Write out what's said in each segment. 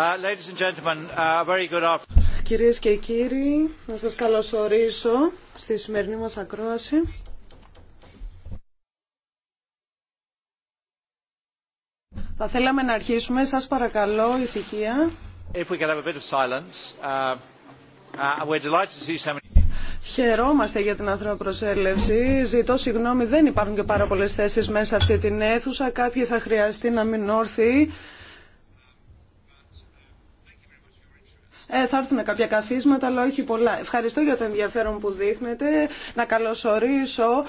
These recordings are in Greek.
Uh, uh, Κυρίες και κύριοι, να σας καλωσορίσω στη σημερινή μας ακρόαση. Θα θέλαμε να αρχίσουμε. Σας παρακαλώ, ησυχία. Χαιρόμαστε για την ανθρώπινη προσέλευση. Ζητώ συγγνώμη, δεν υπάρχουν και πάρα πολλές θέσεις μέσα αυτή την αίθουσα. Κάποιοι θα χρειαστεί να μην όρθιοι. Ε, θα έρθουν κάποια καθίσματα, αλλά όχι πολλά. Ευχαριστώ για το ενδιαφέρον που δείχνετε. Να καλωσορίσω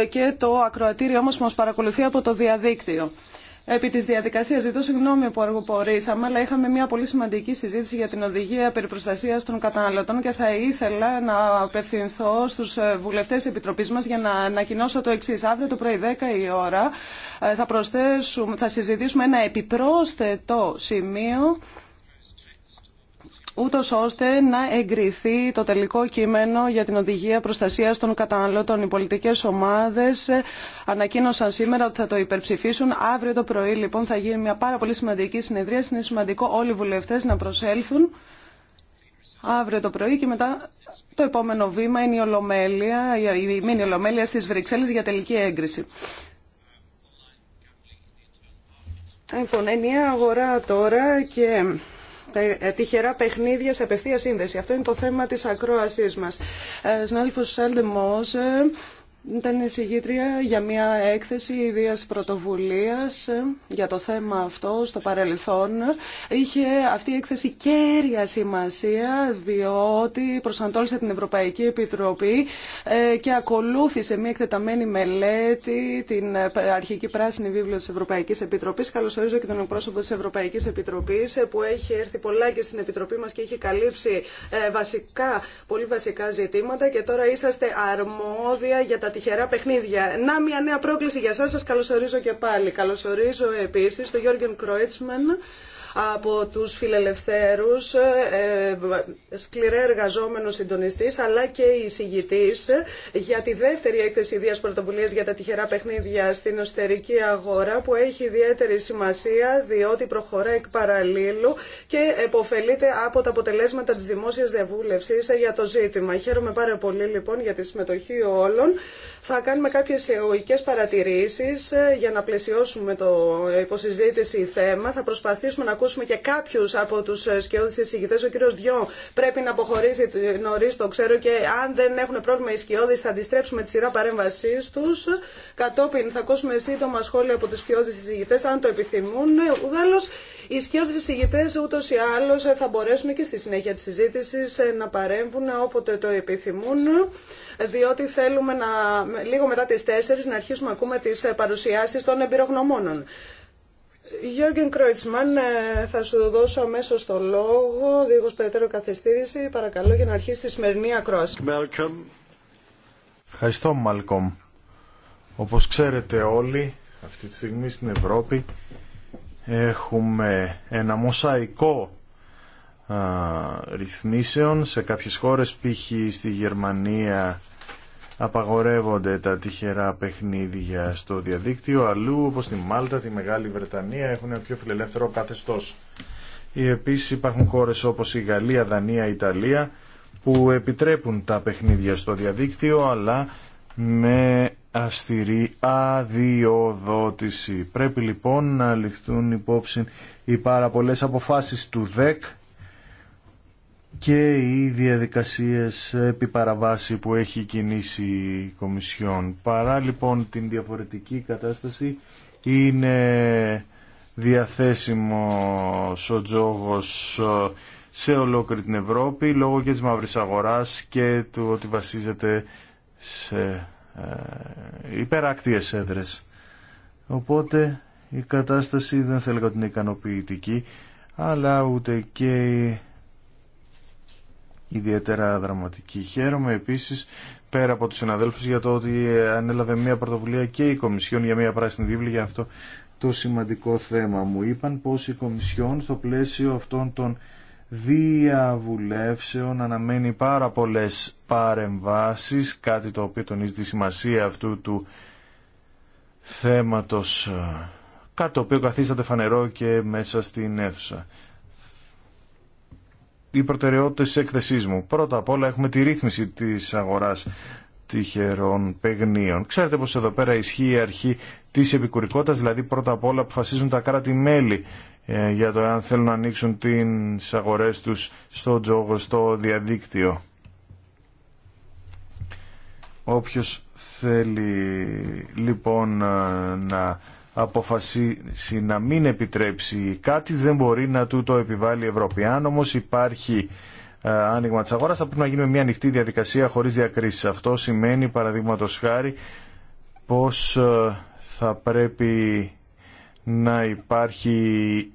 ε, και το ακροατήριό όμως που μας παρακολουθεί από το διαδίκτυο. Επί της διαδικασίας ζητώ συγγνώμη που αργοπορήσαμε, αλλά είχαμε μια πολύ σημαντική συζήτηση για την οδηγία περί προστασία των καταναλωτών και θα ήθελα να απευθυνθώ στου ε, βουλευτέ τη επιτροπής μα για να ανακοινώσω το εξή Αύριο το πρωί 10 η ώρα ε, θα, θα συζητήσουμε ένα επιπρόσθετο σημείο ούτως ώστε να εγκριθεί το τελικό κείμενο για την οδηγία προστασίας των καταναλωτών. Οι πολιτικές ομάδες ε, ανακοίνωσαν σήμερα ότι θα το υπερψηφίσουν. Αύριο το πρωί λοιπόν θα γίνει μια πάρα πολύ σημαντική συνεδρία. Είναι σημαντικό όλοι οι βουλευτές να προσέλθουν αύριο το πρωί και μετά το επόμενο βήμα είναι η Ολομέλεια, η μήνυ Ολομέλεια στις Βρυξέλλες για τελική έγκριση. Λοιπόν, ενιαία αγορά τώρα και ε, τυχερά παιχνίδια σε απευθεία σύνδεση. Αυτό είναι το θέμα της ακρόασής μας. Ε, συνάδελφος Σάλντε ήταν εισηγήτρια για μια έκθεση ιδίας πρωτοβουλίας ε, για το θέμα αυτό στο παρελθόν. Είχε αυτή η έκθεση κέρια σημασία διότι προσανατόλισε την Ευρωπαϊκή Επιτροπή ε, και ακολούθησε μια εκτεταμένη μελέτη την ε, αρχική πράσινη βίβλιο της Ευρωπαϊκής Επιτροπής. Καλωσορίζω και τον εκπρόσωπο της Ευρωπαϊκής Επιτροπής που έχει έρθει πολλά και στην Επιτροπή μας και έχει καλύψει βασικά, πολύ βασικά ζητήματα και τώρα είσαστε αρμόδια για τα τυχερά παιχνίδια. Να, μια νέα πρόκληση για σας. Σας καλωσορίζω και πάλι. Καλωσορίζω επίσης τον Γιώργεν Κρόιτσμαν, από τους φιλελευθέρους, ε, ε, σκληρέ εργαζόμενος συντονιστής, αλλά και εισηγητής για τη δεύτερη έκθεση ιδίας πρωτοβουλίας για τα τυχερά παιχνίδια στην εσωτερική αγορά, που έχει ιδιαίτερη σημασία διότι προχωρά εκ παραλίλου και επωφελείται από τα αποτελέσματα της δημόσιας διαβούλευσης για το ζήτημα. Χαίρομαι πάρα πολύ λοιπόν για τη συμμετοχή όλων. Θα κάνουμε κάποιες εγωικές παρατηρήσεις ε, για να πλαισιώσουμε το υποσυζήτηση θέμα. Θα προσπαθήσουμε να ακούσουμε και κάποιους από τους ε, σκιώδεις εισηγητές. Ο κύριο Διό πρέπει να αποχωρήσει νωρί, το ξέρω και αν δεν έχουν πρόβλημα οι σκιώδεις θα αντιστρέψουμε τη σειρά παρέμβασή τους. Κατόπιν θα ακούσουμε σύντομα σχόλια από του σκιώδεις εισηγητές αν το επιθυμούν. Ουδάλλως οι σκιώδεις εισηγητές ούτως ή άλλως ε, θα μπορέσουν και στη συνέχεια της συζήτησης ε, να παρέμβουν όποτε το επιθυμούν διότι θέλουμε να, λίγο μετά τις 4 να αρχίσουμε να ακούμε τις παρουσιάσεις των εμπειρογνωμόνων. Γιώργεν Κρόιτσμαν, ε, θα σου δώσω αμέσω το λόγο, δίχω περαιτέρω καθεστήριση, Παρακαλώ για να αρχίσει τη σημερινή ακρόαση. Ευχαριστώ, Μάλκομ. Όπως ξέρετε όλοι, αυτή τη στιγμή στην Ευρώπη έχουμε ένα μοσαϊκό ρυθμίσεων σε κάποιες χώρες, π.χ. στη Γερμανία απαγορεύονται τα τυχερά παιχνίδια στο διαδίκτυο, αλλού όπως στη Μάλτα, τη Μεγάλη Βρετανία έχουν πιο φιλελεύθερο καθεστώς. Επίσης υπάρχουν χώρες όπως η Γαλλία, Δανία, Ιταλία που επιτρέπουν τα παιχνίδια στο διαδίκτυο αλλά με αστηρή αδειοδότηση. Πρέπει λοιπόν να ληφθούν υπόψη οι πάρα πολλές αποφάσεις του ΔΕΚ και οι διαδικασίες επί παραβάση που έχει κινήσει η Κομισιόν. Παρά λοιπόν την διαφορετική κατάσταση είναι διαθέσιμος ο τζόγος σε ολόκληρη την Ευρώπη λόγω και της μαύρης αγοράς και του ότι βασίζεται σε ε, υπεράκτιες έδρες. Οπότε η κατάσταση δεν θέλω να την ικανοποιητική αλλά ούτε και ιδιαίτερα δραματική. Χαίρομαι επίσης πέρα από τους συναδέλφους για το ότι ανέλαβε μια πρωτοβουλία και η Κομισιόν για μια πράσινη βίβλη για αυτό το σημαντικό θέμα. Μου είπαν πως η Κομισιόν στο πλαίσιο αυτών των διαβουλεύσεων αναμένει πάρα πολλές παρεμβάσεις, κάτι το οποίο τονίζει τη σημασία αυτού του θέματος, ε, κάτι το οποίο καθίσταται φανερό και μέσα στην αίθουσα οι προτεραιότητες της έκθεσής μου. Πρώτα απ' όλα έχουμε τη ρύθμιση της αγοράς τυχερών παιγνίων. Ξέρετε πως εδώ πέρα ισχύει η αρχή της επικουρικότητας, δηλαδή πρώτα απ' όλα αποφασίζουν τα κράτη-μέλη ε, για το αν θέλουν να ανοίξουν τις αγορές τους στο τζόγο, στο διαδίκτυο. Όποιος θέλει λοιπόν ε, να αποφασίσει να μην επιτρέψει κάτι δεν μπορεί να του το επιβάλλει η Ευρώπη. Αν όμω υπάρχει ε, άνοιγμα τη αγορά θα πρέπει να γίνει μια ανοιχτή διαδικασία χωρίς διακρίσεις. Αυτό σημαίνει παραδείγματο χάρη πως ε, θα πρέπει να υπάρχει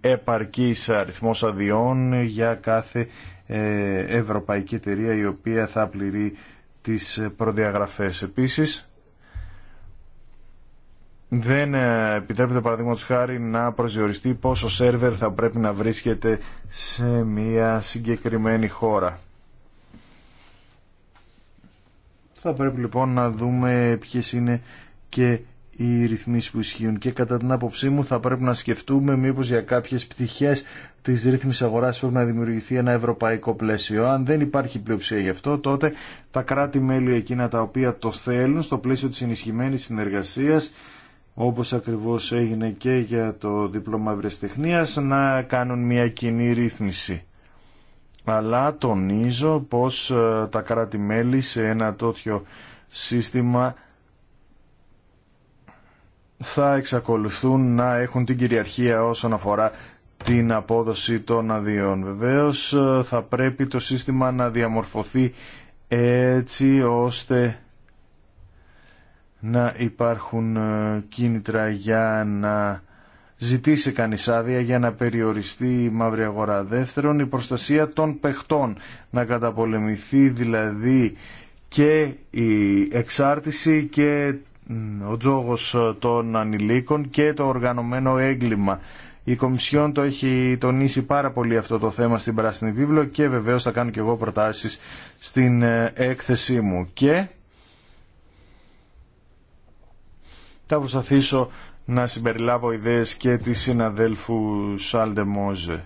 επαρκής αριθμός αδειών για κάθε ε, ευρωπαϊκή εταιρεία η οποία θα πληρεί τις προδιαγραφές. Επίσης, δεν ε, επιτρέπεται παραδείγματος χάρη να προσδιοριστεί πόσο σερβερ θα πρέπει να βρίσκεται σε μια συγκεκριμένη χώρα. Θα πρέπει λοιπόν να δούμε ποιες είναι και οι ρυθμίσεις που ισχύουν και κατά την άποψή μου θα πρέπει να σκεφτούμε μήπως για κάποιες πτυχές της ρύθμισης αγοράς πρέπει να δημιουργηθεί ένα ευρωπαϊκό πλαίσιο. Αν δεν υπάρχει πλειοψηφία γι' αυτό τότε τα κράτη-μέλη εκείνα τα οποία το θέλουν στο πλαίσιο της ενισχυμένης συνεργασίας όπως ακριβώς έγινε και για το δίπλωμα ευρεσιτεχνίας, να κάνουν μια κοινή ρύθμιση. Αλλά τονίζω πως ε, τα κράτη-μέλη σε ένα τέτοιο σύστημα θα εξακολουθούν να έχουν την κυριαρχία όσον αφορά την απόδοση των αδειών. Βεβαίως ε, θα πρέπει το σύστημα να διαμορφωθεί έτσι ώστε να υπάρχουν ε, κίνητρα για να ζητήσει κανείς άδεια για να περιοριστεί η μαύρη αγορά. Δεύτερον, η προστασία των παιχτών, να καταπολεμηθεί δηλαδή και η εξάρτηση και ο τζόγος ε, των ανηλίκων και το οργανωμένο έγκλημα. Η Κομισιόν το έχει τονίσει πάρα πολύ αυτό το θέμα στην Πράσινη Βίβλο και βεβαίως θα κάνω και εγώ προτάσεις στην ε, έκθεσή μου. Και Θα προσπαθήσω να συμπεριλάβω ιδέες και τη συναδέλφου Σάλντε Μόζε.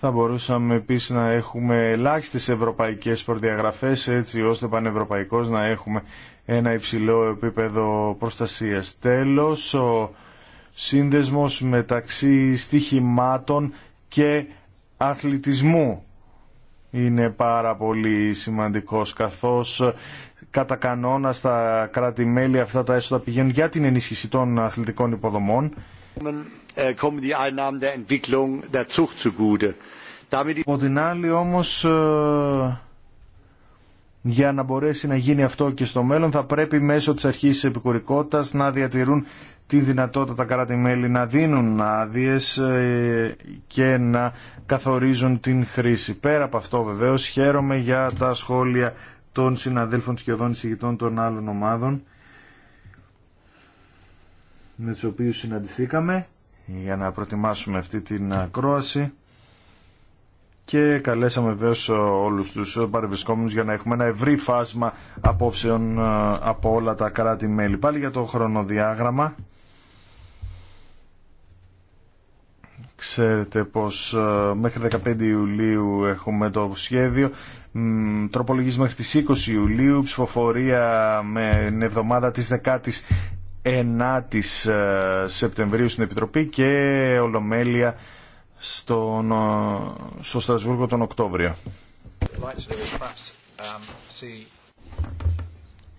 Θα μπορούσαμε επίσης να έχουμε ελάχιστες ευρωπαϊκές προδιαγραφές έτσι ώστε πανευρωπαϊκώς να έχουμε ένα υψηλό επίπεδο προστασίας. Τέλος, ο σύνδεσμος μεταξύ στοιχημάτων και αθλητισμού είναι πάρα πολύ σημαντικός καθώς κατά κανόνα στα κράτη-μέλη αυτά τα έσοδα πηγαίνουν για την ενίσχυση των αθλητικών υποδομών. Äh, από την άλλη όμως ε, για να μπορέσει να γίνει αυτό και στο μέλλον θα πρέπει μέσω της αρχής της επικουρικότητας να διατηρούν τη δυνατότητα τα κράτη-μέλη να δίνουν άδειε ε, και να καθορίζουν την χρήση. Πέρα από αυτό βεβαίως χαίρομαι για τα σχόλια των συναδέλφων σχεδόν εισηγητών των άλλων ομάδων με τους οποίους συναντηθήκαμε για να προετοιμάσουμε αυτή την ακρόαση και καλέσαμε βέβαια όλους τους παρευρισκόμενους για να έχουμε ένα ευρύ φάσμα απόψεων ε, από όλα τα κράτη-μέλη. Πάλι για το χρονοδιάγραμμα Ξέρετε πως ε, μέχρι 15 Ιουλίου έχουμε το σχέδιο, τροπολογής μέχρι τις 20 Ιουλίου, ψηφοφορία με την εβδομάδα της 19ης ε, Σεπτεμβρίου στην Επιτροπή και Ολομέλεια στον, ε, στο Στρασβούργο τον Οκτώβριο.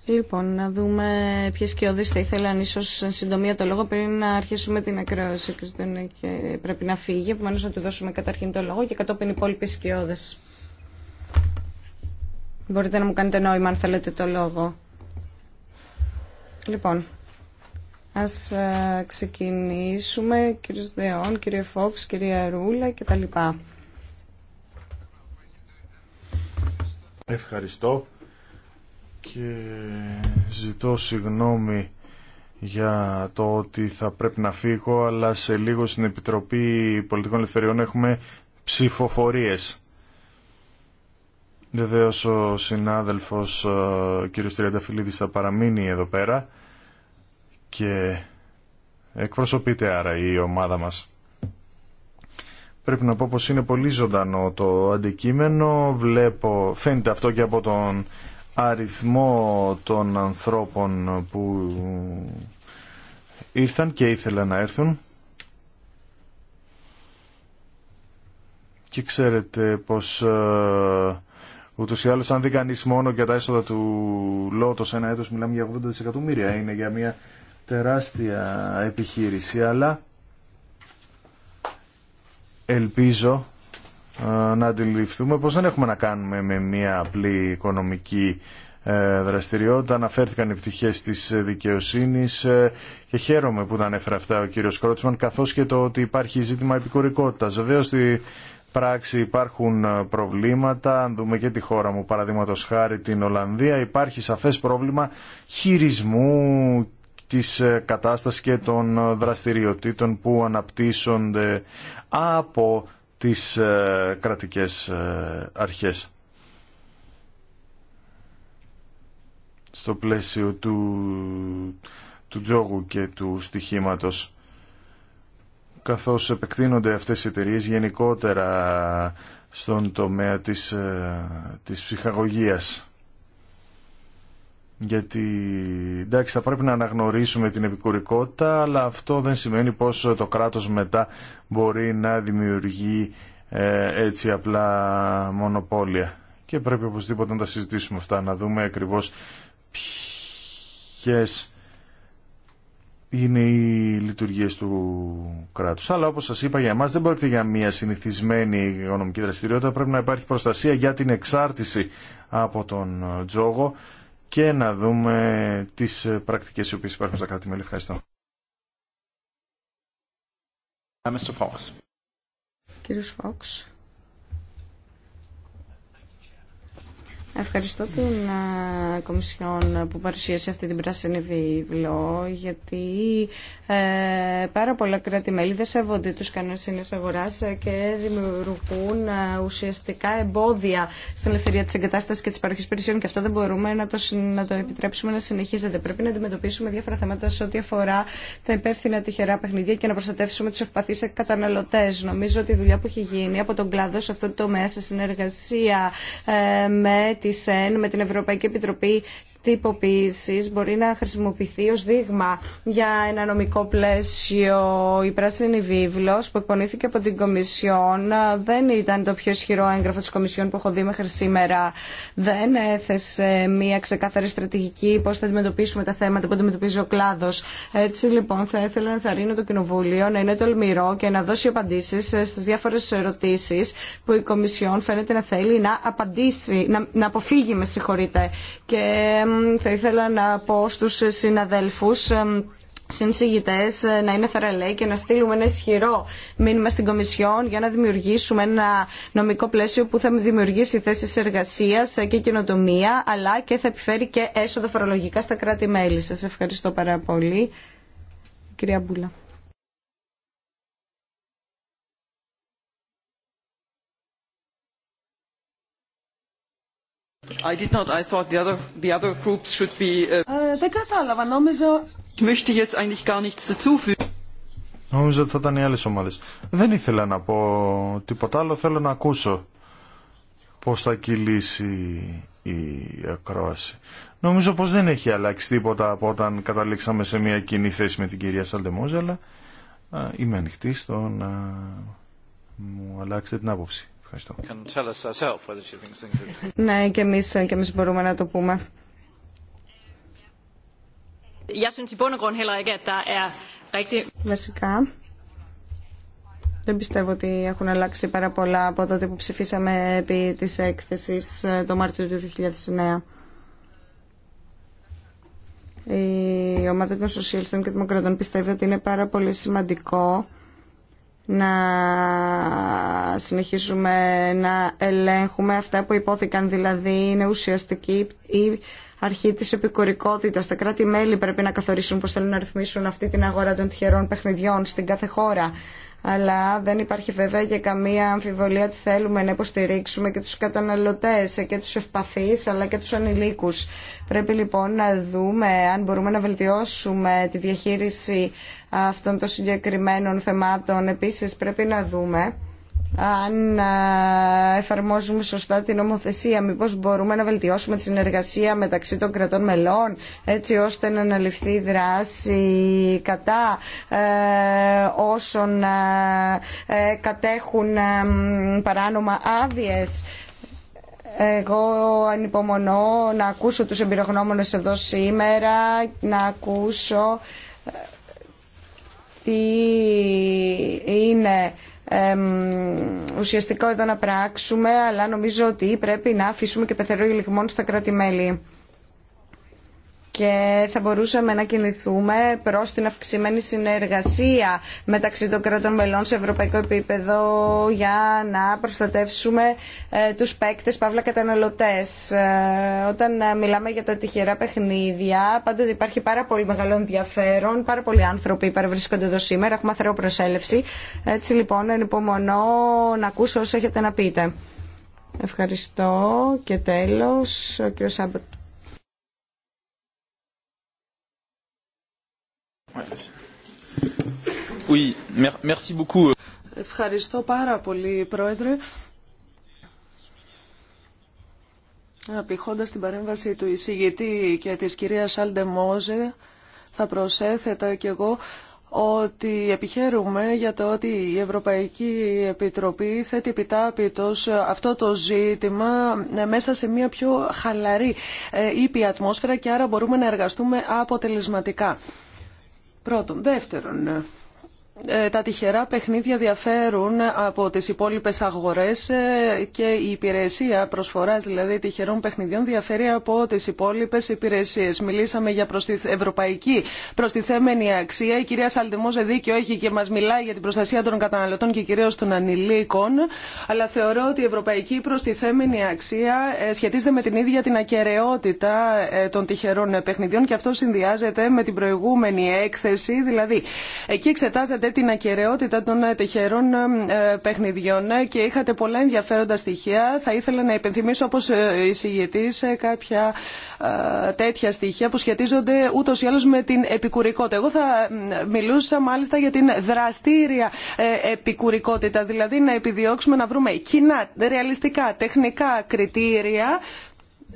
Λοιπόν, να δούμε ποιε κοιόδε θα ήθελαν ίσω συντομία το λόγο πριν να αρχίσουμε την ακρόαση. Και πρέπει να φύγει, επομένω να του δώσουμε καταρχήν το λόγο και κατόπιν οι υπόλοιποι σκιώδε. Μπορείτε να μου κάνετε νόημα αν θέλετε το λόγο. Λοιπόν, ας ε, ξεκινήσουμε, κύριος Δεόν, κύριε Φόξ, κυρία Ρούλα κτλ. Ευχαριστώ και ζητώ συγγνώμη για το ότι θα πρέπει να φύγω, αλλά σε λίγο στην Επιτροπή Πολιτικών Ελευθεριών έχουμε ψηφοφορίες. Βεβαίω ο συνάδελφος ε, κ. Τριανταφυλίδης θα παραμείνει εδώ πέρα και εκπροσωπείται άρα η ομάδα μας. Πρέπει να πω πως είναι πολύ ζωντανό το αντικείμενο, βλέπω, φαίνεται αυτό και από τον αριθμό των ανθρώπων που ήρθαν και ήθελαν να έρθουν. Και ξέρετε πως ε, ούτως ή άλλως αν δει κανείς μόνο για τα έσοδα του Λότος ένα έτος μιλάμε για 80 δισεκατομμύρια. Είναι για μια τεράστια επιχείρηση αλλά ελπίζω να αντιληφθούμε πως δεν έχουμε να κάνουμε με μια απλή οικονομική ε, δραστηριότητα. Αναφέρθηκαν οι πτυχές της δικαιοσύνης ε, και χαίρομαι που τα ανέφερε αυτά ο κύριος Κρότσμαν καθώς και το ότι υπάρχει ζήτημα επικουρικότητας. Βεβαίω στη πράξη υπάρχουν ε, προβλήματα. Αν δούμε και τη χώρα μου παραδείγματο χάρη την Ολλανδία υπάρχει σαφές πρόβλημα χειρισμού της κατάστασης και των δραστηριοτήτων που αναπτύσσονται από τις ε, κρατικές ε, αρχές. Στο πλαίσιο του, του τζόγου και του στοιχήματος καθώς επεκτείνονται αυτές οι εταιρείε γενικότερα στον τομέα της, ε, της ψυχαγωγίας. Γιατί εντάξει θα πρέπει να αναγνωρίσουμε την επικουρικότητα αλλά αυτό δεν σημαίνει πως το κράτος μετά μπορεί να δημιουργεί ε, έτσι απλά μονοπόλια. Και πρέπει οπωσδήποτε να τα συζητήσουμε αυτά, να δούμε ακριβώς ποιες είναι οι λειτουργίες του κράτους. Αλλά όπως σας είπα για εμάς δεν πρόκειται για μια συνηθισμένη οικονομική δραστηριότητα, πρέπει να υπάρχει προστασία για την εξάρτηση από τον τζόγο και να δούμε τις πρακτικές οι οποίες υπάρχουν στα κράτη-μέλη. Ευχαριστώ. Κύριος Φόξ. Ευχαριστώ την Κομισιόν που παρουσίασε αυτή την πράσινη βίβλο, γιατί ε, πάρα πολλά κράτη-μέλη δεν σέβονται τους κανόνες αγοράς και δημιουργούν ουσιαστικά εμπόδια στην ελευθερία της εγκατάστασης και της παροχής υπηρεσιών και αυτό δεν μπορούμε να το, να το επιτρέψουμε να συνεχίζεται. Πρέπει να αντιμετωπίσουμε διάφορα θέματα σε ό,τι αφορά τα υπεύθυνα τυχερά παιχνίδια και να προστατεύσουμε τους ευπαθείς καταναλωτές. Νομίζω ότι η δουλειά που έχει γίνει από τον κλάδο σε αυτό το τομέα, σε συνεργασία ε, με της με την Ευρωπαϊκή Επιτροπή τυποποίησης μπορεί να χρησιμοποιηθεί ως δείγμα για ένα νομικό πλαίσιο. Η πράσινη βίβλος που εκπονήθηκε από την Κομισιόν δεν ήταν το πιο ισχυρό έγγραφο της Κομισιόν που έχω δει μέχρι σήμερα. Δεν έθεσε μια ξεκάθαρη στρατηγική πώς θα αντιμετωπίσουμε τα θέματα που αντιμετωπίζει ο κλάδος. Έτσι λοιπόν θα ήθελα να θαρρύνω το Κοινοβούλιο να είναι τολμηρό και να δώσει απαντήσεις στις διάφορες ερωτήσεις που η Κομισιόν φαίνεται να θέλει να απαντήσει, να, να αποφύγει με συγχωρείτε. Και θα ήθελα να πω στους συναδέλφους συνσηγητέ να είναι θεραλέοι και να στείλουμε ένα ισχυρό μήνυμα στην Κομισιόν για να δημιουργήσουμε ένα νομικό πλαίσιο που θα δημιουργήσει θέσει εργασία και καινοτομία, αλλά και θα επιφέρει και έσοδα φορολογικά στα κράτη-μέλη. Σα ευχαριστώ πάρα πολύ. Κυρία δεν κατάλαβα. νομίζω ότι θα ήταν οι άλλες ομάδες. Δεν ήθελα να πω τίποτα άλλο. Θέλω να ακούσω πώς θα κυλήσει η ακρόαση. Νομίζω πως δεν έχει αλλάξει τίποτα από όταν καταλήξαμε σε μια κοινή θέση με την κυρία Σαλτεμόζα, αλλά είμαι ανοιχτή στο να μου αλλάξετε την άποψη. Ναι, και εμείς, και εμείς μπορούμε να το πούμε. Er Βασικά, δεν πιστεύω ότι έχουν αλλάξει πάρα πολλά από τότε που ψηφίσαμε επί της έκθεσης ε, το Μάρτιο του 2009. Η ομάδα των Σοσιαλιστών και Δημοκρατών πιστεύει ότι είναι πάρα πολύ σημαντικό να συνεχίσουμε να ελέγχουμε αυτά που υπόθηκαν δηλαδή είναι ουσιαστική η αρχή της επικορικότητας. Τα κράτη-μέλη πρέπει να καθορίσουν πώς θέλουν να ρυθμίσουν αυτή την αγορά των τυχερών παιχνιδιών στην κάθε χώρα. Αλλά δεν υπάρχει βέβαια και καμία αμφιβολία ότι θέλουμε να υποστηρίξουμε και τους καταναλωτές και τους ευπαθείς αλλά και τους ανηλίκους. Πρέπει λοιπόν να δούμε αν μπορούμε να βελτιώσουμε τη διαχείριση αυτών των συγκεκριμένων θεμάτων. Επίσης πρέπει να δούμε αν ε, εφαρμόζουμε σωστά την νομοθεσία, μήπως μπορούμε να βελτιώσουμε τη συνεργασία μεταξύ των κρατών μελών, έτσι ώστε να αναλυφθεί δράση κατά ε, όσων ε, κατέχουν παράνομα άδειες. Εγώ ανυπομονώ να ακούσω τους εμπειρογνώμονες εδώ σήμερα, να ακούσω τι είναι ουσιαστικό εδώ να πράξουμε, αλλά νομίζω ότι πρέπει να αφήσουμε και πεθερό λιγμών στα κράτη-μέλη και θα μπορούσαμε να κινηθούμε προς την αυξημένη συνεργασία μεταξύ των κρατών μελών σε ευρωπαϊκό επίπεδο για να προστατεύσουμε ε, τους παίκτες, παύλα καταναλωτές. Ε, όταν ε, μιλάμε για τα τυχερά παιχνίδια, πάντοτε υπάρχει πάρα πολύ μεγάλο ενδιαφέρον, πάρα πολλοί άνθρωποι παρευρίσκονται εδώ σήμερα, έχουμε αθρέο προσέλευση. Έτσι λοιπόν, ενυπομονώ να ακούσω όσα έχετε να πείτε. Ευχαριστώ και τέλος ο κ. Ευχαριστώ πάρα πολύ, Πρόεδρε. Απηχώντας την παρέμβαση του εισηγητή και της κυρίας Σάλντε Μόζε, θα προσέθετα κι εγώ ότι επιχαίρουμε για το ότι η Ευρωπαϊκή Επιτροπή θέτει επιτάπητος αυτό το ζήτημα ε, μέσα σε μια πιο χαλαρή ε, ήπια ατμόσφαιρα και άρα μπορούμε να εργαστούμε αποτελεσματικά. Πρώτον. Δεύτερον, ε, τα τυχερά παιχνίδια διαφέρουν από τις υπόλοιπες αγορές ε, και η υπηρεσία προσφοράς δηλαδή τυχερών παιχνιδιών διαφέρει από τις υπόλοιπες υπηρεσίες. Μιλήσαμε για προστιθ... ευρωπαϊκή προστιθέμενη αξία. Η κυρία Σαλτεμόζε δίκιο έχει και μας μιλάει για την προστασία των καταναλωτών και κυρίως των ανηλίκων. Αλλά θεωρώ ότι η ευρωπαϊκή προστιθέμενη αξία ε, σχετίζεται με την ίδια την ακαιρεότητα των τυχερών παιχνιδιών και αυτό συνδυάζεται με την προηγούμενη έκθεση. Δηλαδή, εκεί εξετάζεται την ακαιρεότητα των ε, τυχερών ε, ε, παιχνιδιών και είχατε πολλά ενδιαφέροντα στοιχεία. Θα ήθελα να υπενθυμίσω όπως εισηγητής κάποια τέτοια στοιχεία που σχετίζονται ούτως ή άλλως με την επικουρικότητα. Εγώ θα μιλούσα μάλιστα για την δραστήρια επικουρικότητα, δηλαδή να επιδιώξουμε να βρούμε κοινά, ρεαλιστικά, τεχνικά κριτήρια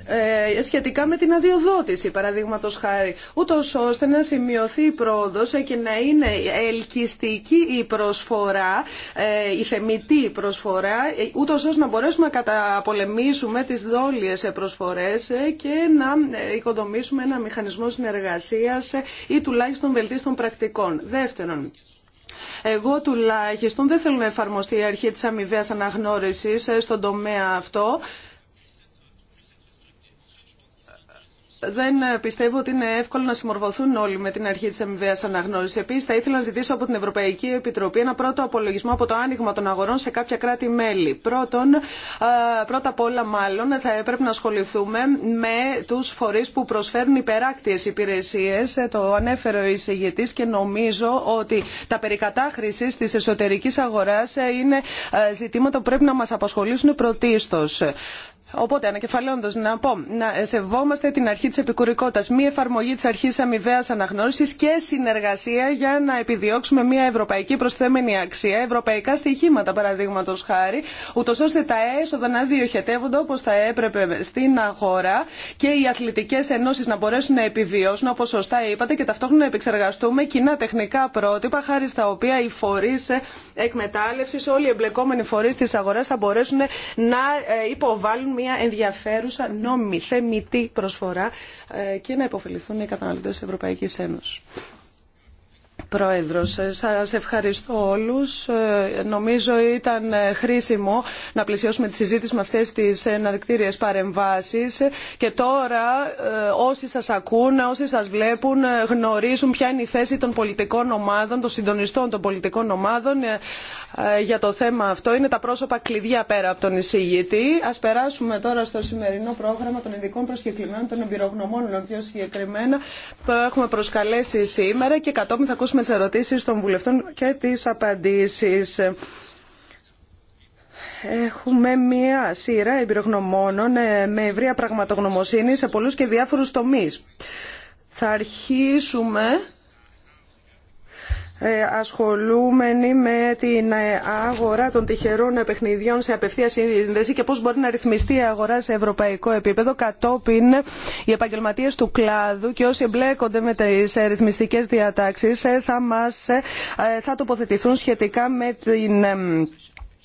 ε, σχετικά με την αδειοδότηση παραδείγματο χάρη, ούτως ώστε να σημειωθεί η πρόοδο και να είναι ελκυστική η προσφορά, ε, η θεμητή προσφορά, ε, ούτω ώστε να μπορέσουμε να καταπολεμήσουμε τις δόλιες προσφορές ε, και να οικοδομήσουμε ένα μηχανισμό συνεργασίας ή τουλάχιστον βελτίστων πρακτικών. Δεύτερον, εγώ τουλάχιστον δεν θέλω να εφαρμοστεί η αρχή της αμοιβαία αναγνώρισης στον τομέα αυτό. δεν πιστεύω ότι είναι εύκολο να συμμορφωθούν όλοι με την αρχή τη αμοιβαία αναγνώριση. Επίση, θα ήθελα να ζητήσω από την Ευρωπαϊκή Επιτροπή ένα πρώτο απολογισμό από το άνοιγμα των αγορών σε κάποια κράτη-μέλη. Πρώτον, πρώτα απ' όλα, μάλλον, θα έπρεπε να ασχοληθούμε με του φορεί που προσφέρουν υπεράκτιε υπηρεσίε. Ε, το ανέφερε ο εισηγητή και νομίζω ότι τα περικατάχρηση τη εσωτερική αγορά ε, είναι ε, ζητήματα που πρέπει να μα απασχολήσουν πρωτίστω. Οπότε, ανακεφαλαίοντος, να πω, να ε, σεβόμαστε την αρχή της επικουρικότητας, μη εφαρμογή της αρχής αμοιβαία αναγνώρισης και συνεργασία για να επιδιώξουμε μια ευρωπαϊκή προσθέμενη αξία, ευρωπαϊκά στοιχήματα παραδείγματο χάρη, ούτω ώστε τα έσοδα να διοχετεύονται όπως θα έπρεπε στην αγορά και οι αθλητικές ενώσεις να μπορέσουν να επιβιώσουν, όπως σωστά είπατε, και ταυτόχρονα να επεξεργαστούμε κοινά τεχνικά πρότυπα, χάρη στα οποία οι φορεί ε, εκμετάλλευσης, όλοι οι εμπλεκόμενοι φορείς της αγοράς θα μπορέσουν να ε, υποβάλουν μια ενδιαφέρουσα νόμιμη, θεμητή προσφορά ε, και να υποφεληθούν οι καταναλωτές της Ευρωπαϊκής Ένωσης. Πρόεδρος. Ε, σας ευχαριστώ όλους. Ε, νομίζω ήταν ε, χρήσιμο να πλησιώσουμε τη συζήτηση με αυτές τις εναρκτήριες παρεμβάσεις και τώρα όσοι σας ακούν, όσοι σας βλέπουν γνωρίζουν ποια είναι η θέση των πολιτικών ομάδων, των συντονιστών των πολιτικών ομάδων για το θέμα αυτό. Είναι τα πρόσωπα κλειδιά πέρα από τον εισηγητή. Ας περάσουμε τώρα στο σημερινό πρόγραμμα των ειδικών προσκεκλημένων των εμπειρογνωμών, πιο συγκεκριμένα που έχουμε προσκαλέσει σήμερα και κατόπιν θα ακούσουμε με τι ερωτήσει των βουλευτών και τις απαντήσεις. Έχουμε μία σειρά εμπειρογνωμόνων ε, με ευρεία πραγματογνωμοσύνη σε πολλούς και διάφορους τομείς. Θα αρχίσουμε ε, ασχολούμενοι με την αγορά των τυχερών παιχνιδιών σε απευθεία σύνδεση και πώς μπορεί να ρυθμιστεί η αγορά σε ευρωπαϊκό επίπεδο κατόπιν οι επαγγελματίες του κλάδου και όσοι εμπλέκονται με τις ρυθμιστικές διατάξεις ε, θα, μας, ε, θα τοποθετηθούν σχετικά με την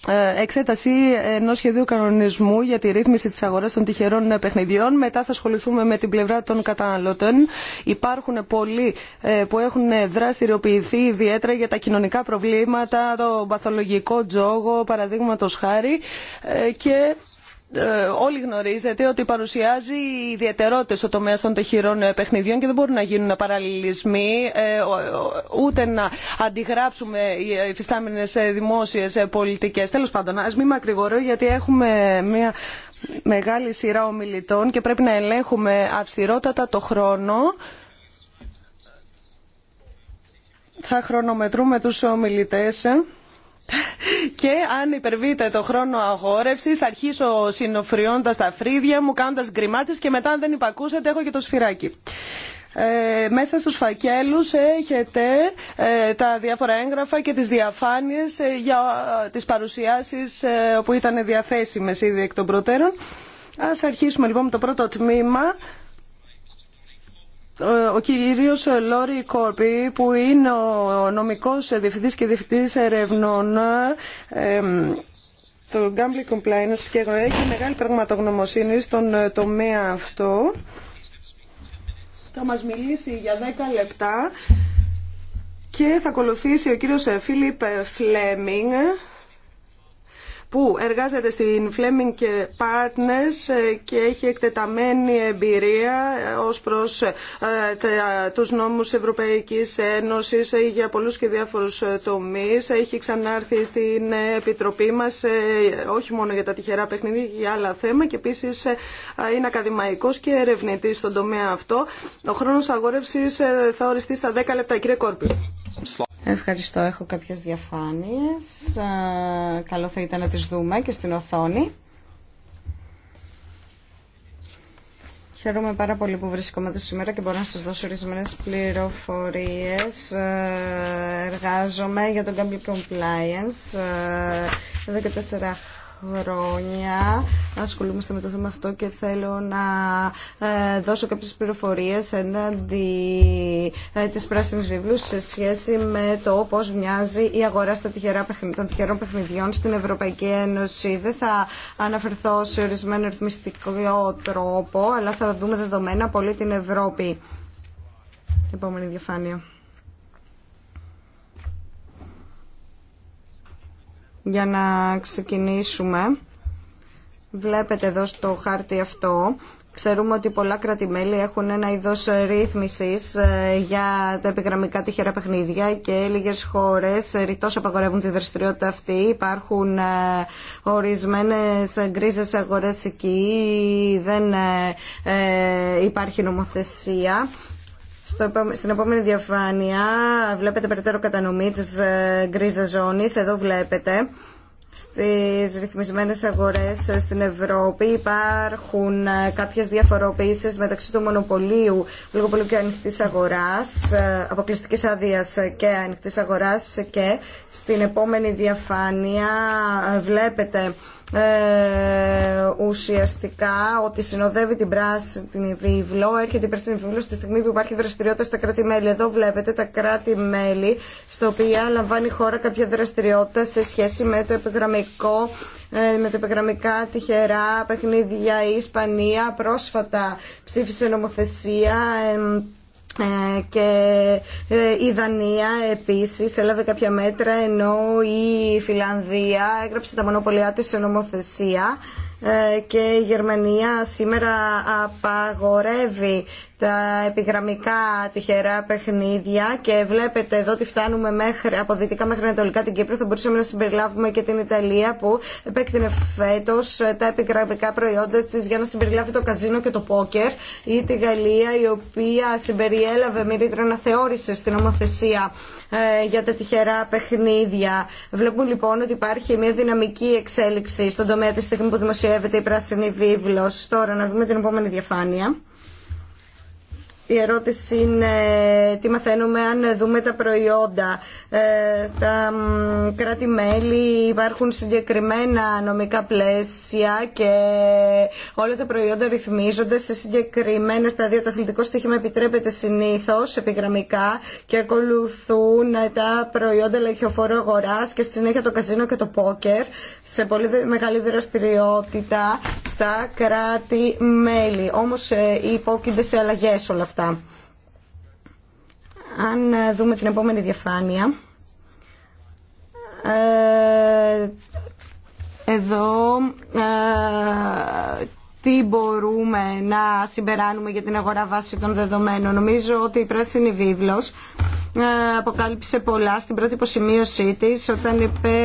ε, εξέταση ενός σχεδίου κανονισμού για τη ρύθμιση της αγοράς των τυχερών παιχνιδιών. Μετά θα ασχοληθούμε με την πλευρά των καταναλωτών. Υπάρχουν πολλοί ε, που έχουν δραστηριοποιηθεί ιδιαίτερα για τα κοινωνικά προβλήματα, το παθολογικό τζόγο, παραδείγματος χάρη ε, και ε, όλοι γνωρίζετε ότι παρουσιάζει ιδιαιτερότητες ο τομέα των τεχειρών ε, παιχνιδιών και δεν μπορούν να γίνουν παραλληλισμοί ε, ούτε να αντιγράψουμε οι υφιστάμενες δημόσιες πολιτικές. Τέλος πάντων, ας μην μακρηγορώ γιατί έχουμε μια μεγάλη σειρά ομιλητών και πρέπει να ελέγχουμε αυστηρότατα το χρόνο. Θα χρονομετρούμε τους ομιλητές και αν υπερβείτε το χρόνο αγόρευση, θα αρχίσω συνοφριώντα τα φρύδια μου, κάνοντα γκριμάτε και μετά αν δεν υπακούσετε έχω και το σφυράκι. Ε, μέσα στους φακέλους έχετε ε, τα διάφορα έγγραφα και τις διαφάνειες ε, για τις παρουσιάσεις που ήταν διαθέσιμες ήδη εκ των προτέρων. Ας αρχίσουμε λοιπόν με το πρώτο τμήμα ο κύριος Λόρι Κόρπι, που είναι ο νομικός διευθυντής και διευθυντής ερευνών του Gambling Compliance και έχει μεγάλη πραγματογνωμοσύνη στον ε, τομέα αυτό. Θα μας μιλήσει για 10 λεπτά και θα ακολουθήσει ο κύριος Φίλιπ ε, Φλέμινγκ που εργάζεται στην Fleming Partners ε, και έχει εκτεταμένη εμπειρία ε, ως προς ε, τους νόμους Ευρωπαϊκής Ένωσης για πολλούς και διάφορους τομείς. Έχει ξανάρθει στην Επιτροπή μας όχι μόνο για τα τυχερά παιχνίδια και για άλλα θέματα και επίσης είναι ακαδημαϊκός και ερευνητής στον τομέα αυτό. Ο χρόνος αγόρευσης θα οριστεί στα 10 λεπτά. Κύριε Κόρπη. Ευχαριστώ. Έχω κάποιες διαφάνειες. Καλό θα ήταν να τις δούμε και στην οθόνη. Χαίρομαι πάρα πολύ που βρίσκομαι εδώ σήμερα και μπορώ να σας δώσω ορισμένε πληροφορίες. Εργάζομαι για τον Gamble Compliance εδώ και χρόνια ασχολούμαστε με το θέμα αυτό και θέλω να ε, δώσω κάποιες πληροφορίες εναντί ε, της πράσινης βιβλίου σε σχέση με το πώς μοιάζει η αγορά στα τυχερά, των τυχερών παιχνιδιών στην Ευρωπαϊκή Ένωση. Δεν θα αναφερθώ σε ορισμένο ρυθμιστικό τρόπο, αλλά θα δούμε δεδομένα πολύ την Ευρώπη. Επόμενη διαφάνεια. για να ξεκινήσουμε. Βλέπετε εδώ στο χάρτη αυτό Ξέρουμε ότι πολλά κρατημέλη έχουν ένα είδος ρύθμισης ε, για τα επιγραμμικά τυχερά παιχνίδια και λίγες χώρες ρητός απαγορεύουν τη δραστηριότητα αυτή. Υπάρχουν ε, ορισμένες γκρίζες αγορές εκεί, δεν ε, υπάρχει νομοθεσία στην επόμενη διαφάνεια βλέπετε περαιτέρω κατανομή της ε, γκρίζας ζώνης. Εδώ βλέπετε στις ρυθμισμένες αγορές ε, στην Ευρώπη υπάρχουν ε, κάποιες διαφοροποιήσεις μεταξύ του μονοπωλίου λίγο πολύ και ανοιχτής αγοράς, αποκλειστικής άδειας και ανοιχτής αγοράς και στην επόμενη διαφάνεια βλέπετε ε, ουσιαστικά ότι συνοδεύει την πράσινη βίβλο, έρχεται η πράσινη βίβλο στη στιγμή που υπάρχει δραστηριότητα στα κράτη-μέλη. Εδώ βλέπετε τα κράτη-μέλη στα οποία λαμβάνει η χώρα κάποια δραστηριότητα σε σχέση με το επιγραμμικό ε, με τα επιγραμμικά τυχερά παιχνίδια η Ισπανία πρόσφατα ψήφισε νομοθεσία ε, και ε, η Δανία επίσης έλαβε κάποια μέτρα ενώ η Φιλανδία έγραψε τα μονοπωλιά της σε νομοθεσία ε, και η Γερμανία σήμερα απαγορεύει τα επιγραμμικά τυχερά παιχνίδια και βλέπετε εδώ ότι φτάνουμε μέχρι, από δυτικά μέχρι ανατολικά την Κύπρο. Θα μπορούσαμε να συμπεριλάβουμε και την Ιταλία που επέκτηνε φέτο τα επιγραμμικά προϊόντα της για να συμπεριλάβει το καζίνο και το πόκερ ή τη Γαλλία η οποία συμπεριέλαβε με ρήτρα θεώρησε στην ομοθεσία ε, για τα τυχερά παιχνίδια. Βλέπουμε λοιπόν ότι υπάρχει μια δυναμική εξέλιξη στον τομέα τη στιγμή που δημοσιεύει δημοσιεύεται η πράσινη βίβλος. Τώρα να δούμε την επόμενη διαφάνεια η ερώτηση είναι τι μαθαίνουμε αν δούμε τα προϊόντα. Ε, τα κράτη-μέλη υπάρχουν συγκεκριμένα νομικά πλαίσια και όλα τα προϊόντα ρυθμίζονται σε συγκεκριμένα στάδια. Το αθλητικό στοίχημα επιτρέπεται συνήθως επιγραμμικά και ακολουθούν τα προϊόντα λαχιοφόρου αγορά και στη συνέχεια το καζίνο και το πόκερ σε πολύ μεγάλη δραστηριότητα στα κράτη-μέλη. Όμως ε, υπόκεινται σε αλλαγέ όλα αυτά. Αν δούμε την επόμενη διαφάνεια, ε, εδώ ε, τι μπορούμε να συμπεράνουμε για την αγορά βάση των δεδομένων. Νομίζω ότι η Πράσινη βίβλο ε, αποκάλυψε πολλά στην πρώτη υποσημείωσή τη όταν είπε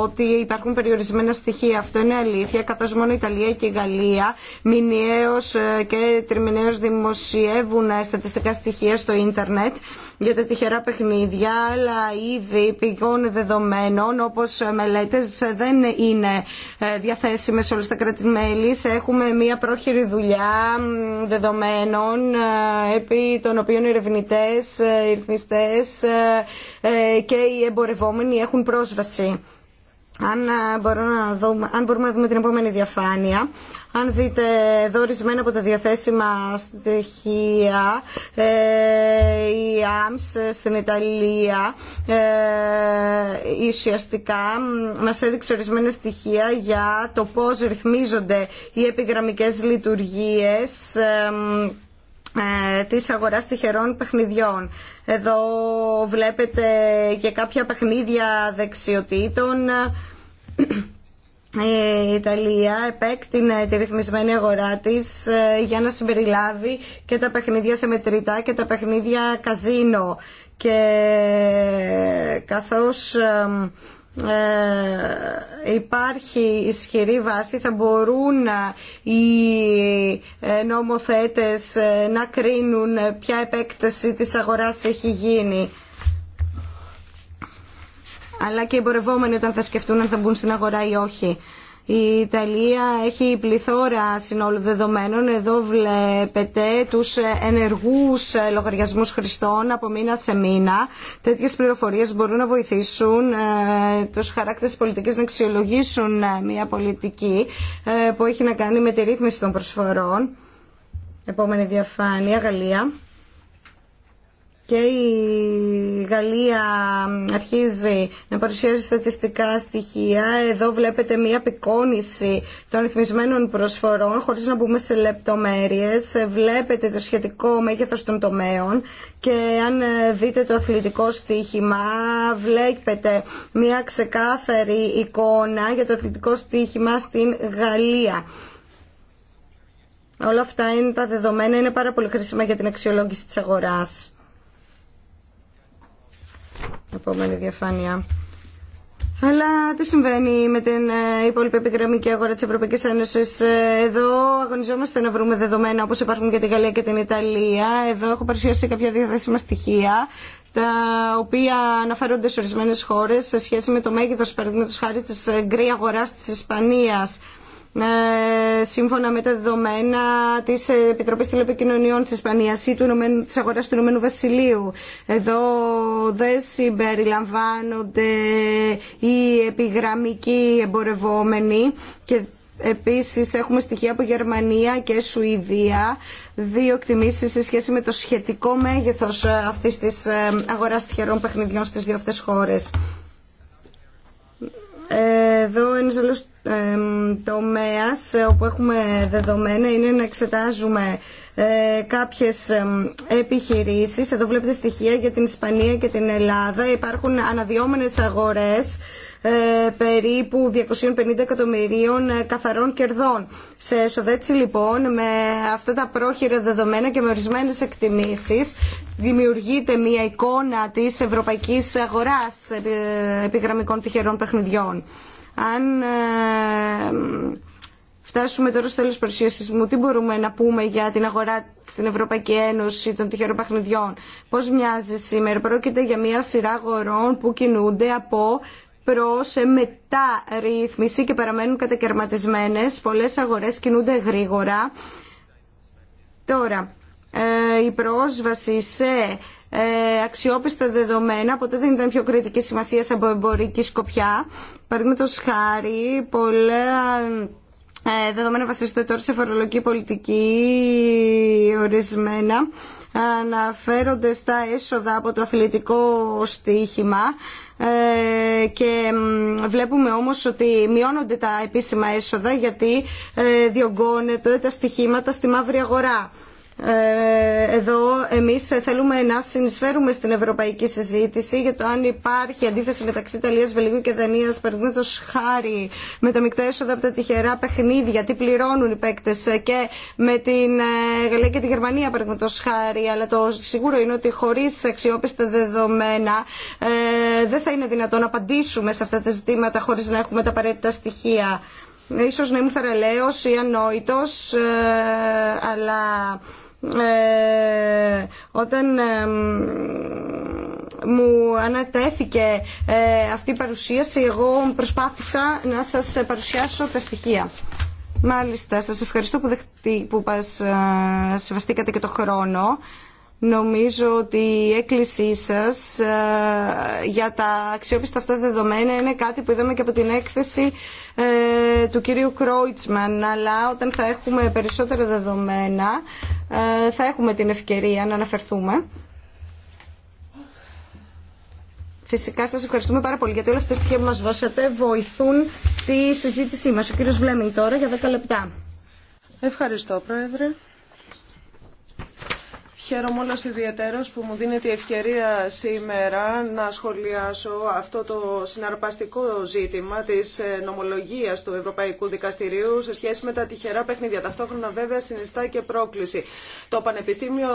ότι υπάρχουν περιορισμένα στοιχεία. Αυτό είναι αλήθεια, καθώ μόνο η Ιταλία και η Γαλλία μηνιαίω ε, και τριμηναίω δημοσιεύουν ε, στατιστικά στοιχεία στο ίντερνετ για τα τυχερά παιχνίδια, αλλά είδη πηγών δεδομένων όπως μελέτες δεν είναι ε, διαθέσιμες σε όλες τα κρατημέλη. Έχουμε μία πρόχειρη δουλειά δεδομένων ε, επί των οποίων οι ερευνητές, ε, οι και οι εμπορευόμενοι έχουν πρόσβαση. Αν, να αν μπορούμε να δούμε την επόμενη διαφάνεια, αν δείτε εδώ ορισμένα από τα διαθέσιμα στοιχεία, ε, η ΑΜΣ στην Ιταλία ε, ουσιαστικά μας έδειξε ορισμένα στοιχεία για το πώς ρυθμίζονται οι επιγραμμικές λειτουργίες ε, της αγοράς τυχερών παιχνιδιών. Εδώ βλέπετε και κάποια παιχνίδια δεξιοτήτων η Ιταλία επέκτηνε τη ρυθμισμένη αγορά της ε, για να συμπεριλάβει και τα παιχνίδια σε μετρητά και τα παιχνίδια καζίνο. Και καθώς ε, υπάρχει ισχυρή βάση θα μπορούν οι ε, νομοθέτες ε, να κρίνουν ποια επέκταση της αγοράς έχει γίνει αλλά και οι εμπορευόμενοι όταν θα σκεφτούν αν θα μπουν στην αγορά ή όχι. Η Ιταλία έχει πληθώρα συνόλου δεδομένων. Εδώ βλέπετε τους ενεργούς λογαριασμούς χρηστών από μήνα σε μήνα. Τέτοιες πληροφορίες μπορούν να βοηθήσουν ε, τους χαράκτε πολιτική να αξιολογήσουν ε, μια πολιτική ε, που έχει να κάνει με τη ρύθμιση των προσφορών. Επόμενη διαφάνεια, Γαλλία και η Γαλλία αρχίζει να παρουσιάζει στατιστικά στοιχεία. Εδώ βλέπετε μια απεικόνηση των ρυθμισμένων προσφορών, χωρίς να μπούμε σε λεπτομέρειες. Βλέπετε το σχετικό μέγεθος των τομέων και αν δείτε το αθλητικό στοίχημα, βλέπετε μια ξεκάθαρη εικόνα για το αθλητικό στοίχημα στην Γαλλία. Όλα αυτά είναι τα δεδομένα, είναι πάρα πολύ χρήσιμα για την αξιολόγηση της αγοράς. Επόμενη διαφάνεια. Αλλά τι συμβαίνει με την ε, υπόλοιπη επιγραμμική αγορά της Ευρωπαϊκής Ένωσης. Ε, εδώ αγωνιζόμαστε να βρούμε δεδομένα όπως υπάρχουν για τη Γαλλία και την Ιταλία. Εδώ έχω παρουσιάσει κάποια διαθέσιμα στοιχεία τα οποία αναφέρονται σε ορισμένες χώρες σε σχέση με το μέγεθος, παραδείγματος χάρη, της ε, γκρι αγοράς της Ισπανίας ε, σύμφωνα με τα δεδομένα της Επιτροπής Τηλεπικοινωνιών της Ισπανίας ή του Ηνωμένου, της αγοράς του Ηνωμένου Βασιλείου. Εδώ δεν συμπεριλαμβάνονται οι επιγραμμικοί εμπορευόμενοι και Επίσης έχουμε στοιχεία από Γερμανία και Σουηδία, δύο εκτιμήσεις σε σχέση με το σχετικό μέγεθος αυτής της ε, αγοράς τυχερών παιχνιδιών στις δύο αυτές χώρες. Εδώ ένας άλλος τομέας όπου έχουμε δεδομένα είναι να εξετάζουμε ε, κάποιες επιχειρήσεις. Εδώ βλέπετε στοιχεία για την Ισπανία και την Ελλάδα. Υπάρχουν αναδυόμενες αγορές ε, περίπου 250 εκατομμυρίων ε, καθαρών κερδών. Σε εσοδέτηση λοιπόν με αυτά τα πρόχειρα δεδομένα και με ορισμένες εκτιμήσεις δημιουργείται μια εικόνα της ευρωπαϊκής αγοράς ε, επιγραμμικών τυχερών παιχνιδιών. Αν φτάσουμε τώρα στο τέλος παρουσίασης μου, τι μπορούμε να πούμε για την αγορά στην Ευρωπαϊκή Ένωση των τυχερών παιχνιδιών. Πώς μοιάζει σήμερα. Πρόκειται για μια σειρά αγορών που κινούνται από μετά ρύθμιση και παραμένουν κατακαιρματισμένε. Πολλέ αγορέ κινούνται γρήγορα. Τώρα, ε, η πρόσβαση σε ε, αξιόπιστα δεδομένα ποτέ δεν ήταν πιο κριτική σημασία από εμπορική σκοπιά. Παραδείγματο χάρη, πολλά ε, δεδομένα βασίζονται τώρα σε φορολογική πολιτική ορισμένα αναφέρονται στα έσοδα από το αθλητικό στοίχημα ε, και βλέπουμε όμως ότι μειώνονται τα επίσημα έσοδα γιατί ε, διωγγώνεται τα στοιχήματα στη μαύρη αγορά. Ε, εδώ εμείς θέλουμε να συνεισφέρουμε στην ευρωπαϊκή συζήτηση για το αν υπάρχει αντίθεση μεταξύ Ιταλίας, Βελγίου και Δανίας παραδείγματος χάρη με τα μεικτά έσοδα από τα τυχερά παιχνίδια, τι πληρώνουν οι παίκτες και με την ε, Γαλλία και τη Γερμανία παραδείγματος χάρη αλλά το σίγουρο είναι ότι χωρίς αξιόπιστα δεδομένα ε, δεν θα είναι δυνατόν να απαντήσουμε σε αυτά τα ζητήματα χωρίς να έχουμε τα απαραίτητα στοιχεία. Ίσως να ήμουν θαραλέος ή ανόητος, αλλά ε, όταν ε, μου ανατέθηκε ε, αυτή η παρουσίαση εγώ προσπάθησα να σας παρουσιάσω τα στοιχεία. Μάλιστα, σας ευχαριστώ που, δεχτή, που πας, σεβαστήκατε και το χρόνο. Νομίζω ότι η έκκλησή σας ε, για τα αξιόπιστα αυτά δεδομένα είναι κάτι που είδαμε και από την έκθεση ε, του κυρίου Κρόιτσμαν. Αλλά όταν θα έχουμε περισσότερα δεδομένα ε, θα έχουμε την ευκαιρία να αναφερθούμε. Φυσικά σας ευχαριστούμε πάρα πολύ γιατί όλα αυτά τα στοιχεία που μας δώσατε βοηθούν τη συζήτησή μας. Ο κύριος Βλέμινγκ τώρα για 10 λεπτά. Ευχαριστώ Πρόεδρε. Χαίρομαι όλο που μου δίνεται η ευκαιρία σήμερα να σχολιάσω αυτό το συναρπαστικό ζήτημα τη ε, νομολογία του Ευρωπαϊκού Δικαστηρίου σε σχέση με τα τυχερά παιχνίδια. Ταυτόχρονα βέβαια συνιστά και πρόκληση. Το Πανεπιστήμιο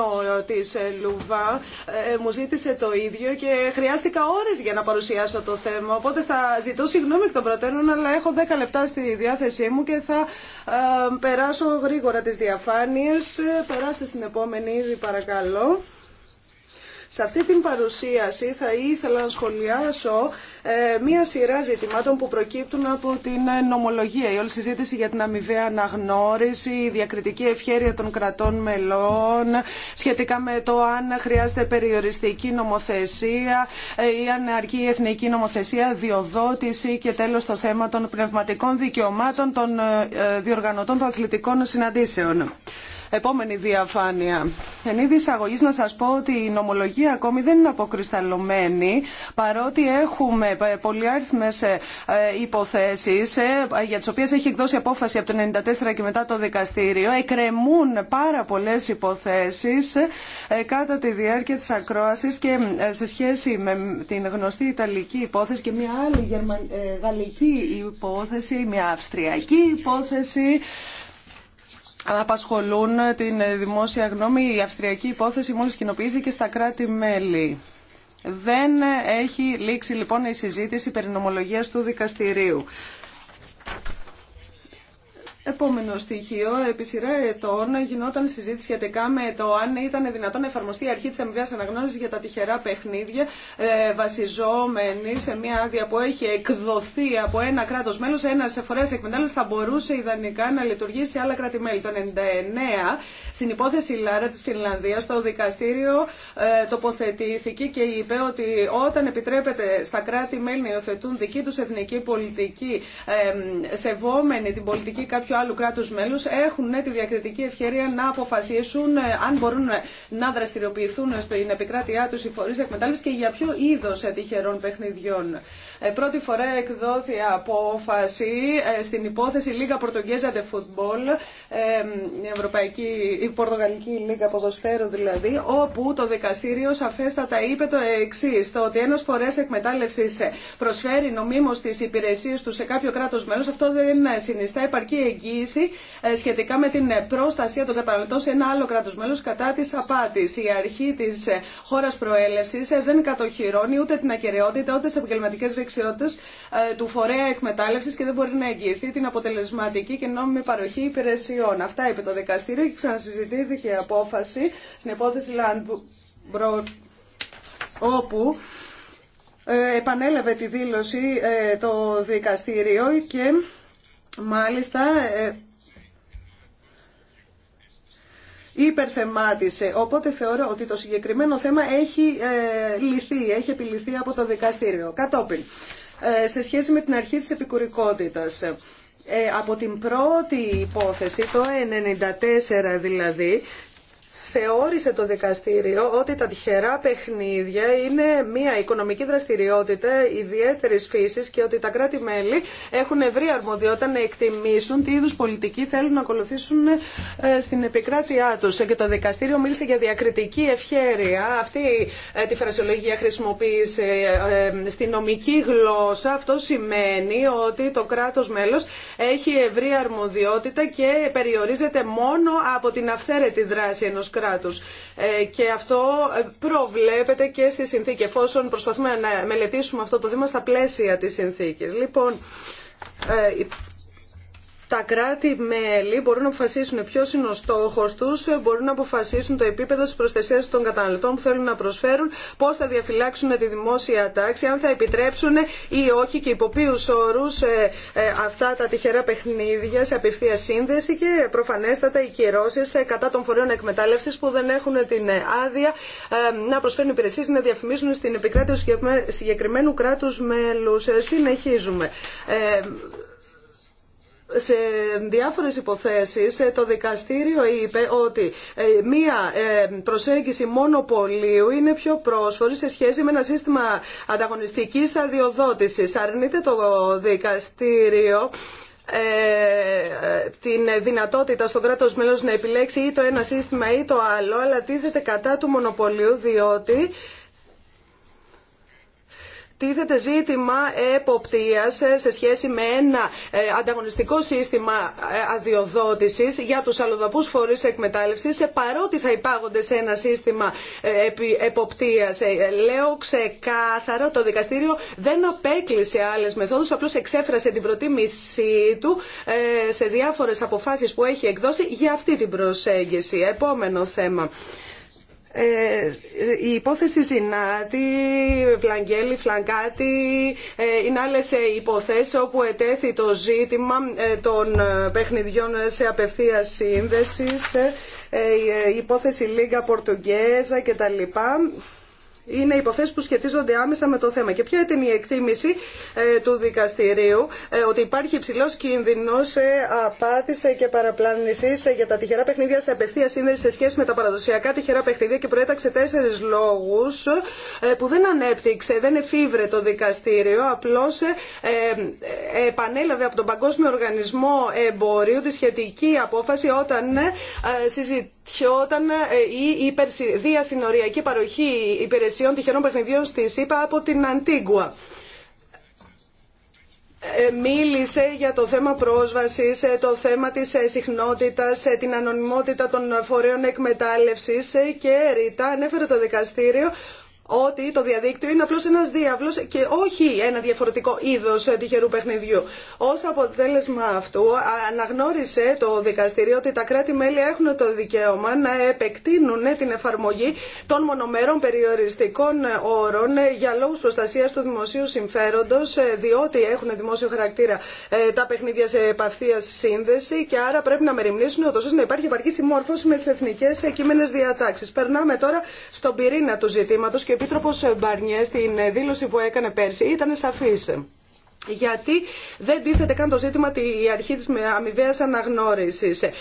τη ε, Λουβά ε, μου ζήτησε το ίδιο και χρειάστηκα ώρε για να παρουσιάσω το θέμα. Οπότε θα ζητώ συγγνώμη εκ των προτέρων, αλλά έχω 10 λεπτά στη διάθεσή μου και θα περάσω γρήγορα τι διαφάνειε. Περάστε στην επόμενη ήδη παρακαλώ. Σε αυτή την παρουσίαση θα ήθελα να σχολιάσω ε, μία σειρά ζητημάτων που προκύπτουν από την ε, νομολογία. Η όλη συζήτηση για την αμοιβαία αναγνώριση, η διακριτική ευχέρεια των κρατών μελών, σχετικά με το αν χρειάζεται περιοριστική νομοθεσία ε, ή αν αρκεί η εθνική νομοθεσία, διοδότηση και τέλος το θέμα των πνευματικών δικαιωμάτων των διοργανωτών των αθλητικών συναντήσεων. Επόμενη διαφάνεια. Εν είδη εισαγωγή να σας πω ότι η νομολογία ακόμη δεν είναι αποκρισταλωμένη παρότι έχουμε πολυάριθμες ε, ε, υποθέσεις ε, για τις οποίες έχει εκδώσει απόφαση από το 1994 και μετά το δικαστήριο. Εκρεμούν πάρα πολλές υποθέσεις κατά τη διάρκεια της ακρόασης και σε σχέση με την γνωστή Ιταλική υπόθεση και μια άλλη γαλλική υπόθεση, μια Αυστριακή υπόθεση απασχολούν την δημόσια γνώμη. Η αυστριακή υπόθεση μόλις κοινοποιήθηκε στα κράτη-μέλη. Δεν έχει λήξει λοιπόν η συζήτηση περί του δικαστηρίου. Επόμενο στοιχείο, επί σειρά ετών γινόταν συζήτηση σχετικά με το αν ήταν δυνατόν να εφαρμοστεί η αρχή τη αμοιβαία αναγνώριση για τα τυχερά παιχνίδια, ε, βασιζόμενη σε μια άδεια που έχει εκδοθεί από ένα κράτο μέλο, ένα φορέα εκμετάλλευση θα μπορούσε ιδανικά να λειτουργήσει άλλα κράτη-μέλη. Το 99, στην υπόθεση Λάρα τη Φινλανδία, το δικαστήριο ε, τοποθετήθηκε και είπε ότι όταν επιτρέπεται στα κράτη-μέλη να υιοθετούν δική του εθνική πολιτική, ε, σεβόμενη την πολιτική κάποιου άλλου κράτου μέλου έχουν ε, τη διακριτική ευκαιρία να αποφασίσουν ε, αν μπορούν ε, να δραστηριοποιηθούν στην επικράτειά του οι φορεί εκμετάλλευση και για ποιο είδο τυχερών παιχνιδιών. Ε, πρώτη φορά εκδόθη απόφαση ε, στην υπόθεση Λίγα Πορτογκέζα de Football, η, ε, Ευρωπαϊκή, η Πορτογαλική Λίγα Ποδοσφαίρου δηλαδή, όπου το δικαστήριο σαφέστατα είπε το εξή, το ότι ένα φορέα εκμετάλλευση προσφέρει νομίμω τι υπηρεσίε του σε κάποιο κράτο μέλο, αυτό δεν συνιστά επαρκή εγγύηση σχετικά με την πρόστασία των καταναλωτών σε ένα άλλο κράτο μέλο κατά τη απάτη. Η αρχή τη χώρα προέλευση δεν κατοχυρώνει ούτε την ακαιρεότητα ούτε τι επαγγελματικέ δεξιότητε του φορέα εκμετάλλευση και δεν μπορεί να εγγυηθεί την αποτελεσματική και νόμιμη παροχή υπηρεσιών. Αυτά είπε το δικαστήριο και ξανασυζητήθηκε η απόφαση στην υπόθεση Λαντμπρο, όπου ε, επανέλαβε τη δήλωση ε, το δικαστήριο και μάλιστα ε, υπερθεμάτισε. Οπότε θεωρώ ότι το συγκεκριμένο θέμα έχει ε, λυθεί, έχει επιληθεί από το δικαστήριο. Κατόπιν, ε, σε σχέση με την αρχή της επικουρικότητας, ε, από την πρώτη υπόθεση, το 1994 δηλαδή, θεώρησε το δικαστήριο ότι τα τυχερά παιχνίδια είναι μια οικονομική δραστηριότητα ιδιαίτερης φύσης και ότι τα κράτη-μέλη έχουν ευρύ αρμοδιότητα να εκτιμήσουν τι είδους πολιτική θέλουν να ακολουθήσουν ε, στην επικράτειά τους. Και το δικαστήριο μίλησε για διακριτική ευχέρεια. Αυτή ε, τη φρασιολογία χρησιμοποίησε ε, στη νομική γλώσσα. Αυτό σημαίνει ότι το κράτος μέλος έχει ευρύ αρμοδιότητα και περιορίζεται μόνο από την αυθαίρετη δράση ενός κράτου. Ε, και αυτό ε, προβλέπεται και στη συνθήκη, εφόσον προσπαθούμε να μελετήσουμε αυτό το θέμα στα πλαίσια τη συνθήκης. Λοιπόν, ε, τα κράτη-μέλη μπορούν να αποφασίσουν ποιο είναι ο στόχο του, μπορούν να αποφασίσουν το επίπεδο τη προστασία των καταναλωτών που θέλουν να προσφέρουν, πώ θα διαφυλάξουν τη δημόσια τάξη, αν θα επιτρέψουν ή όχι και υπό ποιου όρου ε, ε, αυτά τα τυχερά παιχνίδια σε απευθεία σύνδεση και προφανέστατα οι κυρώσει ε, κατά των φορέων εκμετάλλευση που δεν έχουν την άδεια να προσφέρουν υπηρεσίε να διαφημίσουν στην επικράτεια του συγκεκριμένου κράτου μέλου. Συνεχίζουμε σε διάφορες υποθέσεις ε, το δικαστήριο είπε ότι ε, μία ε, προσέγγιση μονοπωλίου είναι πιο πρόσφορη σε σχέση με ένα σύστημα ανταγωνιστικής αδειοδότησης. Αρνείται το δικαστήριο την δυνατότητα στο κράτος μέλος να επιλέξει ή το ένα σύστημα ή το άλλο αλλά τίθεται κατά του μονοπωλίου διότι τίθεται ζήτημα εποπτείας σε σχέση με ένα ε, ανταγωνιστικό σύστημα ε, αδειοδότησης για τους αλλοδαπούς φορείς εκμετάλλευσης παρότι θα υπάγονται σε ένα σύστημα ε, εποπτείας. Λέω ξεκάθαρο, το δικαστήριο δεν απέκλεισε άλλες μεθόδους, απλώς εξέφρασε την προτίμησή του σε διάφορες αποφάσεις που έχει εκδώσει για αυτή την προσέγγιση. Επόμενο θέμα. Ε, η υπόθεση Ζινάτη, Βλαγγέλη, Φλαγκάτη ε, είναι άλλε υποθέσει όπου ετέθη το ζήτημα ε, των παιχνιδιών σε απευθεία σύνδεση, η υπόθεση Λίγκα Πορτογκέζα κτλ είναι υποθέσεις που σχετίζονται άμεσα με το θέμα. Και ποια ήταν η εκτίμηση ε, του δικαστηρίου ε, ότι υπάρχει υψηλός κίνδυνος ε, απάτηση και παραπλάνησης για τα τυχερά παιχνίδια σε απευθεία σύνδεση σε σχέση με τα παραδοσιακά τυχερά παιχνίδια και προέταξε τέσσερις λόγους που δεν ανέπτυξε, δεν εφήβρε το δικαστήριο, απλώς επανέλαβε από τον Παγκόσμιο Οργανισμό Εμπορίου τη σχετική απόφαση όταν συζητήθηκε όταν ε, η διασυνοριακή παροχή υπηρεσιών τυχερών παιχνιδιών στη ΣΥΠΑ από την Αντίγκουα ε, μίλησε για το θέμα πρόσβασης, ε, το θέμα της συχνότητας, την ανωνυμότητα των φορέων εκμετάλλευσης και ρητά ανέφερε το δικαστήριο ότι το διαδίκτυο είναι απλώς ένας διάβλος και όχι ένα διαφορετικό είδος ε, τυχερού παιχνιδιού. Ως αποτέλεσμα αυτού αναγνώρισε το δικαστήριο ότι τα κράτη-μέλη έχουν το δικαίωμα να επεκτείνουν ε, την εφαρμογή των μονομερών περιοριστικών ε, όρων για λόγους προστασίας του δημοσίου συμφέροντος διότι έχουν δημόσιο χαρακτήρα τα παιχνίδια σε επαυθείας σύνδεση και άρα πρέπει να μεριμνήσουν ώστε να υπάρχει επαρκή συμμόρφωση με τις εθνικές κείμενες διατάξεις. Περνάμε τώρα στον πυρήνα του ζητήματος Επίτροπος Μπαρνιέ στην δήλωση που έκανε πέρσι ήταν σαφής γιατί δεν τίθεται καν το ζήτημα η αρχή της αμοιβαίας αναγνώρισης. Ε,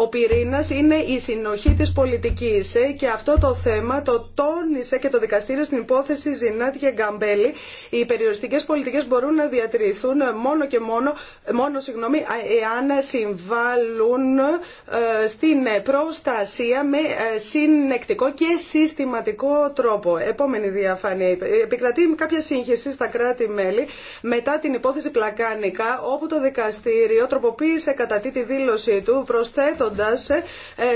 ο πυρήνας είναι η συνοχή της πολιτικής ε, και αυτό το θέμα το τόνισε και το δικαστήριο στην υπόθεση Ζινάτη και Γκαμπέλη. Οι περιοριστικές πολιτικές μπορούν να διατηρηθούν μόνο και μόνο, μόνο συγγνώμη, εάν συμβάλλουν ε, στην προστασία με συνεκτικό και συστηματικό τρόπο. Επόμενη διαφάνεια. Επικρατεί κάποια σύγχυση στα κράτη-μέλη μετά την υπόθεση Πλακάνικα, όπου το δικαστήριο τροποποίησε κατά τη δήλωσή του, προσθέτοντας ε,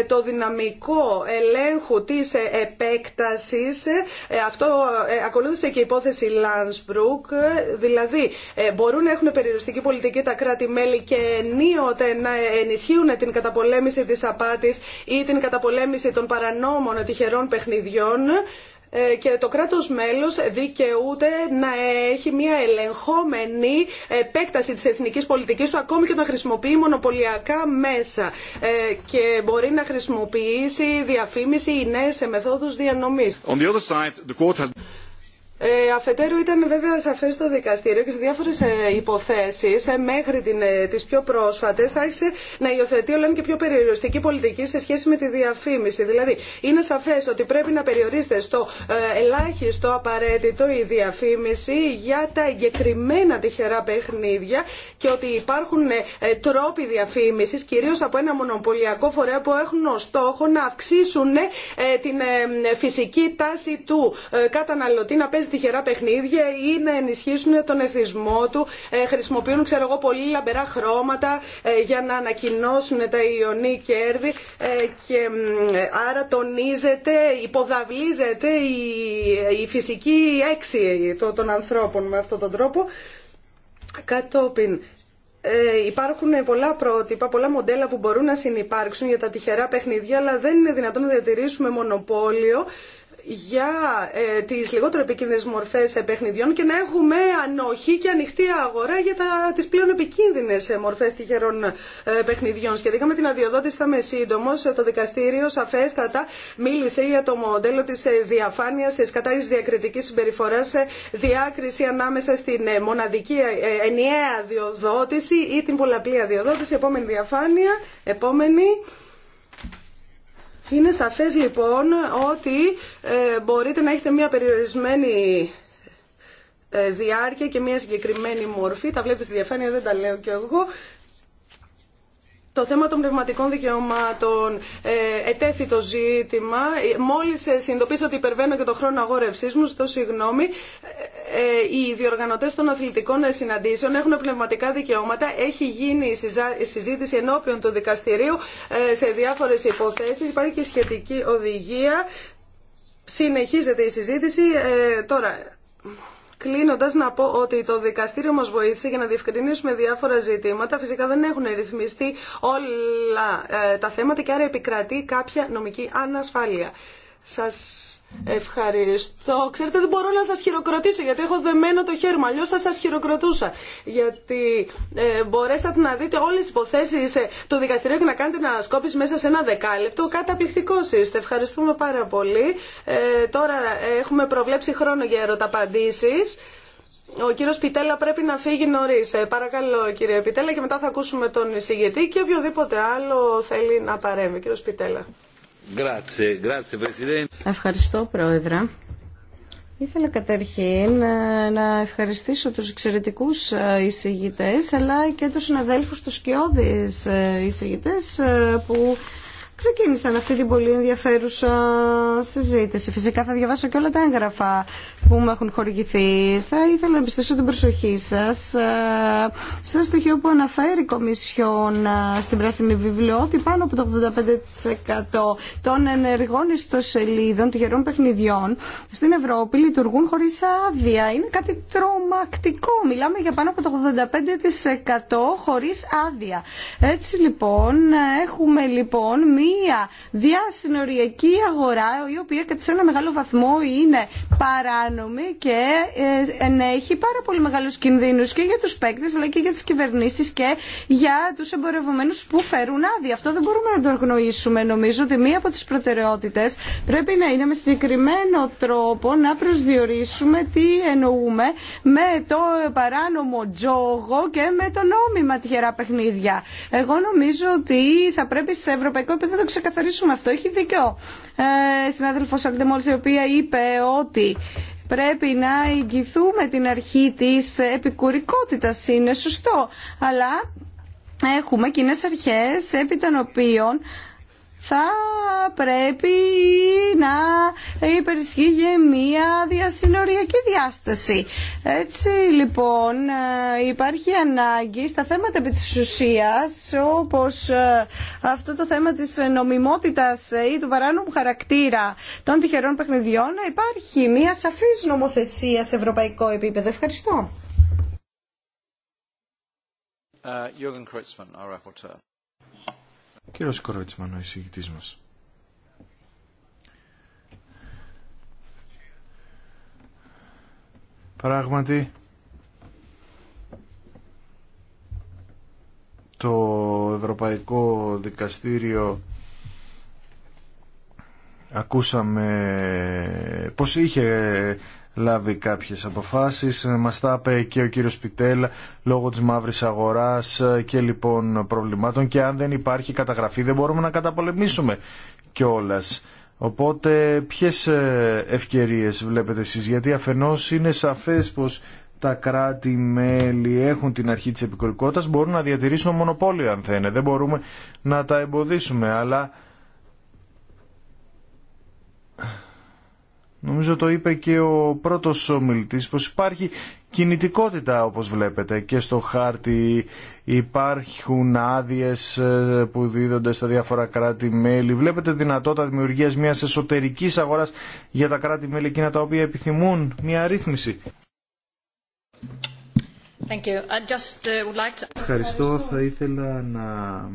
το δυναμικό ελέγχου της ε, επέκτασης. Ε, αυτό ακολούθησε και η υπόθεση Λάνσμπρουκ, δηλαδή μπορούν να έχουν περιοριστική πολιτική τα κράτη-μέλη και ενίοτε να ενισχύουν την καταπολέμηση της απάτης ή την καταπολέμηση των παρανόμων τυχερών παιχνιδιών ε, και το κράτος μέλος δικαιούται να έχει μια ελεγχόμενη επέκταση της εθνικής πολιτικής του ακόμη και να χρησιμοποιεί μονοπωλιακά μέσα ε, και μπορεί να χρησιμοποιήσει διαφήμιση ή νέες μεθόδους διανομής. Ε, αφετέρου ήταν βέβαια σαφές στο δικαστήριο και σε διάφορες ε, υποθέσεις ε, μέχρι την, ε, τις πιο πρόσφατες άρχισε να υιοθετεί όλο και πιο περιοριστική πολιτική σε σχέση με τη διαφήμιση. Δηλαδή είναι σαφές ότι πρέπει να περιορίζεται στο ε, ελάχιστο απαραίτητο η διαφήμιση για τα εγκεκριμένα τυχερά παιχνίδια και ότι υπάρχουν τρόποι διαφήμισης κυρίως από ένα μονοπωλιακό φορέα που έχουν ως στόχο να αυξήσουν την φυσική τάση του καταναλωτή να τυχερά παιχνίδια ή να ενισχύσουν τον εθισμό του. Ε, χρησιμοποιούν, ξέρω εγώ, πολύ λαμπερά χρώματα ε, για να ανακοινώσουν τα ιονή κέρδη ε, και άρα τονίζεται, υποδαβλίζεται η φυσική έξι των ανθρώπων με αυτόν τον τρόπο. Κατόπιν, ε, υπάρχουν πολλά πρότυπα, πολλά μοντέλα που μπορούν να συνεπάρξουν για τα τυχερά παιχνίδια, αλλά δεν είναι δυνατόν να διατηρήσουμε μονοπόλιο για ε, τις λιγότερο επικίνδυνες μορφές ε, παιχνιδιών και να έχουμε ανοχή και ανοιχτή αγορά για τα, τις πλέον επικίνδυνες ε, μορφές τυχερών ε, παιχνιδιών. Σχετικά με την αδειοδότηση θα είμαι σύντομο. Ε, το δικαστήριο σαφέστατα μίλησε για το μοντέλο της διαφάνειας, της κατάλληλης διακριτικής συμπεριφοράς, διάκριση ανάμεσα στην μοναδική ενιαία αδειοδότηση ή την πολλαπλή αδειοδότηση. Επόμενη διαφάνεια, επόμενη. Είναι σαφές λοιπόν ότι ε, μπορείτε να έχετε μια περιορισμένη ε, διάρκεια και μια συγκεκριμένη μορφή. Τα βλέπετε στη διαφάνεια, δεν τα λέω κι εγώ. Το θέμα των πνευματικών δικαιωμάτων ε, ετέθη το ζήτημα. Μόλις ε, συνειδητοποίησα ότι υπερβαίνω και το χρόνο αγόρευσή μου, στο συγγνώμη, ε, ε, οι διοργανωτέ των αθλητικών συναντήσεων έχουν πνευματικά δικαιώματα. Έχει γίνει η συζήτηση ενώπιον του δικαστηρίου σε διάφορες υποθέσεις. Υπάρχει και σχετική οδηγία. Συνεχίζεται η συζήτηση. Τώρα... Κλείνοντα, να πω ότι το δικαστήριο μα βοήθησε για να διευκρινίσουμε διάφορα ζητήματα. Φυσικά δεν έχουν ρυθμιστεί όλα ε, τα θέματα και άρα επικρατεί κάποια νομική ανασφάλεια. Σας Ευχαριστώ. Ξέρετε, δεν μπορώ να σα χειροκροτήσω γιατί έχω δεμένο το χέρι μου. Αλλιώ θα σα χειροκροτούσα. Γιατί ε, μπορέσατε να δείτε όλε τι υποθέσει ε, του δικαστηρίου και να κάνετε την ανασκόπηση μέσα σε ένα δεκάλεπτο. Καταπληκτικό είστε. Ευχαριστούμε πάρα πολύ. Ε, τώρα έχουμε προβλέψει χρόνο για ερωταπαντήσει. Ο κύριο Πιτέλα πρέπει να φύγει Ε, παρακαλώ κύριε Πιτέλα και μετά θα ακούσουμε τον εισηγητή και οποιοδήποτε άλλο θέλει να παρέμβει. Κύριο Πιτέλα. Ευχαριστώ, Πρόεδρε. Ήθελα καταρχήν ε, να ευχαριστήσω τους εξαιρετικούς ε, εισηγητές αλλά και τους συναδέλφους τους σκιώδεις ε, εισηγητές που ξεκίνησαν αυτή την πολύ ενδιαφέρουσα συζήτηση. Φυσικά θα διαβάσω και όλα τα έγγραφα που μου έχουν χορηγηθεί. Θα ήθελα να πιστεύω την προσοχή σας ε, ένα στοιχείο που αναφέρει η Κομισιόν ε, στην Πράσινη Βιβλίο ότι πάνω από το 85% των ενεργών ιστοσελίδων των γερών παιχνιδιών στην Ευρώπη λειτουργούν χωρίς άδεια. Είναι κάτι τρομακτικό. Μιλάμε για πάνω από το 85% χωρίς άδεια. Έτσι λοιπόν ε, έχουμε λοιπόν μία διασυνοριακή αγορά η οποία κατά σε ένα μεγάλο βαθμό είναι παράνομη και ε, ενέχει πάρα πολύ μεγάλους κινδύνους και για τους παίκτες αλλά και για τις κυβερνήσεις και για τους εμπορευομένους που φέρουν άδεια. Αυτό δεν μπορούμε να το αγνοήσουμε. Νομίζω ότι μία από τις προτεραιότητες πρέπει να είναι με συγκεκριμένο τρόπο να προσδιορίσουμε τι εννοούμε με το παράνομο τζόγο και με το νόμιμα τυχερά παιχνίδια. Εγώ νομίζω ότι θα πρέπει σε ευρωπαϊκό επίπεδο το ξεκαθαρίσουμε αυτό. Έχει δίκιο ε, συνάδελφος η οποία είπε ότι πρέπει να εγγυθούμε την αρχή της επικουρικότητα. Είναι σωστό. Αλλά έχουμε κοινέ αρχές επί των οποίων θα πρέπει να υπερισχύει για μια διασυνοριακή διάσταση. Έτσι λοιπόν ε, υπάρχει ανάγκη στα θέματα επί της όπως ε, αυτό το θέμα της νομιμότητας ε, ή του παράνομου χαρακτήρα των τυχερών παιχνιδιών να υπάρχει μια σαφής νομοθεσία σε ευρωπαϊκό επίπεδο. Ευχαριστώ. Jürgen κύριο κύριος Κορότσμαν, ο εισηγητής μας. Πράγματι, το Ευρωπαϊκό Δικαστήριο ακούσαμε πως είχε λάβει κάποιες αποφάσεις. Μας τα είπε και ο κύριος Πιτέλα λόγω της μαύρης αγοράς και λοιπόν προβλημάτων και αν δεν υπάρχει καταγραφή δεν μπορούμε να καταπολεμήσουμε κιόλα. Οπότε ποιες ε, ευκαιρίες βλέπετε εσείς γιατί αφενός είναι σαφές πως τα κράτη-μέλη έχουν την αρχή της μπορούν να διατηρήσουν μονοπόλιο αν θέλουν. Δεν μπορούμε να τα εμποδίσουμε αλλά Νομίζω το είπε και ο πρώτος ομιλητής πως υπάρχει κινητικότητα όπως βλέπετε και στο χάρτη υπάρχουν άδειε ε, που δίδονται στα διάφορα κράτη-μέλη. Βλέπετε δυνατότητα δημιουργίας μιας εσωτερικής αγοράς για τα κράτη-μέλη εκείνα τα οποία επιθυμούν μια ρύθμιση. Uh, Ευχαριστώ. Θα ήθελα να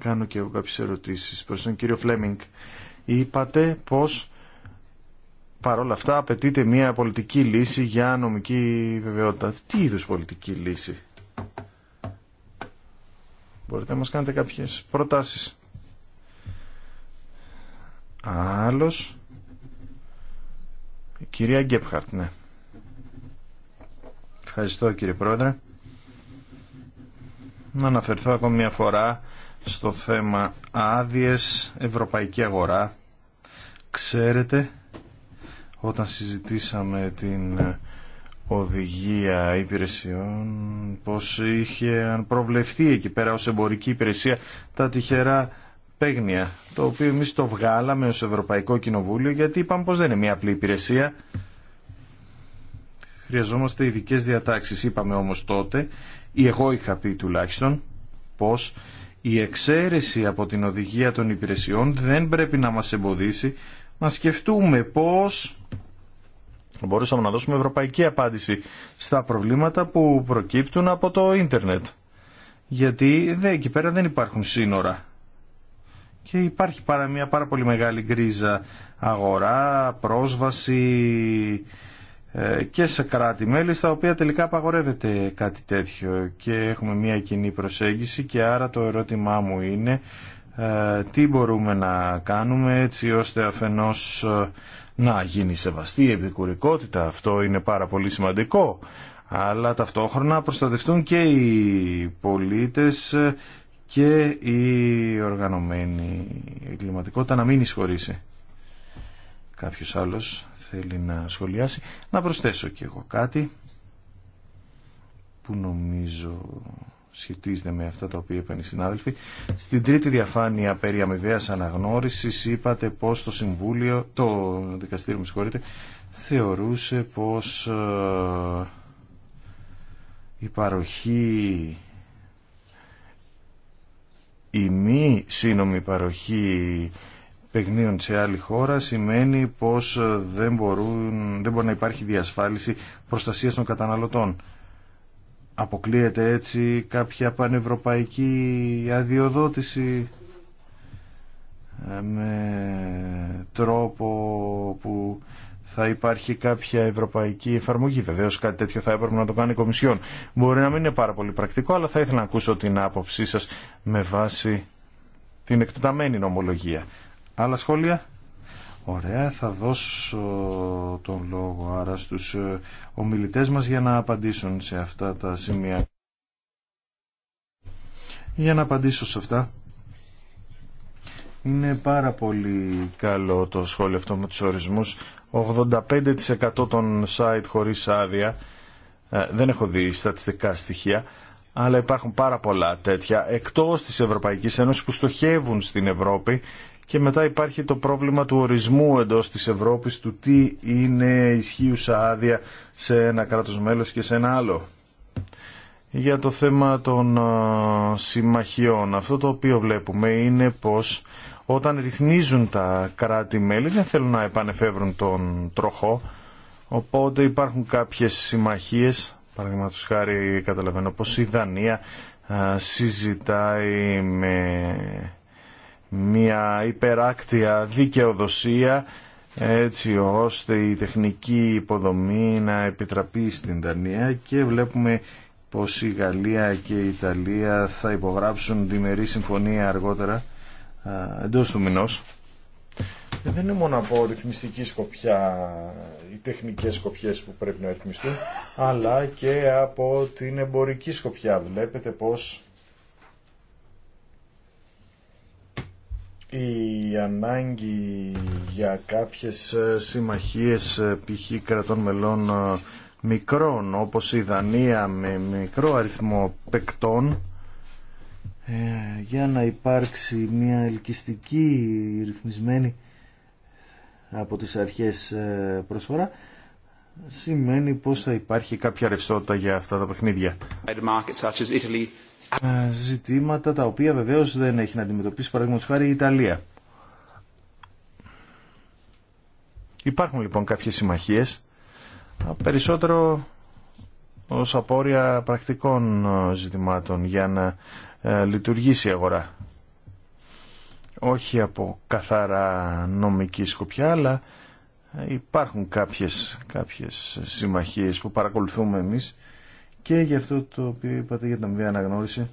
κάνω και εγώ κάποιες ερωτήσεις προς τον κύριο Φλέμινγκ. Είπατε πως Παρ' όλα αυτά απαιτείται μια πολιτική λύση για νομική βεβαιότητα. Τι είδους πολιτική λύση. Μπορείτε να μας κάνετε κάποιες προτάσεις. Άλλος. Η κυρία Γκέπχαρτ, ναι. Ευχαριστώ κύριε Πρόεδρε. Να αναφερθώ ακόμη μια φορά στο θέμα άδειες, ευρωπαϊκή αγορά. Ξέρετε όταν συζητήσαμε την ε, οδηγία υπηρεσιών πως είχε προβλεφθεί εκεί πέρα ως εμπορική υπηρεσία τα τυχερά παίγνια το οποίο εμείς το βγάλαμε ως Ευρωπαϊκό Κοινοβούλιο γιατί είπαμε πως δεν είναι μια απλή υπηρεσία χρειαζόμαστε ειδικέ διατάξεις είπαμε όμως τότε ή εγώ είχα πει τουλάχιστον πως η εξαίρεση από την οδηγία των υπηρεσιών δεν πρέπει να μας εμποδίσει να σκεφτούμε πως μπορούσαμε να δώσουμε ευρωπαϊκή απάντηση στα προβλήματα που προκύπτουν από το ίντερνετ. Γιατί δε, εκεί πέρα δεν υπάρχουν σύνορα. Και υπάρχει πάρα μια πάρα πολύ μεγάλη γκρίζα αγορά, πρόσβαση ε, και σε κράτη-μέλη στα οποία τελικά απαγορεύεται κάτι τέτοιο και έχουμε μια κοινή προσέγγιση και άρα το ερώτημά μου είναι ε, τι μπορούμε να κάνουμε έτσι ώστε αφενός ε, να γίνει σεβαστή η επικουρικότητα. Αυτό είναι πάρα πολύ σημαντικό. Αλλά ταυτόχρονα προστατευτούν και οι πολίτες και η οργανωμένη εγκληματικότητα να μην εισχωρήσει. Κάποιος άλλος θέλει να σχολιάσει. Να προσθέσω κι εγώ κάτι που νομίζω σχετίζεται με αυτά τα οποία είπαν οι συνάδελφοι. Στην τρίτη διαφάνεια περί αμοιβαία αναγνώρισης είπατε πω το Συμβούλιο, το δικαστήριο με θεωρούσε πως ε, η παροχή η μη σύνομη παροχή παιχνίων σε άλλη χώρα σημαίνει πως ε, δεν, δεν μπορεί να υπάρχει διασφάλιση προστασίας των καταναλωτών. Αποκλείεται έτσι κάποια πανευρωπαϊκή αδειοδότηση ε, με τρόπο που θα υπάρχει κάποια ευρωπαϊκή εφαρμογή. Βεβαίω κάτι τέτοιο θα έπρεπε να το κάνει η Κομισιόν. Μπορεί να μην είναι πάρα πολύ πρακτικό, αλλά θα ήθελα να ακούσω την άποψή σα με βάση την εκτεταμένη νομολογία. Άλλα σχόλια. Ωραία, θα δώσω τον λόγο άρα στους ε, ομιλητές μας για να απαντήσουν σε αυτά τα σημεία. Για να απαντήσω σε αυτά. Είναι πάρα πολύ καλό το σχόλιο αυτό με τους ορισμούς. 85% των site χωρίς άδεια. Ε, δεν έχω δει στατιστικά στοιχεία αλλά υπάρχουν πάρα πολλά τέτοια εκτός της Ευρωπαϊκής Ένωσης που στοχεύουν στην Ευρώπη και μετά υπάρχει το πρόβλημα του ορισμού εντός της Ευρώπης του τι είναι ισχύουσα άδεια σε ένα κράτος μέλος και σε ένα άλλο. Για το θέμα των συμμαχιών, αυτό το οποίο βλέπουμε είναι πως όταν ρυθμίζουν τα κράτη-μέλη δεν θέλουν να επανεφεύρουν τον τροχό, οπότε υπάρχουν κάποιες συμμαχίες, παραδείγματο χάρη καταλαβαίνω πως η Δανία συζητάει με μια υπεράκτια δικαιοδοσία έτσι ώστε η τεχνική υποδομή να επιτραπεί στην Δανία και βλέπουμε πως η Γαλλία και η Ιταλία θα υπογράψουν διμερή συμφωνία αργότερα εντός του μηνός. Ε, δεν είναι μόνο από ρυθμιστική σκοπιά οι τεχνικές σκοπιές που πρέπει να ρυθμιστούν, αλλά και από την εμπορική σκοπιά. Βλέπετε πως η ανάγκη για κάποιες ε, συμμαχίες ε, π.χ. κρατών μελών ε, μικρών, όπως η Δανία με μικρό αριθμό παικτών, για να υπάρξει μια ελκυστική ρυθμισμένη από τις αρχές προσφορά, σημαίνει πως θα υπάρχει κάποια ρευστότητα για αυτά τα παιχνίδια ζητήματα τα οποία βεβαίως δεν έχει να αντιμετωπίσει παραδείγματος χάρη η Ιταλία. Υπάρχουν λοιπόν κάποιες συμμαχίες, περισσότερο ως απόρρια πρακτικών ζητημάτων για να ε, λειτουργήσει η αγορά. Όχι από καθαρά νομική σκοπιά, αλλά ε, υπάρχουν κάποιες, κάποιες συμμαχίες που παρακολουθούμε εμείς και για αυτό το οποίο είπατε για την αμοιβή αναγνώριση.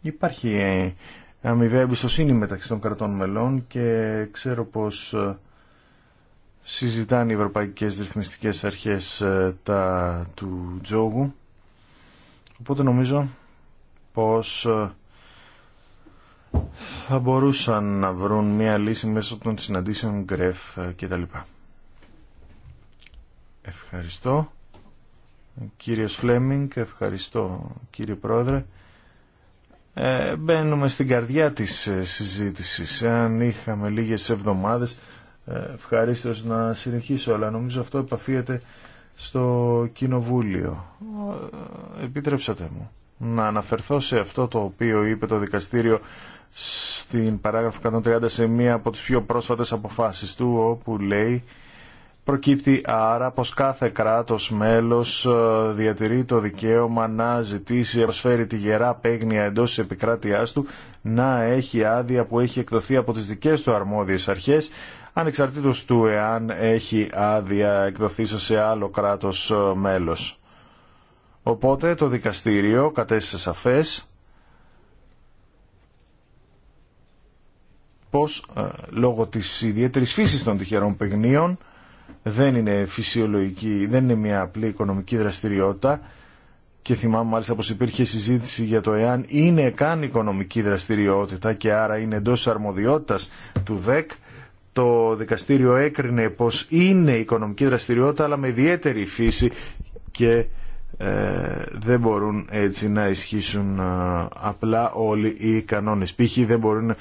Υπάρχει ε, αμοιβή εμπιστοσύνη μεταξύ των κρατών μελών και ξέρω πως ε, συζητάνε οι ευρωπαϊκές ρυθμιστικές αρχές ε, τα του τζόγου. Οπότε νομίζω πως θα μπορούσαν να βρουν μια λύση μέσω των συναντήσεων γκρεφ κτλ. Ευχαριστώ. Κύριος Φλέμινγκ, ευχαριστώ κύριε Πρόεδρε. Ε, μπαίνουμε στην καρδιά της ε, συζήτησης. Αν είχαμε λίγες εβδομάδες, ε, ευχαρίστω να συνεχίσω, αλλά νομίζω αυτό επαφίεται στο Κοινοβούλιο. Ε, Επίτρεψατε μου να αναφερθώ σε αυτό το οποίο είπε το δικαστήριο στην παράγραφο 130 σε μία από τις πιο πρόσφατες αποφάσεις του, όπου λέει Προκύπτει άρα πως κάθε κράτος μέλος ε, διατηρεί το δικαίωμα να ζητήσει, να προσφέρει τη γερά παίγνια εντός της επικράτειάς του, να έχει άδεια που έχει εκδοθεί από τις δικές του αρμόδιες αρχές, ανεξαρτήτως του εάν έχει άδεια εκδοθεί σε άλλο κράτος ε, μέλος. Οπότε το δικαστήριο κατέστησε σαφές πως ε, λόγω της ιδιαίτερης φύσης των τυχερών παιγνίων δεν είναι φυσιολογική, δεν είναι μια απλή οικονομική δραστηριότητα και θυμάμαι μάλιστα πως υπήρχε συζήτηση για το εάν είναι καν οικονομική δραστηριότητα και άρα είναι εντό αρμοδιότητας του ΔΕΚ το δικαστήριο έκρινε πως είναι οικονομική δραστηριότητα αλλά με ιδιαίτερη φύση και ε, δεν μπορούν έτσι να ισχύσουν ε, απλά όλοι οι κανόνες. Π.χ. δεν μπορούν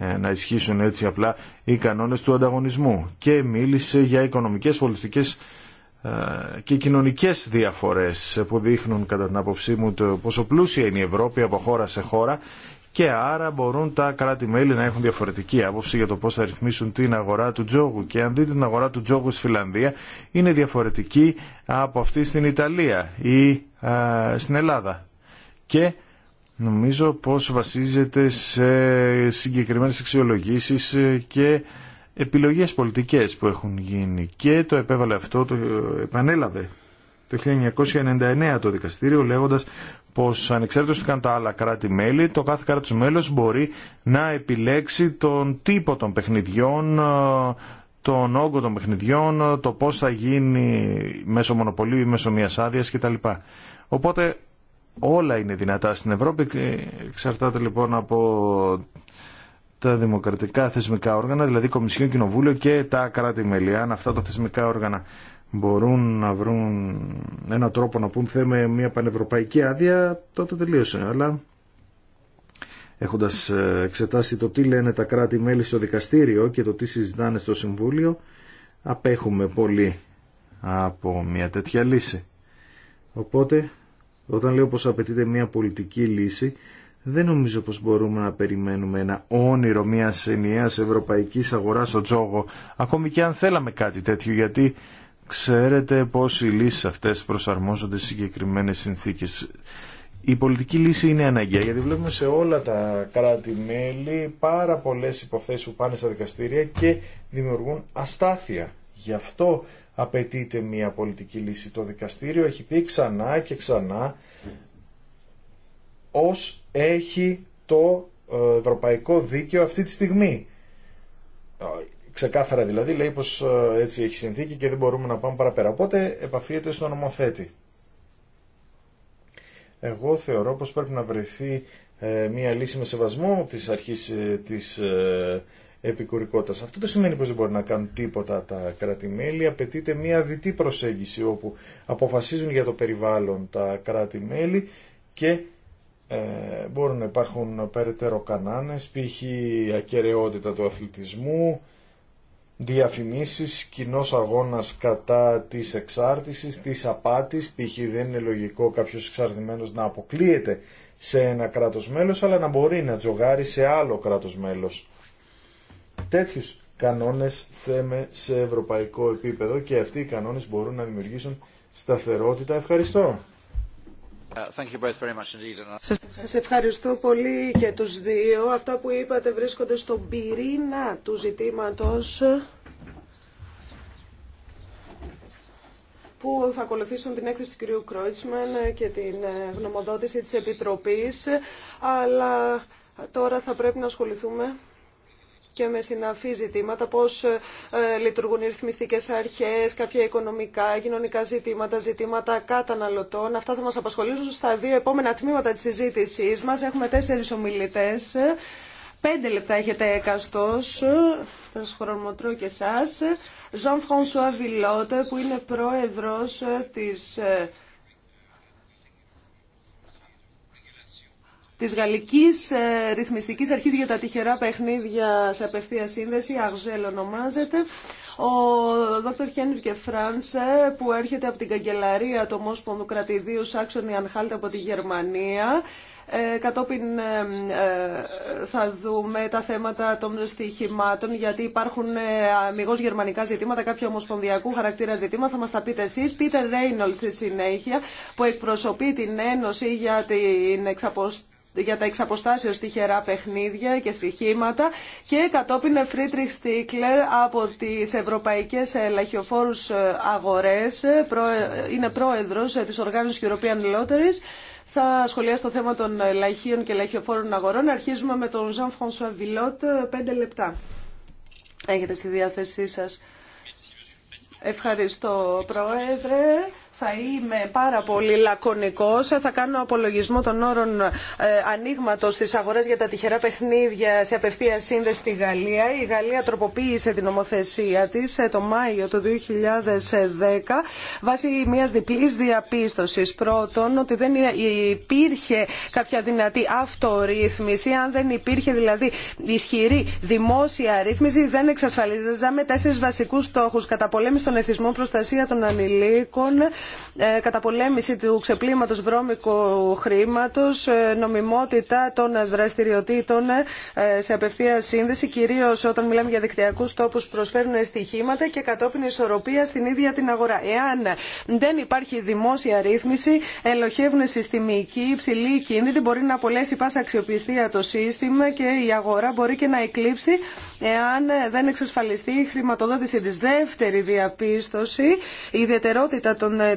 ε, να ισχύσουν έτσι απλά οι κανόνες του ανταγωνισμού και μίλησε για οικονομικές, πολιτικές ε, και κοινωνικές διαφορές που δείχνουν κατά την άποψή μου το πόσο πλούσια είναι η Ευρώπη από χώρα σε χώρα και άρα μπορούν τα κράτη-μέλη να έχουν διαφορετική άποψη για το πώς θα ρυθμίσουν την αγορά του τζόγου. Και αν δείτε την αγορά του τζόγου στη Φιλανδία είναι διαφορετική από αυτή στην Ιταλία ή ε, στην Ελλάδα. Και Νομίζω πως βασίζεται σε συγκεκριμένες αξιολογήσεις και επιλογές πολιτικές που έχουν γίνει και το επέβαλε αυτό, το επανέλαβε το 1999 το δικαστήριο λέγοντας πως ανεξάρτητος ήταν τα άλλα κράτη-μέλη, το κάθε κράτος μέλος μπορεί να επιλέξει τον τύπο των παιχνιδιών, τον όγκο των παιχνιδιών, το πώς θα γίνει μέσω μονοπωλίου ή μέσω μιας άδεια κτλ. Οπότε όλα είναι δυνατά στην Ευρώπη, εξαρτάται λοιπόν από τα δημοκρατικά θεσμικά όργανα, δηλαδή Κομισιό Κοινοβούλιο και τα κράτη-μέλη. Αν αυτά τα θεσμικά όργανα μπορούν να βρουν έναν τρόπο να πούν θέμε μια πανευρωπαϊκή άδεια, τότε τελείωσε. Αλλά έχοντας ε, εξετάσει το τι λένε τα κράτη-μέλη στο δικαστήριο και το τι συζητάνε στο Συμβούλιο, απέχουμε πολύ από μια τέτοια λύση. Οπότε όταν λέω πως απαιτείται μια πολιτική λύση, δεν νομίζω πως μπορούμε να περιμένουμε ένα όνειρο μία ενιαίας ευρωπαϊκής αγοράς στο τζόγο, ακόμη και αν θέλαμε κάτι τέτοιο, γιατί ξέρετε πως οι λύσεις αυτές προσαρμόζονται σε συγκεκριμένες συνθήκες. Η πολιτική λύση είναι αναγκαία, γιατί βλέπουμε σε όλα τα κράτη-μέλη πάρα πολλές υποθέσεις που πάνε στα δικαστήρια και δημιουργούν αστάθεια. Γι' αυτό απαιτείται μια πολιτική λύση. Το δικαστήριο έχει πει ξανά και ξανά ως έχει το ε, ευρωπαϊκό δίκαιο αυτή τη στιγμή. Ε, ξεκάθαρα δηλαδή λέει πως ε, έτσι έχει συνθήκη και δεν μπορούμε να πάμε παραπέρα. Οπότε επαφίεται στον νομοθέτη. Εγώ θεωρώ πως πρέπει να βρεθεί μια λύση με σεβασμό της αρχής της επικουρικότητα. Αυτό δεν σημαίνει πώ δεν μπορεί να κάνουν τίποτα τα κράτη-μέλη. Απαιτείται μια διτή προσέγγιση όπου αποφασίζουν για το περιβάλλον τα κράτη-μέλη και ε, μπορούν να υπάρχουν περαιτέρω κανάνες, π.χ. ακαιρεότητα του αθλητισμού, διαφημίσεις, κοινό αγώνας κατά της εξάρτησης, της απάτης, π.χ. δεν είναι λογικό κάποιος εξαρτημένος να αποκλείεται σε ένα κράτος μέλος, αλλά να μπορεί να τζογάρει σε άλλο κράτος μέλος. Τέτοιου κανόνες θέμε σε ευρωπαϊκό επίπεδο και αυτοί οι κανόνες μπορούν να δημιουργήσουν σταθερότητα. Ευχαριστώ. Uh, σας ευχαριστώ πολύ και τους δύο. Αυτά που είπατε βρίσκονται στον πυρήνα του ζητήματο, που θα ακολουθήσουν την έκθεση του κυρίου Κρόιτσμαν και την ε, γνωμοδότηση της Επιτροπής, αλλά τώρα θα πρέπει να ασχοληθούμε και με συναφή ζητήματα, πώς ε, λειτουργούν οι ρυθμιστικέ αρχές, κάποια οικονομικά, κοινωνικά ζητήματα, ζητήματα καταναλωτών. Αυτά θα μα απασχολήσουν στα δύο επόμενα τμήματα της συζήτησή μα. Έχουμε τέσσερι ομιλητέ. Πέντε λεπτά έχετε εκαστός, θα σας και εσάς. Ζων Φρανσουά Βιλότε, που είναι πρόεδρος ε, της ε, της Γαλλικής ε, ρυθμιστική αρχή για τα τυχερά παιχνίδια σε απευθεία σύνδεση, Αγζέλ ονομάζεται, ο Δόκτωρ και Φράνσε, που έρχεται από την καγκελαρία του Ομόσπονδου Κρατηδίου Σάξονι Ανχάλτ από τη Γερμανία, ε, κατόπιν ε, ε, θα δούμε τα θέματα των στοιχημάτων, γιατί υπάρχουν ε, γερμανικά ζητήματα, κάποια ομοσπονδιακού χαρακτήρα ζητήματα, θα μα τα πείτε εσεί, Πίτερ Ρέινολ στη συνέχεια, που εκπροσωπεί την Ένωση για την εξαποστήριξη για τα εξαποστάσεως τυχερά παιχνίδια και στοιχήματα και κατόπιν Φρίτριχ Στίκλερ από τις Ευρωπαϊκές ελαχιοφόρους Αγορές, είναι πρόεδρος της οργάνωσης European Lotteries. Θα σχολιάσει το θέμα των λαχείων και λαχιοφόρων αγορών. Αρχίζουμε με τον Ζαν Φρανσουά Βιλότ, πέντε λεπτά. Έχετε στη διάθεσή σας. Ευχαριστώ, Πρόεδρε. Θα είμαι πάρα πολύ λακωνικός. Θα κάνω απολογισμό των όρων ε, ανοίγματο τη αγορά για τα τυχερά παιχνίδια σε απευθεία σύνδεση στη Γαλλία. Η Γαλλία τροποποίησε την νομοθεσία τη ε, το Μάιο του 2010 βάσει μιας διπλής διαπίστωσης. Πρώτον, ότι δεν υπήρχε κάποια δυνατή αυτορύθμιση. Αν δεν υπήρχε δηλαδή ισχυρή δημόσια ρύθμιση, δεν εξασφαλίζαμε τέσσερι βασικούς στόχους. Καταπολέμηση των εθισμών, προστασία των ανηλίκων, ε, καταπολέμηση του ξεπλήματος βρώμικου χρήματος, ε, νομιμότητα των δραστηριοτήτων ε, σε απευθεία σύνδεση, κυρίως όταν μιλάμε για δικτυακούς τόπους προσφέρουν στοιχήματα και κατόπιν ισορροπία στην ίδια την αγορά. Εάν δεν υπάρχει δημόσια ρύθμιση, ελοχεύουν συστημική υψηλή κίνδυνη, μπορεί να απολέσει πάσα αξιοπιστία το σύστημα και η αγορά μπορεί και να εκλείψει εάν δεν εξασφαλιστεί η χρηματοδότηση της δεύτερη διαπίστωση, η ιδιαιτερότητα των ε, ε,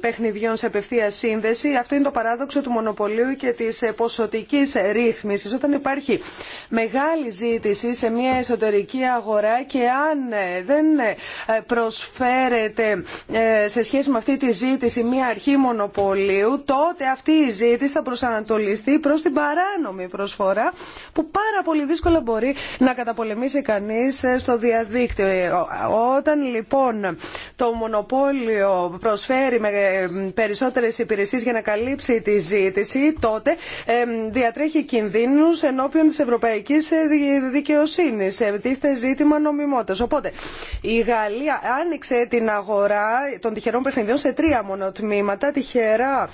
παιχνιδιών σε απευθεία σύνδεση. Αυτό είναι το παράδοξο του μονοπωλίου και της ε, ποσοτικής ρύθμισης. Όταν υπάρχει μεγάλη ζήτηση σε μια εσωτερική αγορά και αν δεν προσφέρεται σε σχέση με αυτή τη ζήτηση μια αρχή μονοπωλίου, τότε αυτή η ζήτηση θα προσανατολιστεί προς την παράνομη προσφορά που πάρα πολύ δύσκολα μπορεί να καταπολεμήσει γκρεμίσει κανείς ε, στο διαδίκτυο. Ε, όταν λοιπόν το μονοπόλιο προσφέρει με ε, περισσότερες υπηρεσίες για να καλύψει τη ζήτηση, τότε διατρέχει κινδύνους ενώπιον της ευρωπαϊκής δικαιοσύνης. Επιτίθεται ζήτημα νομιμότητας. Οπότε η Γαλλία άνοιξε την αγορά των τυχερών παιχνιδιών σε τρία μονοτμήματα. Τυχερά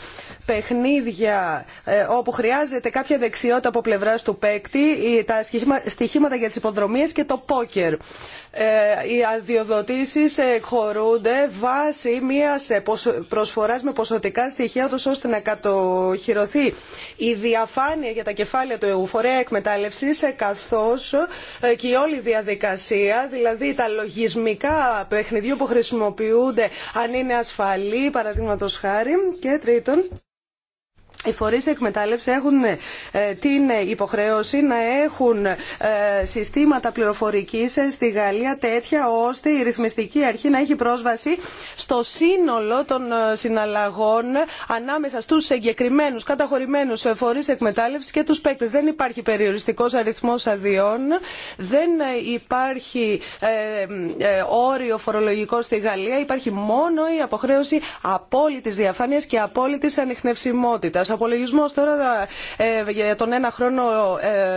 παιχνίδια ε, όπου χρειάζεται κάποια δεξιότητα από πλευρά του παίκτη, τα στοιχήματα για τι υποδρομίε και το πόκερ. Ε, οι αδειοδοτήσει χωρούνται βάσει μια ε, προσφορά με ποσοτικά στοιχεία, ώστε να κατοχυρωθεί η διαφάνεια για τα κεφάλαια του φορέα εκμετάλλευση, καθώ και η όλη διαδικασία, δηλαδή τα λογισμικά παιχνιδιού που χρησιμοποιούνται, αν είναι ασφαλή, παραδείγματο χάρη. Και τρίτον, οι φορείς εκμετάλλευση έχουν ε, την υποχρέωση να έχουν ε, συστήματα πληροφορικής ε, στη Γαλλία τέτοια ώστε η ρυθμιστική αρχή να έχει πρόσβαση στο σύνολο των συναλλαγών ανάμεσα στους εγκεκριμένου καταχωρημένους φορείς εκμετάλλευση και τους παίκτες. Δεν υπάρχει περιοριστικός αριθμός αδειών, δεν υπάρχει όριο φορολογικό στη Γαλλία, υπάρχει μόνο η αποχρέωση απόλυτης διαφάνειας και απόλυτης ανιχνευσιμότητας απολογισμό τώρα ε, για τον ένα χρόνο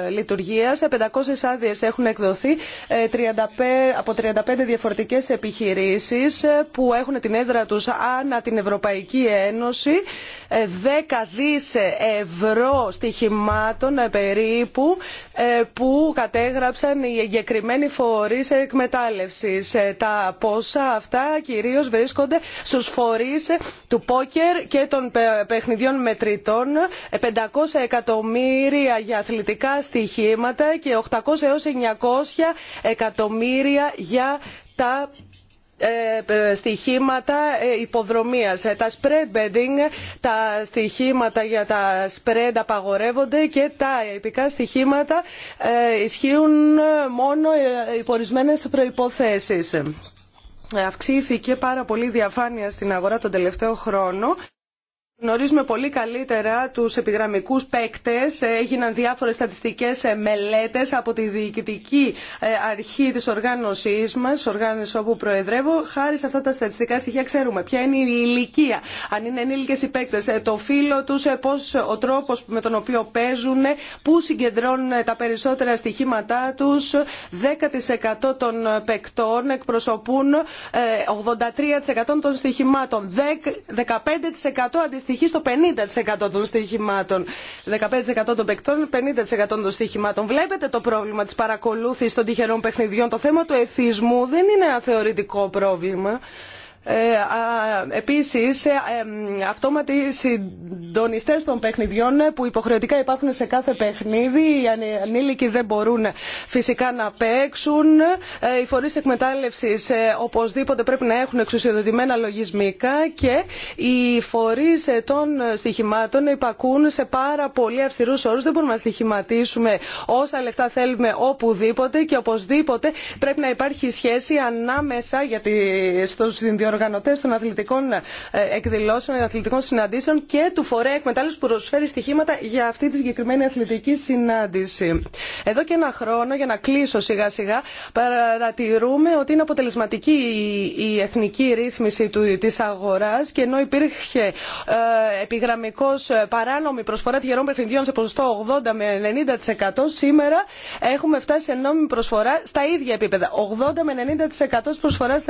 ε, λειτουργία. 500 ε, άδειε έχουν εκδοθεί 35, ε, από 35 διαφορετικέ επιχειρήσει που έχουν την έδρα του ανά την Ευρωπαϊκή Ένωση. 10 δι ευρώ στοιχημάτων περίπου που κατέγραψαν οι εγκεκριμένοι φορεί εκμετάλλευση. Τα ποσά αυτά κυρίω βρίσκονται στου φορεί του πόκερ και των παιχνιδιών μετρητών 500 ε, εκατομμύρια για αθλητικά στοιχήματα και 800 έως 900 εκατομμύρια για τα ε, ε, στοιχήματα υποδρομίας. Τα spread betting, τα στοιχήματα για τα spread απαγορεύονται και τα επικά στοιχήματα ισχύουν μόνο υπό ορισμένες προϋποθέσεις. Αυξήθηκε πάρα πολύ διαφάνεια στην αγορά τον τελευταίο χρόνο. Γνωρίζουμε πολύ καλύτερα τους επιγραμμικούς παίκτες. Έγιναν διάφορες στατιστικές μελέτες από τη διοικητική ε, αρχή της οργάνωσής μας, οργάνωση όπου προεδρεύω. Χάρη σε αυτά τα στατιστικά στοιχεία ξέρουμε ποια είναι η ηλικία, αν είναι ενήλικες οι παίκτες, ε, το φύλλο τους, ε, πώς, ο τρόπος με τον οποίο παίζουν, πού συγκεντρώνουν τα περισσότερα στοιχήματά τους. 10% των παίκτων εκπροσωπούν 83% των στοιχημάτων, 15% αντιστοιχημάτων στοιχεί στο 50% των στοιχημάτων. 15% των παικτών, 50% των στοιχημάτων. Βλέπετε το πρόβλημα τη παρακολούθηση των τυχερών παιχνιδιών. Το θέμα του εθισμού δεν είναι ένα θεωρητικό πρόβλημα. Ε, επίσης ε, αυτόματοι συντονιστές των παιχνιδιών ε, που υποχρεωτικά υπάρχουν σε κάθε παιχνίδι. Οι ανήλικοι δεν μπορούν φυσικά να παίξουν. Οι φορείς εκμετάλλευσης οπωσδήποτε πρέπει να έχουν εξουσιοδοτημένα λογισμικά και οι φορείς των στοιχημάτων υπακούν σε πάρα πολύ αυστηρούς όρους. Δεν μπορούμε να στοιχηματίσουμε όσα λεφτά θέλουμε οπουδήποτε και οπωσδήποτε πρέπει να υπάρχει σχέση ανάμεσα για τη, διοργανωτέ των αθλητικών ε, εκδηλώσεων, αθλητικών συναντήσεων και του φορέα εκμετάλλευση που προσφέρει στοιχήματα για αυτή τη συγκεκριμένη αθλητική συνάντηση. Εδώ και ένα χρόνο, για να κλείσω σιγά σιγά, παρατηρούμε ότι είναι αποτελεσματική η εθνική ρύθμιση τη αγορά και ενώ υπήρχε ε, επιγραμμικώ ε, παράνομη προσφορά τυχερών παιχνιδιών σε ποσοστό 80 με 90%, σήμερα έχουμε φτάσει σε νόμιμη προσφορά στα ίδια επίπεδα. 80 με 90% τη προσφορά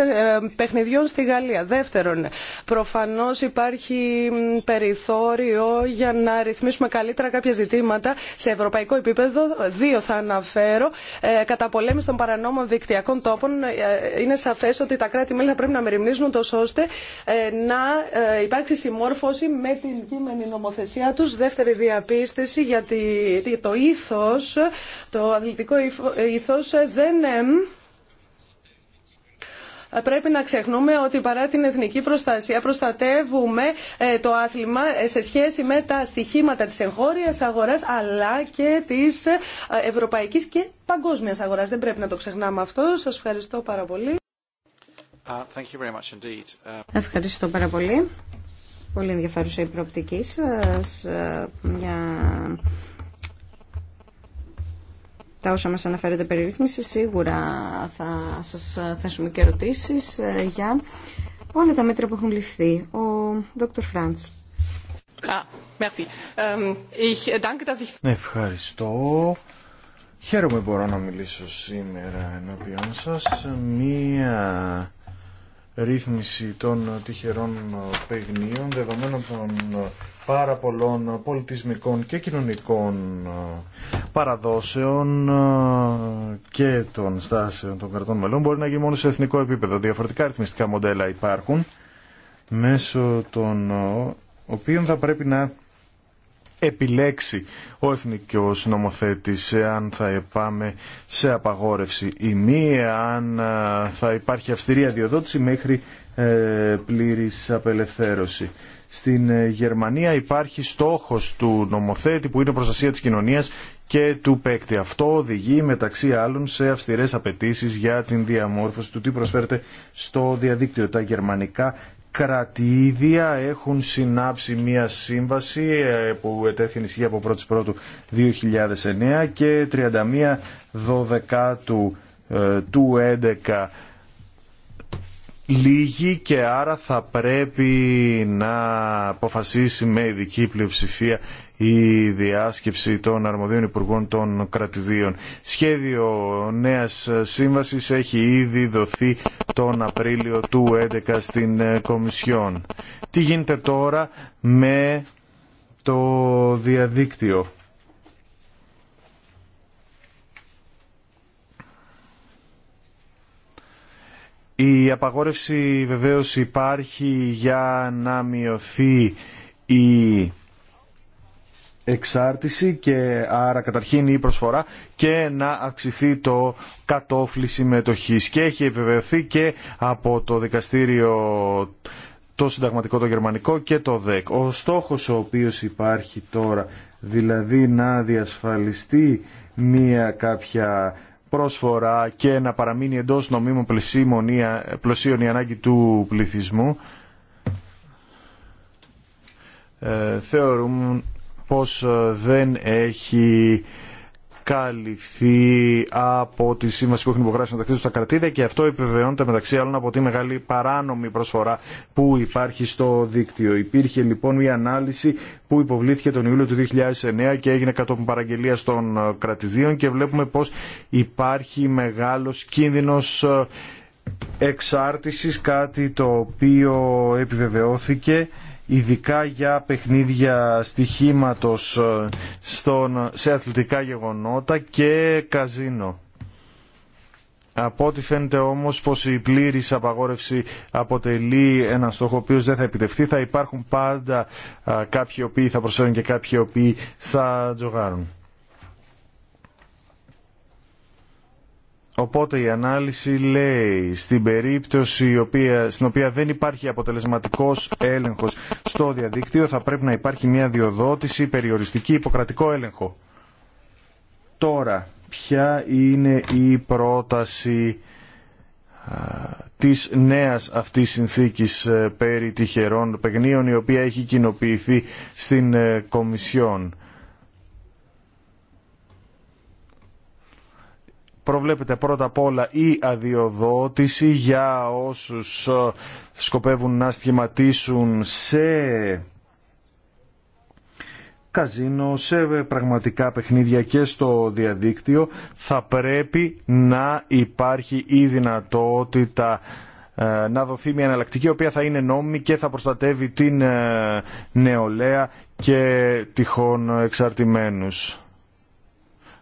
παιχνιδιών στη Γαλλία. Δεύτερον, προφανώς υπάρχει περιθώριο για να ρυθμίσουμε καλύτερα κάποια ζητήματα σε ευρωπαϊκό επίπεδο. Δύο θα αναφέρω. Ε, καταπολέμηση κατά πολέμηση των παρανόμων δικτυακών τόπων ε, είναι σαφές ότι τα κράτη-μέλη θα πρέπει να μεριμνήσουν τόσο ώστε ε, να υπάρξει συμμόρφωση με την κείμενη νομοθεσία τους. Δεύτερη διαπίστευση γιατί το ήθος, το αθλητικό ήθος δεν πρέπει να ξεχνούμε ότι παρά την εθνική προστασία προστατεύουμε ε, το άθλημα ε, σε σχέση με τα στοιχήματα της εγχώριας αγοράς αλλά και της ε, ευρωπαϊκής και παγκόσμιας αγοράς. Δεν πρέπει να το ξεχνάμε αυτό. Σας ευχαριστώ πάρα πολύ. Uh, thank you very much uh, Ευχαριστώ πάρα πολύ. Πολύ ενδιαφέρουσα η προοπτική σας τα όσα μας αναφέρετε περί σίγουρα θα σας θέσουμε και ερωτήσεις ε, για όλα τα μέτρα που έχουν ληφθεί. Ο Δόκτωρ Φραντς. Ευχαριστώ. Χαίρομαι μπορώ να μιλήσω σήμερα ενώπιον σας. Μία ρύθμιση των τυχερών παιγνίων δεδομένων των πάρα πολλών πολιτισμικών και κοινωνικών παραδόσεων και των στάσεων των κρατών μελών μπορεί να γίνει μόνο σε εθνικό επίπεδο. Διαφορετικά ρυθμιστικά μοντέλα υπάρχουν μέσω των οποίων θα πρέπει να επιλέξει ο εθνικός νομοθέτης εάν θα πάμε σε απαγόρευση ή μη, εάν θα υπάρχει αυστηρή αδειοδότηση μέχρι ε, πλήρης απελευθέρωση. Στην ε, Γερμανία υπάρχει στόχος του νομοθέτη που είναι προστασία της κοινωνίας και του παίκτη. Αυτό οδηγεί μεταξύ άλλων σε αυστηρές απαιτήσεις για την διαμόρφωση του τι προσφέρεται στο διαδίκτυο. Τα γερμανικά κρατήδια έχουν συνάψει μία σύμβαση ε, που ετέθη ενισχύει από 1η Πρώτου 2009 και 31 Δωδεκάτου ε, του 11 λίγη και άρα θα πρέπει να αποφασίσει με ειδική πλειοψηφία η διάσκεψη των αρμοδίων υπουργών των κρατηδίων. Σχέδιο νέας σύμβασης έχει ήδη δοθεί τον Απρίλιο του 2011 στην ε, Κομισιόν. Τι γίνεται τώρα με το διαδίκτυο. Η απαγόρευση βεβαίως υπάρχει για να μειωθεί η εξάρτηση και άρα καταρχήν η προσφορά και να αξιθεί το κατόφλι συμμετοχή και έχει επιβεβαιωθεί και από το δικαστήριο το συνταγματικό το γερμανικό και το ΔΕΚ. Ο στόχος ο οποίος υπάρχει τώρα δηλαδή να διασφαλιστεί μία κάποια προσφορά και να παραμείνει εντός νομίμων πλωσίων η ανάγκη του πληθυσμού ε, θεωρούμε πως ε, δεν έχει καλυφθεί από τη σύμβαση που έχουν υπογράψει μεταξύ του στα κρατήρια και αυτό επιβεβαιώνεται μεταξύ άλλων από τη μεγάλη παράνομη προσφορά που υπάρχει στο δίκτυο. Υπήρχε λοιπόν μια ανάλυση που υποβλήθηκε τον Ιούλιο του 2009 και έγινε κατόπιν παραγγελία των ε, κρατηδίων και βλέπουμε πως υπάρχει μεγάλος κίνδυνος ε, εξάρτησης, κάτι το οποίο επιβεβαιώθηκε ειδικά για παιχνίδια στοιχήματος ε, στον, σε αθλητικά γεγονότα και καζίνο. Από ό,τι φαίνεται όμως πως η πλήρης απαγόρευση αποτελεί ένα στόχο ο οποίος δεν θα επιτευχθεί. Θα υπάρχουν πάντα κάποιοι οποίοι θα προσφέρουν και κάποιοι οποίοι θα τζογάρουν. Οπότε η ανάλυση λέει στην περίπτωση η οποία, στην οποία δεν υπάρχει αποτελεσματικός έλεγχος στο διαδίκτυο θα πρέπει να υπάρχει μια διοδότηση περιοριστική υποκρατικό έλεγχο. Τώρα, ποια είναι η πρόταση της νέας αυτής συνθήκης ε, περί τυχερών παιγνίων η οποία έχει κοινοποιηθεί στην ε, Κομισιόν. προβλέπεται πρώτα απ' όλα η αδειοδότηση για όσους ε, σκοπεύουν να σχηματίσουν σε καζίνο, σε πραγματικά παιχνίδια και στο διαδίκτυο θα πρέπει να υπάρχει η δυνατότητα ε, να δοθεί μια εναλλακτική η οποία θα είναι νόμιμη και θα προστατεύει την ε, νεολαία και τυχόν εξαρτημένους.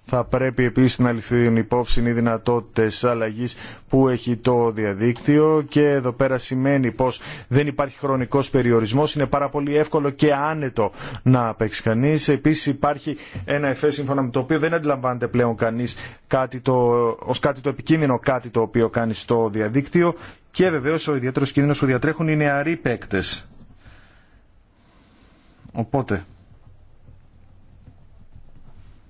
Θα πρέπει επίσης να ληφθούν υπόψη οι δυνατότητες αλλαγής που έχει το διαδίκτυο και εδώ πέρα σημαίνει πως δεν υπάρχει χρονικός περιορισμός, είναι πάρα πολύ εύκολο και άνετο να παίξει κανεί. Επίσης υπάρχει ένα εφέ σύμφωνα με το οποίο δεν αντιλαμβάνεται πλέον κανείς κάτι το, ως κάτι το επικίνδυνο κάτι το οποίο κάνει στο διαδίκτυο και βεβαίως ο ιδιαίτερος κίνδυνος που διατρέχουν είναι νεαροί παίκτες. Οπότε,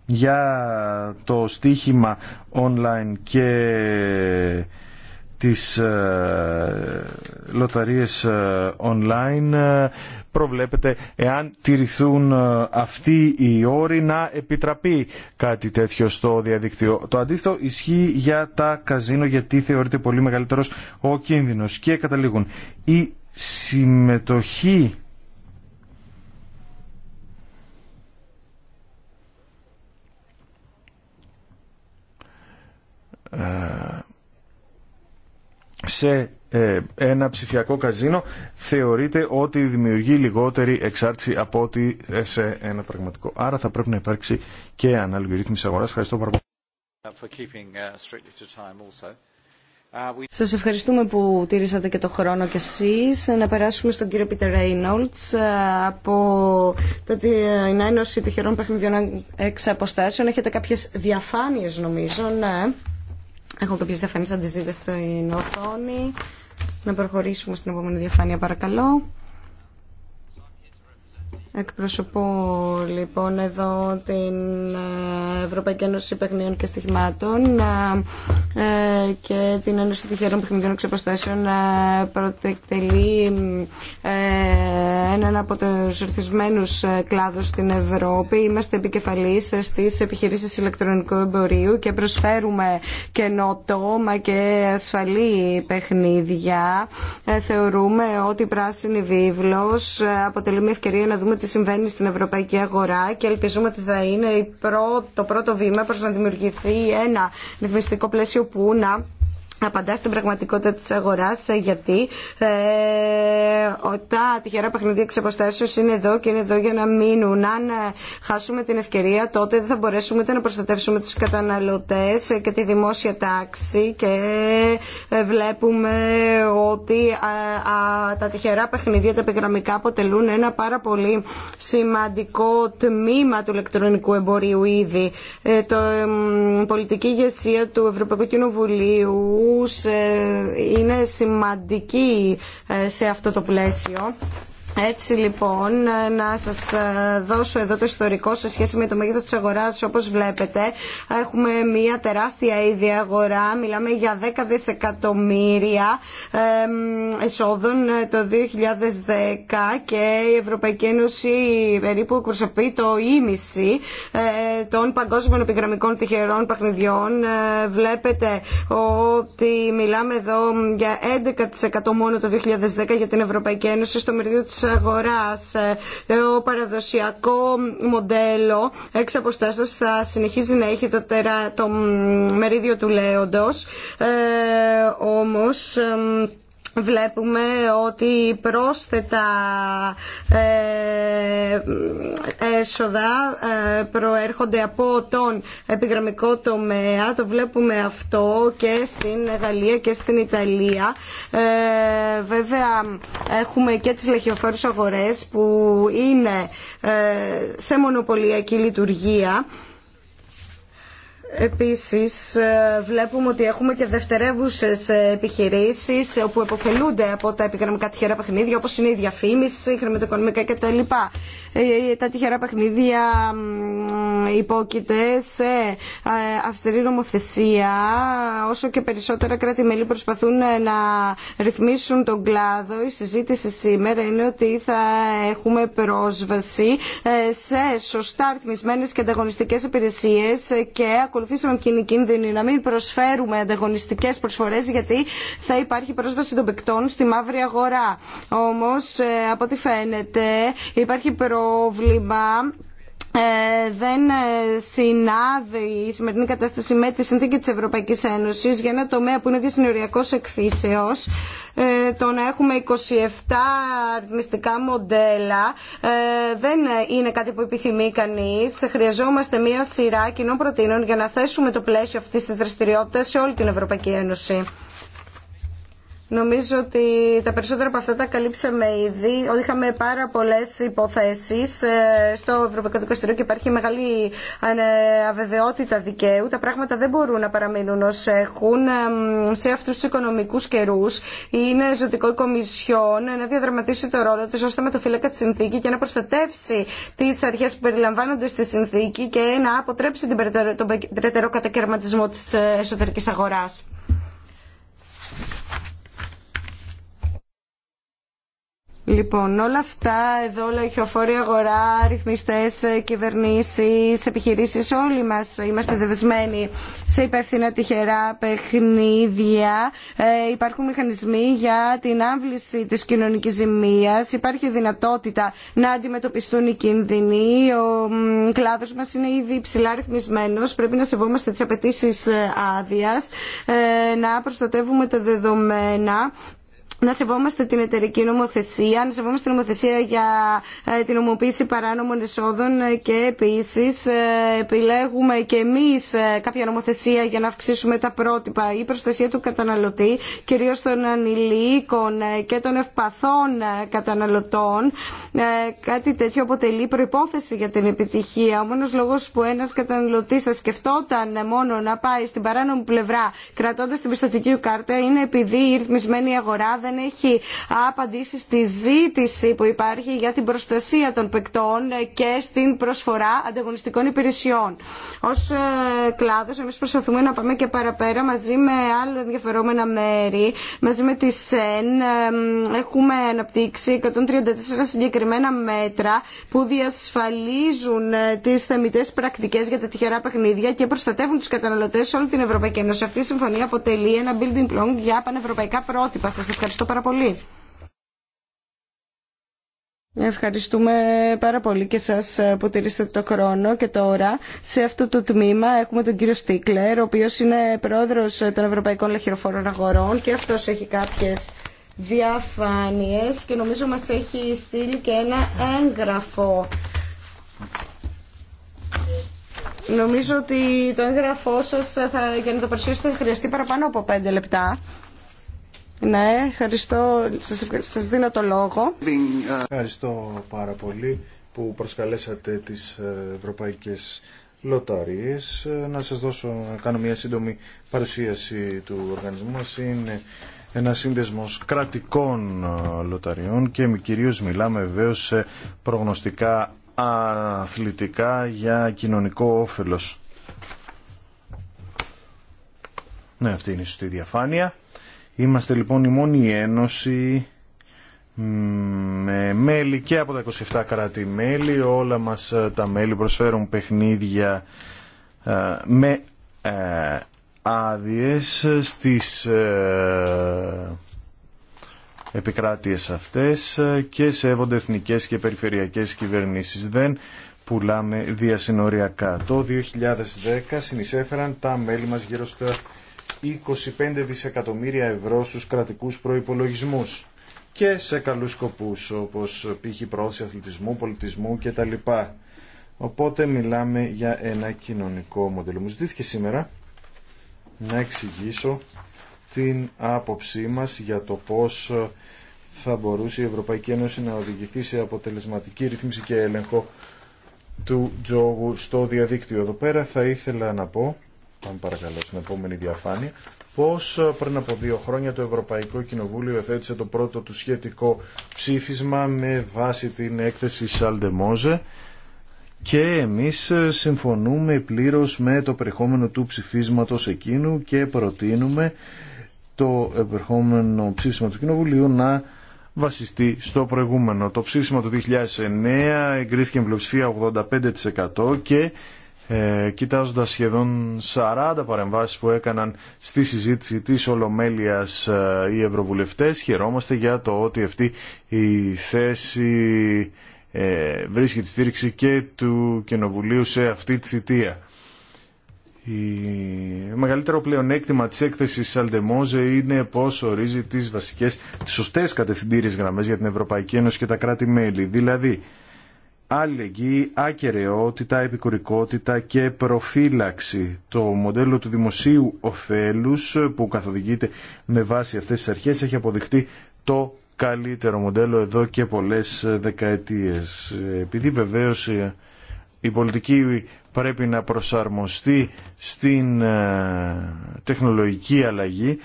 για το στοίχημα online και τις ε, λοταρίες ε, online ε, προβλέπεται εάν τηρηθούν αυτοί οι όροι να επιτραπεί κάτι τέτοιο στο διαδίκτυο. Το αντίθετο ισχύει για τα καζίνο γιατί θεωρείται πολύ μεγαλύτερος ο κίνδυνος και καταλήγουν η συμμετοχή Ε, σε ε, ένα ψηφιακό καζίνο θεωρείται ότι δημιουργεί λιγότερη εξάρτηση από ότι ε, σε ένα πραγματικό. Άρα θα πρέπει να υπάρξει και ανάλογη ρύθμιση αγοράς. Ευχαριστώ πολύ. Uh, uh, Σας ευχαριστούμε που τήρησατε και το χρόνο και εσείς. Να περάσουμε στον κύριο Πίτερ Ρέινολτς από την Ένωση Τυχερών Παιχνιδιών Εξ Αποστάσεων. Έχετε κάποιες διαφάνειες νομίζω, ναι. Έχω κάποιες διαφάνειες, θα τις δείτε στην οθόνη. Να προχωρήσουμε στην επόμενη διαφάνεια παρακαλώ. Εκπροσωπώ λοιπόν εδώ την ε, Ευρωπαϊκή Ένωση Παιχνίων και Στοιχημάτων ε, ε, και την Ένωση Τυχερών Παιχνιδιών Εξαποστάσεων προτεκτελεί έναν από τους ορθισμένους κλάδους στην Ευρώπη. Είμαστε επικεφαλής στις επιχειρήσεις ηλεκτρονικού εμπορίου και προσφέρουμε καινοτόμα και ασφαλή παιχνίδια. Θεωρούμε ότι η Πράσινη Βίβλος αποτελεί μια ευκαιρία να δούμε τι συμβαίνει στην ευρωπαϊκή αγορά και ελπίζουμε ότι θα είναι το πρώτο βήμα προς να δημιουργηθεί ένα ρυθμιστικό πλαίσιο που να απαντά στην πραγματικότητα της αγοράς ε, γιατί ε, ο, τα τυχερά παιχνίδια εξαποστάσεως είναι εδώ και είναι εδώ για να μείνουν. Αν ε, χάσουμε την ευκαιρία τότε δεν θα μπορέσουμε ούτε να προστατεύσουμε τους καταναλωτές ε, και τη δημόσια τάξη και βλέπουμε ότι τα τυχερά παιχνίδια, τα επιγραμμικά αποτελούν ένα πάρα πολύ σημαντικό τμήμα του ηλεκτρονικού εμπορίου ήδη. το πολιτική ηγεσία του Ευρωπαϊκού Κοινοβουλίου ε, είναι σημαντική ε, σε αυτό το πλαίσιο έτσι λοιπόν, να σας ε, δώσω εδώ το ιστορικό σε σχέση με το μέγεθος της αγοράς. Όπως βλέπετε, έχουμε μια τεράστια ίδια αγορά. Μιλάμε για 10 δισεκατομμύρια εσόδων ε, το 2010 και η Ευρωπαϊκή Ένωση περίπου εκπροσωπεί το ίμιση ε, των παγκόσμιων επιγραμμικών τυχερών παιχνιδιών. Βλέπετε ότι μιλάμε εδώ για 11% μόνο το 2010 για την Ευρωπαϊκή Ένωση στο μερίδιο της αγοράς, ε, ο παραδοσιακό μοντέλο εξ αποστάσεως θα συνεχίζει να έχει το, τερά, το μερίδιο του λέοντος, ε, όμως βλέπουμε ότι πρόσθετα ε, ε, έσοδα ε, προέρχονται από τον επιγραμμικό τομέα. Το βλέπουμε αυτό και στην Γαλλία και στην Ιταλία. Βέβαια έχουμε και τις λαχιοφόρους αγορές που είναι σε μονοπωλιακή λειτουργία Επίσης ε, βλέπουμε ότι έχουμε και δευτερεύουσες ε, επιχειρήσεις όπου επωφελούνται από τα επιγραμμικά τυχερά παιχνίδια όπως είναι η διαφήμιση, η χρηματοοικονομικά κτλ. Ε, τα τυχερά παιχνίδια υπόκειται σε ε, αυστηρή νομοθεσία όσο και περισσότερα κράτη-μέλη προσπαθούν ε, να ρυθμίσουν τον κλάδο. Η συζήτηση σήμερα είναι ότι θα έχουμε πρόσβαση σε σωστά ρυθμισμένες και ανταγωνιστικές υπηρεσίες και ακολουθήσαμε κοινή κίνδυνη να μην προσφέρουμε ανταγωνιστικές προσφορές γιατί θα υπάρχει πρόσβαση των παικτών στη μαύρη αγορά. Όμως από ό,τι φαίνεται υπάρχει πρόσβαση πρόβλημα ε, δεν ε, συνάδει η σημερινή κατάσταση με τη συνθήκη της Ευρωπαϊκής Ένωσης για ένα τομέα που είναι διασυνοριακός εκφύσεως ε, το να έχουμε 27 αριθμιστικά μοντέλα δεν είναι κάτι που επιθυμεί κανείς χρειαζόμαστε μια σειρά κοινών προτείνων για να θέσουμε το πλαίσιο αυτής της δραστηριότητας σε όλη την Ευρωπαϊκή Ένωση Νομίζω ότι τα περισσότερα από αυτά τα καλύψαμε ήδη. Ότι είχαμε πάρα πολλέ υποθέσει ε, στο Ευρωπαϊκό Δικαστήριο και υπάρχει μεγάλη ε, αβεβαιότητα δικαίου. Τα πράγματα δεν μπορούν να παραμείνουν ω έχουν. Ε, σε αυτού του οικονομικού καιρού είναι ζωτικό η Κομισιόν να διαδραματίσει το ρόλο τη ώστε με το φύλακα τη συνθήκη και να προστατεύσει τι αρχέ που περιλαμβάνονται στη συνθήκη και να αποτρέψει τον περαιτέρω κατακαιρματισμό τη εσωτερική αγορά. Λοιπόν, όλα αυτά εδώ, λαϊχοφόρη αγορά, ρυθμιστέ, ε, κυβερνήσει, επιχειρήσει, όλοι μα είμαστε δεσμένοι σε υπεύθυνα τυχερά παιχνίδια. Ε, υπάρχουν μηχανισμοί για την άμβληση τη κοινωνική ζημία. Υπάρχει δυνατότητα να αντιμετωπιστούν οι κίνδυνοι. Ο κλάδο μα είναι ήδη ψηλά ρυθμισμένο. Πρέπει να σεβόμαστε τι απαιτήσει ε, άδεια, να προστατεύουμε τα δεδομένα να σεβόμαστε την εταιρική νομοθεσία, να σεβόμαστε την νομοθεσία για ε, την ομοποίηση παράνομων εισόδων και επίσης ε, επιλέγουμε και εμείς ε, κάποια νομοθεσία για να αυξήσουμε τα πρότυπα ή προστασία του καταναλωτή, κυρίως των ανηλίκων και των ευπαθών καταναλωτών. Κάτι τέτοιο αποτελεί προϋπόθεση για την επιτυχία. Ο μόνος λόγος που ένας καταναλωτής θα σκεφτόταν μόνο να πάει στην παράνομη πλευρά κρατώντας την πιστοτική κάρτα είναι επειδή η ρυθμισμένη αγορά έχει απαντήσει στη ζήτηση που υπάρχει για την προστασία των παικτών και στην προσφορά ανταγωνιστικών υπηρεσιών. Ω ε, κλάδος εμεί προσπαθούμε να πάμε και παραπέρα μαζί με άλλα ενδιαφερόμενα μέρη, μαζί με τη ΣΕΝ ε, έχουμε αναπτύξει 134 συγκεκριμένα μέτρα που διασφαλίζουν ε, τι θεμητέ πρακτικέ για τα τυχερά παιχνίδια και προστατεύουν του καταναλωτέ σε όλη την Ευρωπαϊκή Ένωση. Αυτή η συμφωνία αποτελεί ένα building block για πανευρωπαϊκά πρότυπα. Ευχαριστούμε πάρα πολύ και σας ε, που τηρήσατε το χρόνο και τώρα σε αυτό το τμήμα έχουμε τον κύριο Στίκλερ ο οποίος είναι πρόεδρος ε, των Ευρωπαϊκών Λαχυροφόρων Αγορών και αυτός έχει κάποιες διαφάνειες και νομίζω μας έχει στείλει και ένα έγγραφο. Νομίζω ότι το έγγραφό σας θα, για να το παρουσιάσετε θα χρειαστεί παραπάνω από πέντε λεπτά. Ναι, ευχαριστώ. Σας, δίνω το λόγο. Ευχαριστώ πάρα πολύ που προσκαλέσατε τις ε, ευρωπαϊκές λοταρίες. Ε, να σας δώσω, να κάνω μια σύντομη παρουσίαση του οργανισμού μας. Είναι ένα σύνδεσμος κρατικών ε, λοταριών και κυρίως μιλάμε βεβαίω σε προγνωστικά αθλητικά για κοινωνικό όφελος. Ναι, αυτή είναι η διαφάνεια. Είμαστε λοιπόν η μόνη ένωση με μέλη και από τα 27 κράτη-μέλη. Όλα μας ε, τα μέλη προσφέρουν παιχνίδια ε, με ε, άδειε στις επικράτειες αυτές και σέβονται εθνικές και περιφερειακές κυβερνήσεις. Δεν πουλάμε διασυνοριακά. Το 2010 συνεισέφεραν τα μέλη μας γύρω στο... 25 δισεκατομμύρια ευρώ στους κρατικούς προϋπολογισμούς και σε καλούς σκοπούς όπως π.χ. πρόθεση αθλητισμού, πολιτισμού κτλ. Οπότε μιλάμε για ένα κοινωνικό μοντέλο. Μου ζητήθηκε σήμερα να εξηγήσω την άποψή μας για το πώς θα μπορούσε η Ευρωπαϊκή Ένωση να οδηγηθεί σε αποτελεσματική ρυθμίση και έλεγχο του τζόγου στο διαδίκτυο. Εδώ πέρα θα ήθελα να πω Πάμε παρακαλώ στην επόμενη διαφάνεια. Πώς ε, πριν από δύο χρόνια το Ευρωπαϊκό Κοινοβούλιο εθέτησε το πρώτο του σχετικό ψήφισμα με βάση την έκθεση Μόζε και εμείς ε, συμφωνούμε πλήρως με το περιεχόμενο του ψηφίσματος εκείνου και προτείνουμε το επερχόμενο ψήφισμα του Κοινοβουλίου να βασιστεί στο προηγούμενο. Το ψήφισμα του 2009 εγκρίθηκε με πλειοψηφία 85% και ε, κοιτάζοντας σχεδόν 40 παρεμβάσεις που έκαναν στη συζήτηση της Ολομέλειας ε, οι Ευρωβουλευτές, χαιρόμαστε για το ότι αυτή η θέση ε, βρίσκει τη στήριξη και του Κοινοβουλίου σε αυτή τη θητεία. Η μεγαλύτερο πλεονέκτημα της έκθεσης Σαλτεμόζε είναι πώς ορίζει τις βασικές, τις σωστές κατευθυντήριες γραμμές για την Ευρωπαϊκή Ένωση και τα κράτη-μέλη. Δηλαδή, αλληλεγγύη, ακαιρεότητα, επικουρικότητα και προφύλαξη. Το μοντέλο του δημοσίου ωφέλους που καθοδηγείται με βάση αυτές τις αρχές έχει αποδειχτεί το καλύτερο μοντέλο εδώ και πολλές δεκαετίες. Επειδή βεβαίως η πολιτική πρέπει να προσαρμοστεί στην ε, τεχνολογική αλλαγή,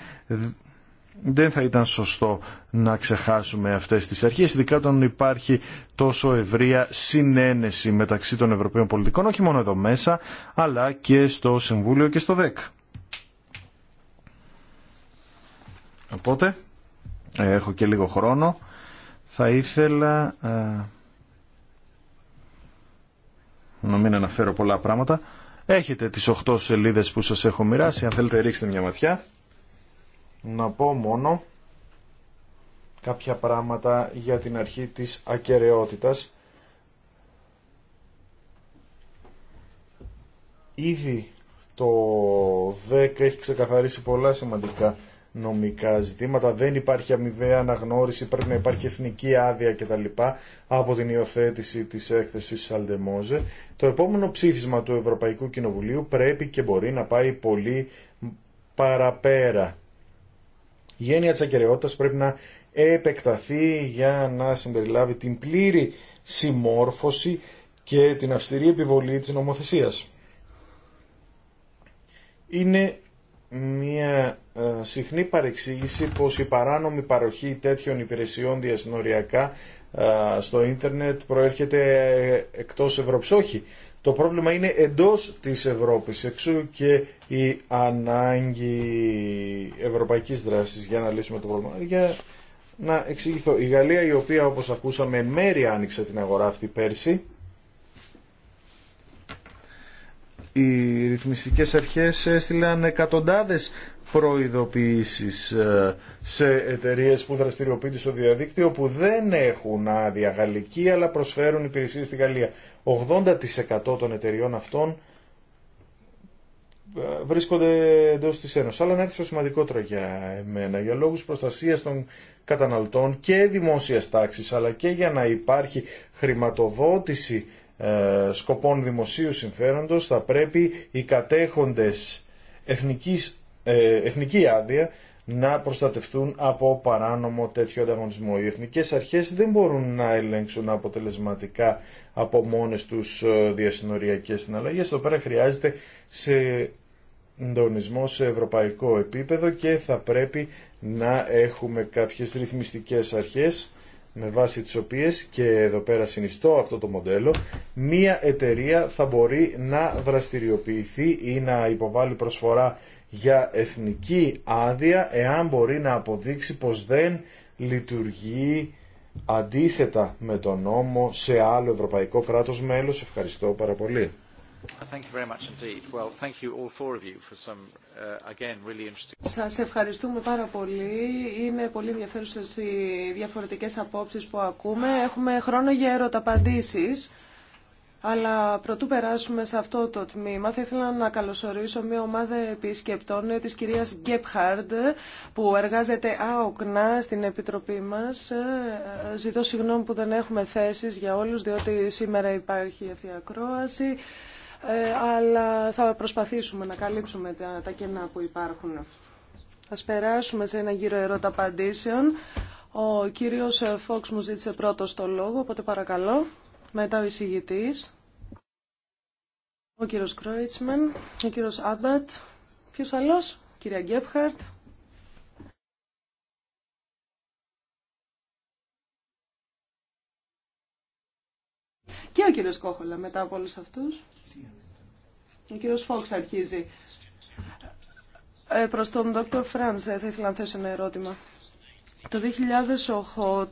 δεν θα ήταν σωστό να ξεχάσουμε αυτές τις αρχές, ειδικά όταν υπάρχει τόσο ευρεία συνένεση μεταξύ των Ευρωπαίων πολιτικών, όχι μόνο εδώ μέσα, αλλά και στο Συμβούλιο και στο ΔΕΚ. Οπότε, έχω και λίγο χρόνο, θα ήθελα ε, να μην αναφέρω πολλά πράγματα. Έχετε τις 8 σελίδες που σας έχω μοιράσει, αν θέλετε ρίξτε μια ματιά. Να πω μόνο κάποια πράγματα για την αρχή της ακεραιότητας. Ήδη το 10 έχει ξεκαθαρίσει πολλά σημαντικά νομικά ζητήματα. Δεν υπάρχει αμοιβαία αναγνώριση, πρέπει να υπάρχει εθνική άδεια κτλ. από την υιοθέτηση της έκθεσης Σαλτεμόζε. Το επόμενο ψήφισμα του Ευρωπαϊκού Κοινοβουλίου πρέπει και μπορεί να πάει πολύ παραπέρα γένεια της ακεραιότητας πρέπει να επεκταθεί για να συμπεριλάβει την πλήρη συμμόρφωση και την αυστηρή επιβολή της νομοθεσίας. Είναι μια ε, συχνή παρεξήγηση πως η παράνομη παροχή τέτοιων υπηρεσιών διασυνοριακά ε, στο ίντερνετ προέρχεται ε, εκτός Ευρώπης. Το πρόβλημα είναι εντός της Ευρώπης, εξού και η ανάγκη ευρωπαϊκής δράσης για να λύσουμε το πρόβλημα. Ε, για να εξηγηθώ, η Γαλλία η οποία όπως ακούσαμε μέρη άνοιξε την αγορά αυτή πέρσι, οι ρυθμιστικές αρχές έστειλαν εκατοντάδες προειδοποιήσει ε, σε εταιρείες που δραστηριοποιούνται στο διαδίκτυο που δεν έχουν άδεια γαλλική αλλά προσφέρουν υπηρεσίες στη Γαλλία. 80% των εταιριών αυτών ε, βρίσκονται εντό τη Ένωση. Αλλά να έρθει το σημαντικότερο για εμένα. Για λόγου προστασία των καταναλωτών και δημόσια τάξη, αλλά και για να υπάρχει χρηματοδότηση ε, σκοπών δημοσίου συμφέροντος, θα πρέπει οι κατέχοντες εθνικής ε, εθνική άδεια να προστατευτούν από παράνομο τέτοιο ανταγωνισμό. Οι εθνικές αρχές δεν μπορούν να ελέγξουν αποτελεσματικά από μόνες τους ε, διασυνοριακές συναλλαγές. Εδώ πέρα χρειάζεται σε συντονισμό σε ευρωπαϊκό επίπεδο και θα πρέπει να έχουμε κάποιες ρυθμιστικές αρχές με βάση τις οποίες και εδώ πέρα συνιστώ αυτό το μοντέλο μία εταιρεία θα μπορεί να δραστηριοποιηθεί ή να υποβάλει προσφορά για εθνική άδεια εάν μπορεί να αποδείξει πως δεν λειτουργεί αντίθετα με τον νόμο σε άλλο ευρωπαϊκό κράτος μέλος. Ευχαριστώ πάρα πολύ. Σας ευχαριστούμε πάρα πολύ. Είναι πολύ ενδιαφέρουσες οι διαφορετικές απόψεις που ακούμε. Έχουμε χρόνο για ερωταπαντήσεις. Αλλά πρωτού περάσουμε σε αυτό το τμήμα, θα ήθελα να καλωσορίσω μια ομάδα επισκεπτών ε, της κυρίας Γκέπχαρντ που εργάζεται άοκνα στην Επιτροπή μας. Ε, ε, ζητώ συγγνώμη που δεν έχουμε θέσεις για όλους, διότι σήμερα υπάρχει αυτή η ακρόαση, αλλά θα προσπαθήσουμε να καλύψουμε τα κενά που υπάρχουν. Α περάσουμε σε ένα γύρο ερώτα απαντήσεων. Ο κύριος Φόξ μου ζήτησε πρώτος το λόγο, οπότε παρακαλώ μετά ο εισηγητής, ο κύριος Κρόιτσμεν, ο κύριος Άμπατ, ποιος άλλος, κυρία Γκέπχαρτ. Και ο κύριος Κόχολα μετά από όλους αυτούς. Ο κύριος Φόξ αρχίζει. Ε, προς τον Δόκτωρ Φρανς ε, θα ήθελα να θέσω ένα ερώτημα. Το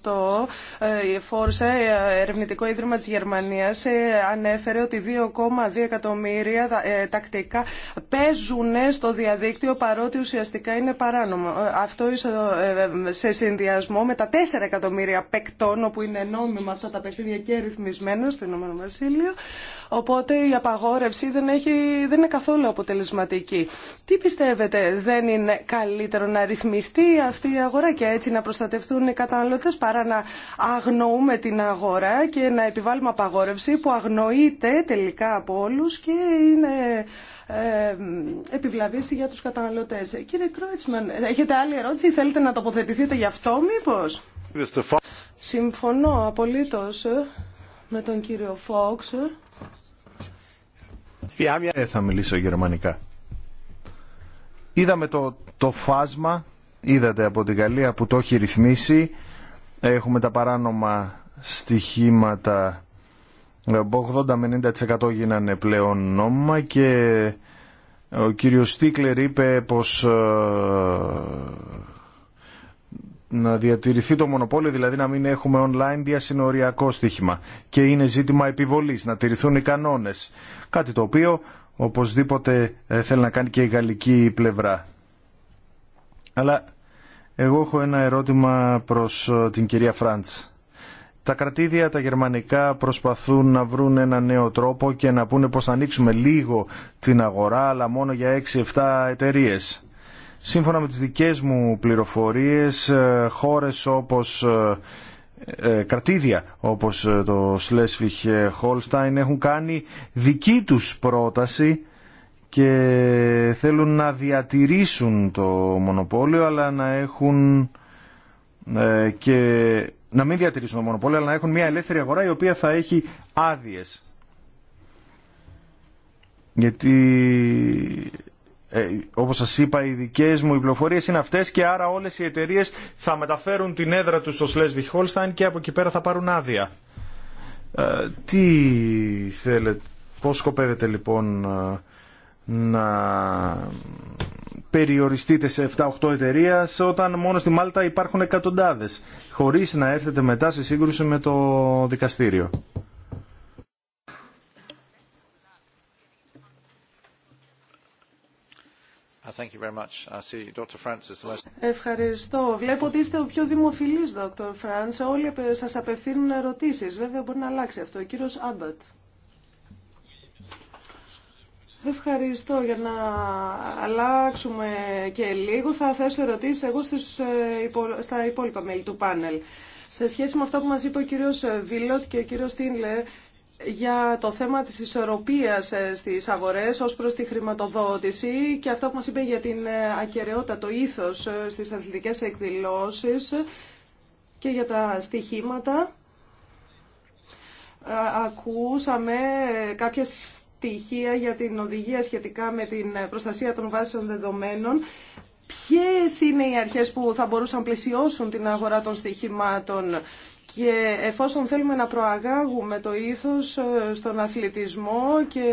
2008 ε, η Φόρσα, ε, ερευνητικό ίδρυμα της Γερμανίας, ε, ανέφερε ότι 2,2 εκατομμύρια τακτικά παίζουν στο διαδίκτυο παρότι ουσιαστικά είναι παράνομο. Αυτό σε συνδυασμό με τα 4 εκατομμύρια παικτών όπου είναι νόμιμα αυτά τα παιχνίδια και ρυθμισμένα στο Ηνωμένο Βασίλειο. Οπότε η απαγόρευση δεν, έχει, δεν είναι καθόλου αποτελεσματική. Τι πιστεύετε, δεν είναι καλύτερο να ρυθμιστεί αυτή η αγορά και έτσι να να προστατευτούν οι καταναλωτές παρά να αγνοούμε την αγορά και να επιβάλλουμε απαγόρευση που αγνοείται τελικά από όλους και είναι ε, επιβλαβής για τους καταναλωτές. Κύριε Κρόιτσμαν, έχετε άλλη ερώτηση ή θέλετε να τοποθετηθείτε γι' αυτό μήπως? Συμφωνώ απολύτως με τον κύριο Φόξ. Ε, θα μιλήσω γερμανικά. Είδαμε το, το φάσμα Είδατε από τη Γαλλία που το έχει ρυθμίσει. Έχουμε τα παράνομα στοιχήματα. 80 90% γίνανε πλέον νόμιμα και ο κύριος Στίκλερ είπε πως ε, να διατηρηθεί το μονοπόλιο, δηλαδή να μην έχουμε online διασυνοριακό στοίχημα. Και είναι ζήτημα επιβολής, να τηρηθούν οι κανόνες. Κάτι το οποίο οπωσδήποτε ε, θέλει να κάνει και η γαλλική πλευρά. Αλλά εγώ έχω ένα ερώτημα προς ε, την κυρία Φραντς. Τα κρατήδια τα γερμανικά προσπαθούν να βρουν ένα νέο τρόπο και να πούνε πως θα ανοίξουμε λίγο την αγορά αλλά μόνο για 6-7 εταιρείε. Σύμφωνα με τις δικές μου πληροφορίες, ε, χώρες όπως ε, κρατήδια όπως το Σλέσφιχ Χόλστάιν έχουν κάνει δική τους πρόταση και θέλουν να διατηρήσουν το μονοπόλιο αλλά να έχουν ε, και να μην διατηρήσουν το μονοπόλιο αλλά να έχουν μια ελεύθερη αγορά η οποία θα έχει άδειε. Γιατί ε, όπως σας είπα οι δικές μου οι είναι αυτές και άρα όλες οι εταιρείες θα μεταφέρουν την έδρα τους στο Σλέσβι Χόλσταν και από εκεί πέρα θα πάρουν άδεια. Ε, τι θέλετε, πώς σκοπεύετε λοιπόν ε, να περιοριστείτε σε 7-8 εταιρεία όταν μόνο στη Μάλτα υπάρχουν εκατοντάδε. Χωρί να έρθετε μετά σε σύγκρουση με το δικαστήριο. Ευχαριστώ. Βλέπω ότι είστε ο πιο δημοφιλής, Dr. Franz. Όλοι σας απευθύνουν ερωτήσεις. Βέβαια μπορεί να αλλάξει αυτό. Ο κύριος Άμπατ. Ευχαριστώ. Για να αλλάξουμε και λίγο θα θέσω ερωτήσεις εγώ στους, ε, στα υπόλοιπα μέλη του πάνελ. Σε σχέση με αυτό που μας είπε ο κύριος Βίλωτ και ο κύριος Τίνλερ για το θέμα της ισορροπίας ε, στις αγορές ως προς τη χρηματοδότηση και αυτό που μας είπε για την ε, ακαιρεότητα, το ήθος στις αθλητικές εκδηλώσεις και για τα στοιχήματα. Ακούσαμε κάποιες για την οδηγία σχετικά με την προστασία των βάσεων δεδομένων. Ποιε είναι οι αρχές που θα μπορούσαν να πλαισιώσουν την αγορά των στοιχημάτων και εφόσον θέλουμε να προαγάγουμε το ήθος ε, στον αθλητισμό και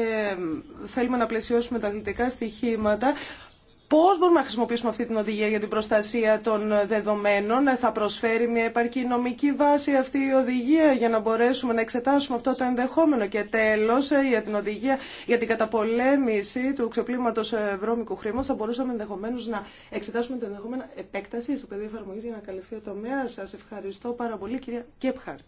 θέλουμε να πλαισιώσουμε τα αθλητικά στοιχήματα, Πώ μπορούμε να χρησιμοποιήσουμε αυτή την οδηγία για την προστασία των δεδομένων. Θα προσφέρει μια επαρκή νομική βάση αυτή η οδηγία για να μπορέσουμε να εξετάσουμε αυτό το ενδεχόμενο. Και τέλο, ε, για την οδηγία για την καταπολέμηση του ξεπλήματο ε, βρώμικου χρήματο. θα μπορούσαμε ενδεχομένω να εξετάσουμε την ενδεχόμενα επέκταση στο πεδίο εφαρμογή για να καλυφθεί ο τομέα. Σα ευχαριστώ πάρα πολύ, κυρία Κέπχαρτ.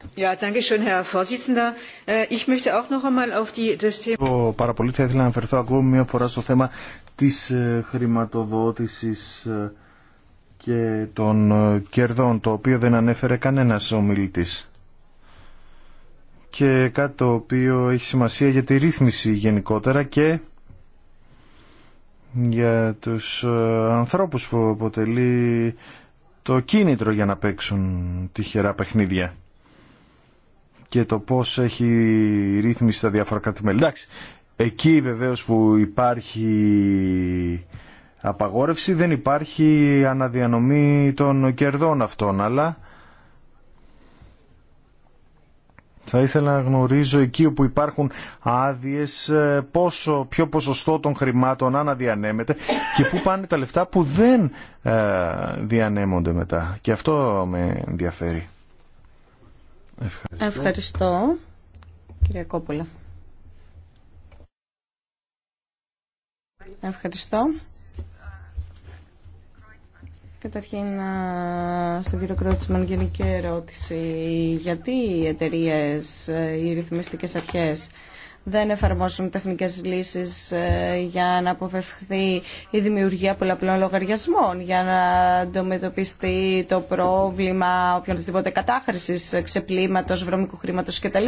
Äh, πάρα πολύ θα ήθελα να αναφερθώ ακόμη μια φορά στο θέμα της ε, χρηματοδότησης ε, και των ε, κερδών, το οποίο δεν ανέφερε κανένας ομιλητής. Και κάτι το οποίο έχει σημασία για τη ρύθμιση γενικότερα και για τους ανθρώπους που αποτελεί το κίνητρο για να παίξουν τυχερά παιχνίδια και το πώς έχει ρύθμιση στα διάφορα κατημέλη. Εκεί βεβαίως που υπάρχει απαγόρευση δεν υπάρχει αναδιανομή των κερδών αυτών, αλλά θα ήθελα να γνωρίζω εκεί όπου υπάρχουν άδειες ε, πόσο, πιο ποσοστό των χρημάτων αναδιανέμεται και πού πάνε τα λεφτά που δεν ε, διανέμονται μετά. Και αυτό με ενδιαφέρει. Ευχαριστώ. Ευχαριστώ, κυρία Κόπουλα. Ευχαριστώ. Καταρχήν, στον κύριο Κρότσμαν, γενική ερώτηση. Γιατί οι εταιρείε, ε, οι ρυθμιστικές αρχές δεν εφαρμόσουν τεχνικές λύσεις ε, για να αποφευχθεί η δημιουργία πολλαπλών λογαριασμών, για να αντιμετωπιστεί το πρόβλημα οποιονδήποτε κατάχρησης, ξεπλήματος, βρώμικου χρήματος κτλ.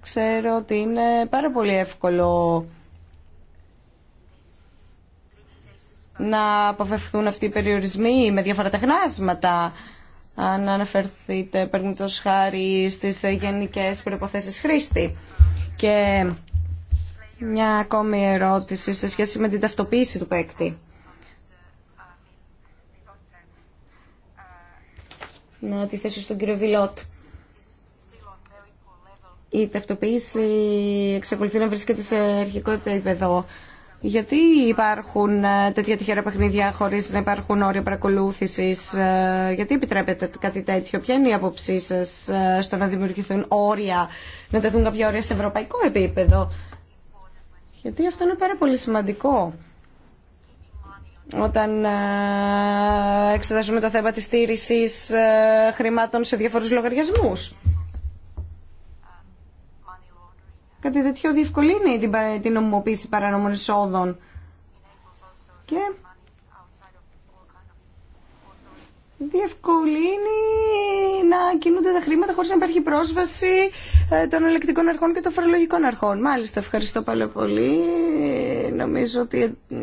Ξέρω ότι είναι πάρα πολύ εύκολο να αποφευθούν αυτοί οι περιορισμοί με διάφορα τεχνάσματα. Αν αναφερθείτε, το χάρη, στις γενικές προϋποθέσεις χρήστη. Και μια ακόμη ερώτηση σε σχέση με την ταυτοποίηση του παίκτη. Να τη θέσω στον κύριο Βιλότ. Η ταυτοποίηση εξακολουθεί να βρίσκεται σε αρχικό επίπεδο. Γιατί υπάρχουν ε, τέτοια τυχερά παιχνίδια χωρίς να υπάρχουν όρια παρακολούθηση, ε, γιατί επιτρέπετε κάτι τέτοιο, ποια είναι η άποψή σα ε, στο να δημιουργηθούν όρια, να τεθούν κάποια όρια σε ευρωπαϊκό επίπεδο. Γιατί αυτό είναι πάρα πολύ σημαντικό όταν εξετάζουμε το θέμα της στήρησης χρημάτων σε διαφορούς λογαριασμούς. Κάτι τέτοιο διευκολύνει την, την νομιμοποίηση παρανομών εισόδων. Και διευκολύνει να κινούνται τα χρήματα χωρίς να υπάρχει πρόσβαση ε, των ελεκτικών αρχών και των φορολογικών αρχών. Μάλιστα, ευχαριστώ πάρα πολύ. Νομίζω ότι ε,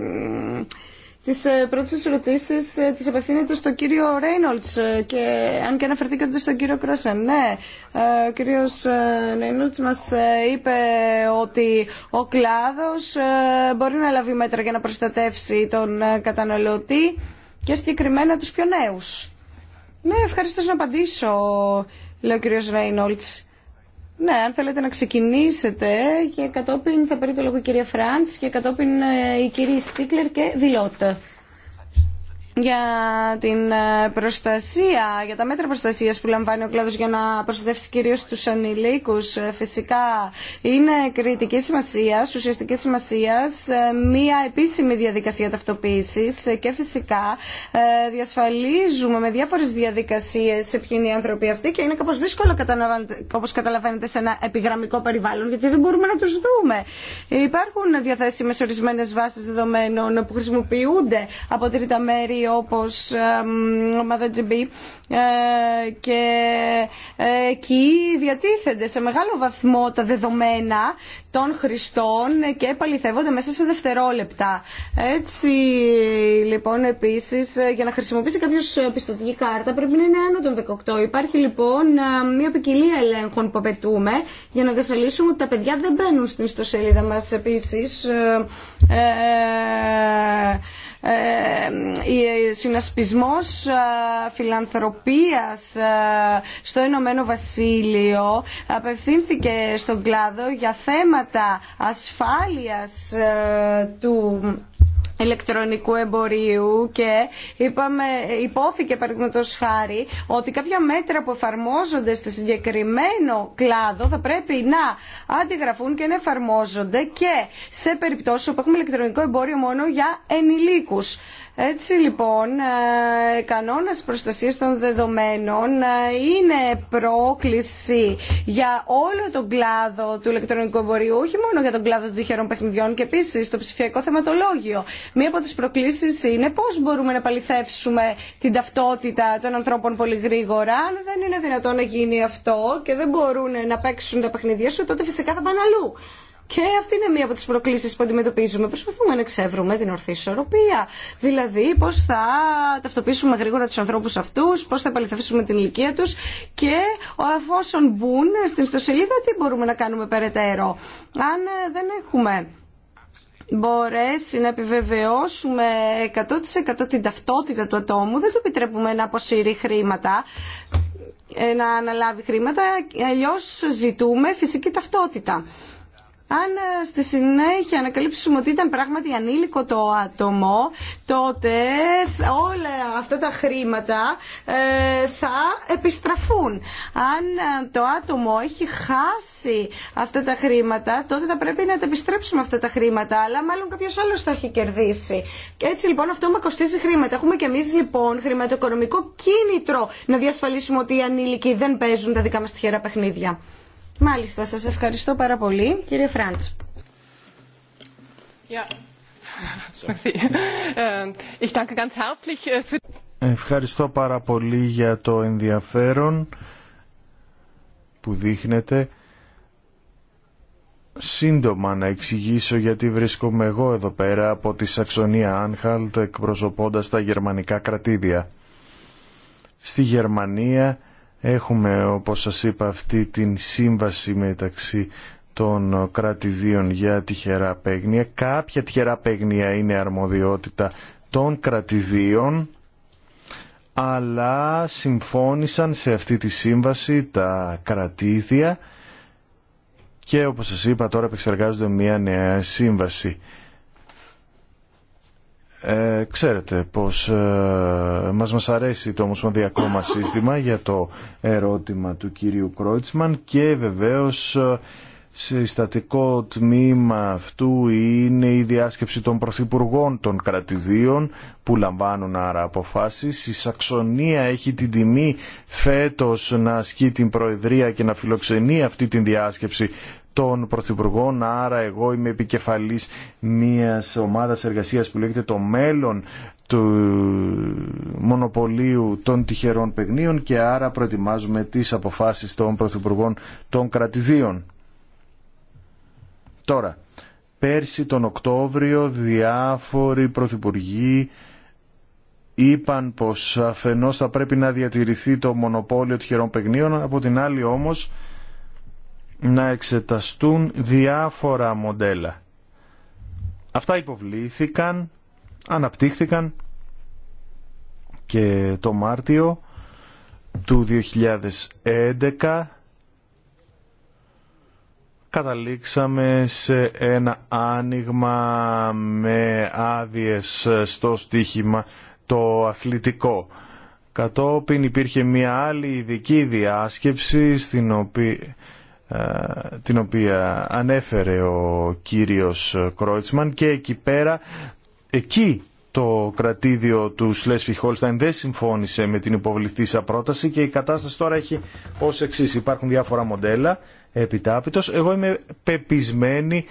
Τις ε, πρώτες ερωτήσει, ε, τις απευθύνεται στον κύριο Ρέινολτς ε, και αν και αναφερθήκατε στον κύριο Κρόσεν. Ναι, ο κύριος Ρέινολτς μας είπε ότι ο κλάδος μπορεί να λάβει μέτρα για να προστατεύσει τον καταναλωτή και συγκεκριμένα τους πιο νέου. Ναι, ευχαριστώ να απαντήσω, λέει ο κύριος Ρέινολτ. Ναι, αν θέλετε να ξεκινήσετε και κατόπιν θα παίρνει το λόγο η κυρία Φραντς και κατόπιν ε, η κυρία Στίκλερ και Βιλότα για την ε, προστασία, για τα μέτρα προστασίας που λαμβάνει ο κλάδος για να προστατεύσει κυρίως τους ανηλίκους. Ε, φυσικά είναι κριτική σημασία, ουσιαστική σημασία, ε, μία επίσημη διαδικασία ταυτοποίησης και φυσικά διασφαλίζουμε με διάφορες διαδικασίες ποιοι είναι οι άνθρωποι αυτοί και είναι κάπως δύσκολο όπως καταλαβαίνετε σε ένα επιγραμμικό περιβάλλον γιατί δεν μπορούμε να τους δούμε. Υπάρχουν διαθέσιμες ορισμένες βάσεις δεδομένων που χρησιμοποιούνται από τρίτα μέρη όπως ομάδα GB ε, και εκεί διατίθενται σε μεγάλο βαθμό τα δεδομένα των χρηστών και επαληθεύονται μέσα σε δευτερόλεπτα. Έτσι λοιπόν επίσης για να χρησιμοποιήσει κάποιο πιστοτική κάρτα πρέπει να είναι άνω των 18. Υπάρχει λοιπόν μια ποικιλία ελέγχων που απαιτούμε για να διασφαλίσουμε ότι τα παιδιά δεν μπαίνουν στην ιστοσελίδα μας επίσης. Ε, ε ε, συνασπισμός ε, φιλανθρωπίας ε, στο Ηνωμένο Βασίλειο απευθύνθηκε στον κλάδο για θέματα ασφάλειας του ηλεκτρονικού εμπορίου και είπαμε, υπόθηκε παραδείγματος χάρη ότι κάποια μέτρα που εφαρμόζονται στο συγκεκριμένο κλάδο θα πρέπει να αντιγραφούν και να εφαρμόζονται και σε περιπτώσει όπου έχουμε ηλεκτρονικό εμπόριο μόνο για ενηλίκους. Έτσι λοιπόν, ε, κανόνας προστασίας των δεδομένων ε, είναι πρόκληση για όλο τον κλάδο του ηλεκτρονικού εμπορίου, όχι μόνο για τον κλάδο του τυχερών παιχνιδιών και επίσης το ψηφιακό θεματολόγιο. Μία από τις προκλήσεις είναι πώς μπορούμε να παληθεύσουμε την ταυτότητα των ανθρώπων πολύ γρήγορα. Αν δεν είναι δυνατόν να γίνει αυτό και δεν μπορούν να παίξουν τα παιχνίδια σου, τότε φυσικά θα πάνε αλλού. Και αυτή είναι μία από τι προκλήσει που αντιμετωπίζουμε. Προσπαθούμε να εξεύρουμε την ορθή ισορροπία. Δηλαδή πώ θα ταυτοποιήσουμε γρήγορα του ανθρώπου αυτού, πώ θα επαληθεύσουμε την ηλικία του και αφόσον μπουν στην ιστοσελίδα τι μπορούμε να κάνουμε περαιτέρω. Αν ε, δεν έχουμε μπορέσει να επιβεβαιώσουμε 100% την ταυτότητα του ατόμου, δεν του επιτρέπουμε να αποσύρει χρήματα, ε, να αναλάβει χρήματα, αλλιώς ζητούμε φυσική ταυτότητα. Αν ε, στη συνέχεια ανακαλύψουμε ότι ήταν πράγματι ανήλικο το άτομο, τότε όλα αυτά τα χρήματα ε, θα επιστραφούν. Αν ε, το άτομο έχει χάσει αυτά τα χρήματα, τότε θα πρέπει να τα επιστρέψουμε αυτά τα χρήματα, αλλά μάλλον κάποιο άλλο τα έχει κερδίσει. Έτσι λοιπόν αυτό μα κοστίζει χρήματα. Έχουμε κι εμεί λοιπόν χρηματοοικονομικό κίνητρο να διασφαλίσουμε ότι οι ανήλικοι δεν παίζουν τα δικά μα τυχερά παιχνίδια. Μάλιστα, σας ευχαριστώ πάρα πολύ, κύριε Φράντς. Ähm, äh, ευχαριστώ πάρα πολύ για το ενδιαφέρον που δείχνετε. Σύντομα να εξηγήσω γιατί βρίσκομαι εγώ εδώ πέρα από τη Σαξονία Άνχαλτ εκπροσωπώντας τα γερμανικά κρατήδια. Στη Γερμανία Έχουμε, όπως σας είπα, αυτή την σύμβαση μεταξύ των κρατηδίων για τυχερά παίγνια. Κάποια τυχερά παίγνια είναι αρμοδιότητα των κρατηδίων, αλλά συμφώνησαν σε αυτή τη σύμβαση τα κρατήδια και όπως σας είπα τώρα επεξεργάζονται μια νέα σύμβαση. Ε, ξέρετε πως ε, μας, μας αρέσει το ομοσπονδιακό μας σύστημα για το ερώτημα του κυρίου Κρόιτσμαν και βεβαίως ε, συστατικό τμήμα αυτού είναι η διάσκεψη των πρωθυπουργών των κρατηδίων που λαμβάνουν άρα αποφάσεις. Η Σαξονία έχει την τιμή φέτος να ασκεί την Προεδρία και να φιλοξενεί αυτή την διάσκεψη των Πρωθυπουργών, άρα εγώ είμαι επικεφαλής μιας ομάδας εργασίας που λέγεται το μέλλον του μονοπωλίου των τυχερών παιγνίων και άρα προετοιμάζουμε τις αποφάσεις των Πρωθυπουργών των κρατηδίων. Τώρα, πέρσι τον Οκτώβριο διάφοροι Πρωθυπουργοί είπαν πως αφενός θα πρέπει να διατηρηθεί το μονοπόλιο τυχερών παιγνίων, από την άλλη όμως να εξεταστούν διάφορα μοντέλα. Αυτά υποβλήθηκαν, αναπτύχθηκαν και το Μάρτιο του 2011 καταλήξαμε σε ένα άνοιγμα με άδειες στο στοίχημα το αθλητικό. Κατόπιν υπήρχε μια άλλη ειδική διάσκεψη στην οποία ε, την οποία ανέφερε ο κύριος Κρόιτσμαν και εκεί πέρα, εκεί το κρατήδιο του Σλέσφι Χόλσταν δεν συμφώνησε με την υποβληθήσα πρόταση και η κατάσταση τώρα έχει ως εξή. Υπάρχουν διάφορα μοντέλα επιτάπητος. Εγώ είμαι πεπισμένη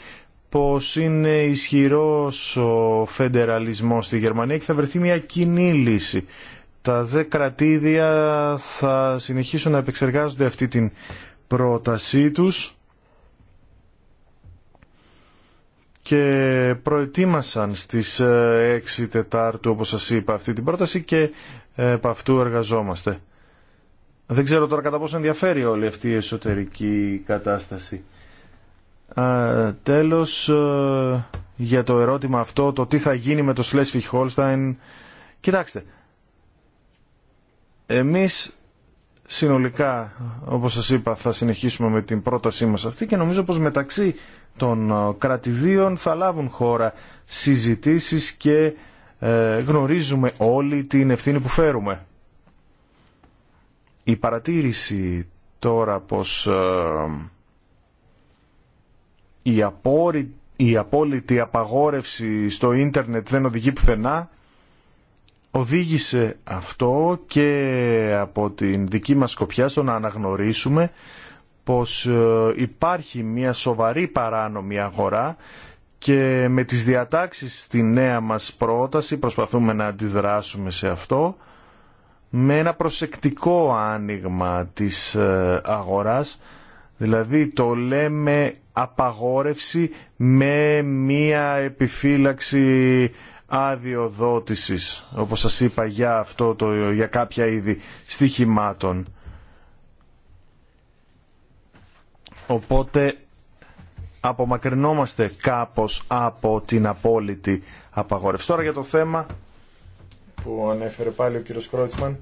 πως είναι ισχυρός ο φεντεραλισμός στη Γερμανία και θα βρεθεί μια κοινή λύση. Τα δε κρατήδια θα συνεχίσουν να επεξεργάζονται αυτή την πρότασή τους και προετοίμασαν στις 6 ε, Τετάρτου όπως σας είπα αυτή την πρόταση και ε, επ' αυτού εργαζόμαστε. Δεν ξέρω τώρα κατά πόσο ενδιαφέρει όλη αυτή η εσωτερική κατάσταση. Α, τέλος, ε, για το ερώτημα αυτό, το τι θα γίνει με το Schleswig Holstein, κοιτάξτε, εμείς συνολικά, όπως σας είπα, θα συνεχίσουμε με την πρότασή μας αυτή και νομίζω πως μεταξύ των ε, κρατηδίων θα λάβουν χώρα συζητήσεις και ε, γνωρίζουμε όλοι την ευθύνη που φέρουμε. Η παρατήρηση τώρα πως ε, η απόλυτη απαγόρευση στο ίντερνετ δεν οδηγεί πουθενά οδήγησε αυτό και από την δική μας σκοπιά στο να αναγνωρίσουμε πως ε, υπάρχει μια σοβαρή παράνομη αγορά και με τις διατάξεις στη νέα μας πρόταση προσπαθούμε να αντιδράσουμε σε αυτό με ένα προσεκτικό άνοιγμα της ε, αγοράς δηλαδή το λέμε απαγόρευση με μια επιφύλαξη δότησης όπως σας είπα, για, αυτό το, για κάποια είδη στοιχημάτων. Οπότε απομακρυνόμαστε κάπως από την απόλυτη απαγόρευση. Τώρα για το θέμα που ανέφερε πάλι ο κύριος Κρότσμαν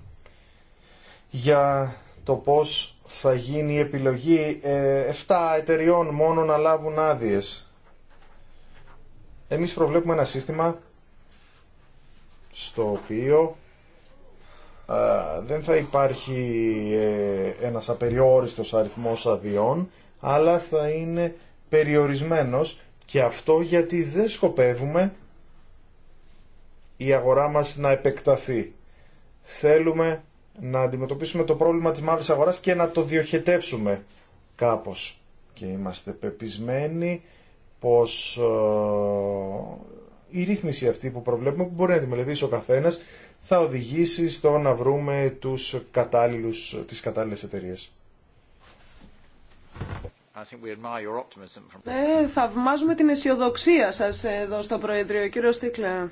για το πώς θα γίνει η επιλογή 7 ε, εταιριών μόνο να λάβουν άδειες. Εμείς προβλέπουμε ένα σύστημα στο οποίο δεν θα υπάρχει ε, ένας απεριόριστος αριθμός αδειών, αλλά θα είναι περιορισμένος και αυτό γιατί δεν σκοπεύουμε η αγορά μας να επεκταθεί. Θέλουμε να αντιμετωπίσουμε το πρόβλημα της μαύρης αγοράς και να το διοχετεύσουμε κάπως. Και είμαστε πεπισμένοι πως ε, η ρύθμιση αυτή που προβλέπουμε που μπορεί να τη μελετήσει ο καθένα, θα οδηγήσει στο να βρούμε τους κατάλληλους, τις κατάλληλες εταιρείες. Ε, θαυμάζουμε την αισιοδοξία σας εδώ στο Προεδρείο, κύριο Στίκλε.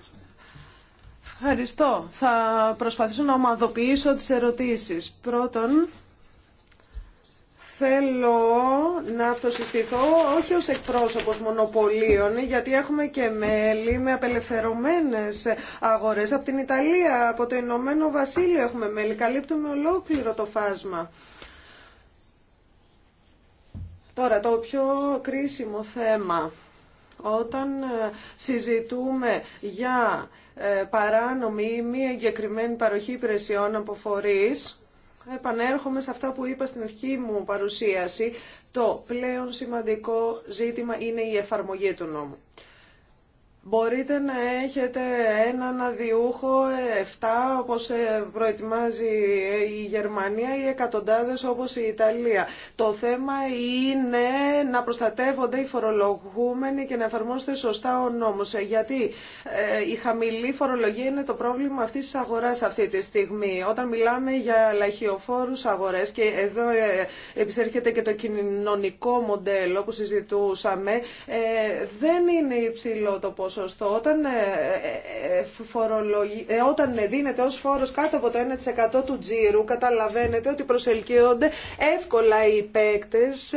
Ευχαριστώ. Θα προσπαθήσω να ομαδοποιήσω τις ερωτήσεις. Πρώτον, θέλω να αυτοσυστηθώ όχι ως εκπρόσωπος μονοπωλίων, γιατί έχουμε και μέλη με απελευθερωμένες αγορές. Από την Ιταλία, από το Ηνωμένο Βασίλειο έχουμε μέλη. Καλύπτουμε ολόκληρο το φάσμα. Τώρα, το πιο κρίσιμο θέμα. Όταν ε, συζητούμε για ε, παράνομη ή μη εγκεκριμένη παροχή υπηρεσιών από επανέρχομαι σε αυτά που είπα στην αρχή μου παρουσίαση. Το πλέον σημαντικό ζήτημα είναι η εφαρμογή του νόμου. Μπορείτε να έχετε έναν αδιούχο, 7 όπως ε, προετοιμάζει η Γερμανία ή εκατοντάδες όπως η Ιταλία. Το θέμα είναι να προστατεύονται οι φορολογούμενοι και να εφαρμόσετε σωστά ο νόμος. Ε, γιατί ε, η χαμηλή φορολογία είναι το πρόβλημα αυτής της αγοράς αυτή τη στιγμή. Όταν μιλάμε για λαχιοφόρους αγορές και εδώ επισέρχεται και το κοινωνικό μοντέλο που συζητούσαμε, δεν είναι υψηλό το ποσοστό όταν, ε, ε, ε, φορολογι... όταν δίνεται ως φόρος κάτω από το 1% του τζίρου καταλαβαίνετε ότι προσελκύονται εύκολα οι παίκτες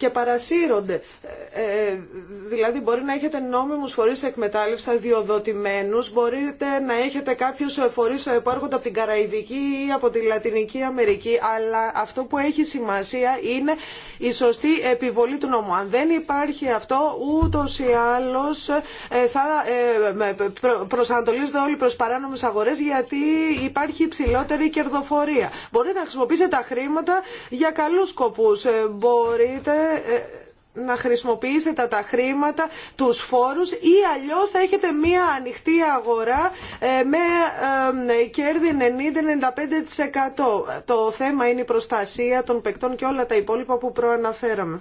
και παρασύρονται. Ε, ε, δηλαδή μπορεί να έχετε νόμιμους φορείς εκμετάλλευσης αδειοδοτημένους, μπορείτε να έχετε κάποιους φορείς που έρχονται από την Καραϊβική ή από τη Λατινική Αμερική, αλλά αυτό που έχει σημασία είναι η σωστή επιβολή του νόμου. Αν δεν υπάρχει αυτό, ούτως ή άλλως ε, θα προσανατολίζονται όλοι προς παράνομες αγορές γιατί υπάρχει υψηλότερη κερδοφορία. Μπορείτε να χρησιμοποιήσετε τα χρήματα για καλούς σκοπούς. Μπορείτε ε, να χρησιμοποιήσετε τα χρήματα, τους φόρους ή αλλιώς θα έχετε μία ανοιχτή αγορά ε, με ε, κέρδη 90-95%. Το θέμα είναι η προστασία των παικτών και όλα τα υπόλοιπα που προαναφέραμε.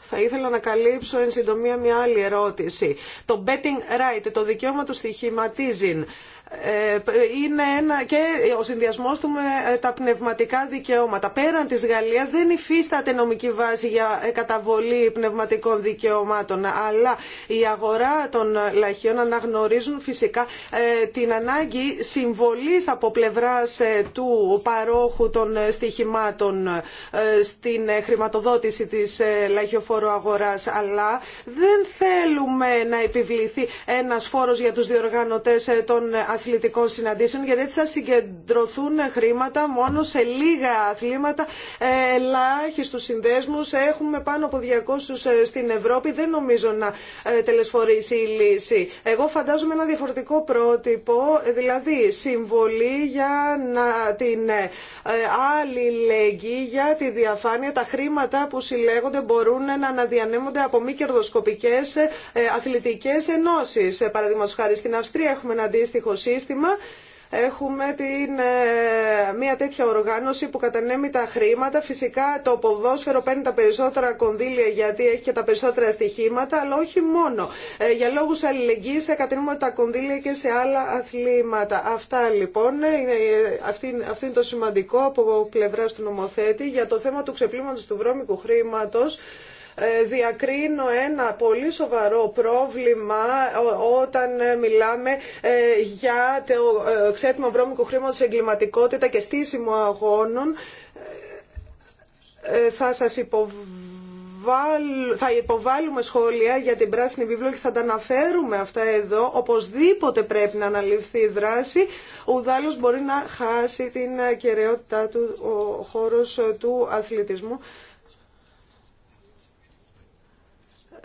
Θα ήθελα να καλύψω εν συντομία μια άλλη ερώτηση. Το betting right, το δικαίωμα του στοιχηματίζειν είναι ένα και ο συνδυασμό του με ε, τα πνευματικά δικαιώματα. Πέραν της Γαλλία δεν υφίσταται νομική βάση για ε, καταβολή πνευματικών δικαιωμάτων, αλλά η αγορά των ε, λαχείων αναγνωρίζουν φυσικά την ανάγκη συμβολής από πλευρά του παρόχου των στοιχημάτων στην χρηματοδότηση της λαχιοφόρου αγοράς, αλλά δεν θέλουμε να επιβληθεί ένα φόρο για τους διοργανωτές των αθλητικών συναντήσεων γιατί έτσι θα συγκεντρωθούν χρήματα μόνο σε λίγα αθλήματα, ε, ελάχιστου συνδέσμου. Έχουμε πάνω από 200 ε, στην Ευρώπη. Δεν νομίζω να ε, τελεσφορήσει η λύση. Εγώ φαντάζομαι ένα διαφορετικό πρότυπο, δηλαδή συμβολή για να την αλληλεγγύη, για τη διαφάνεια. Τα χρήματα που συλλέγονται μπορούν να αναδιανέμονται από μη κερδοσκοπικέ αθλητικέ ενώσει. Παραδείγματο χάρη στην Αυστρία έχουμε ένα αντίστοιχο Έχουμε την, ε, μια τέτοια οργάνωση που κατανέμει τα χρήματα. Φυσικά το ποδόσφαιρο παίρνει τα περισσότερα κονδύλια γιατί έχει και τα περισσότερα στοιχήματα, αλλά όχι μόνο. Ε, για λόγους αλληλεγγύης κατανέμουμε τα κονδύλια και σε άλλα αθλήματα. Αυτά λοιπόν, ε, ε αυτή, είναι το σημαντικό από πλευρά του νομοθέτη για το θέμα του ξεπλήματος του βρώμικου χρήματος. Ε, διακρίνω ένα πολύ σοβαρό πρόβλημα όταν ε, μιλάμε ε, για το ξέπημα βρώμικου χρήματος, εγκληματικότητα και στήσιμο αγώνων. Θα σας υποβάλουμε σχόλια για την πράσινη βίβλο και θα τα αναφέρουμε αυτά εδώ. Οπωσδήποτε πρέπει να αναλυφθεί η δράση. Ο μπορεί να χάσει την κεραιότητά του ο χώρος του αθλητισμού.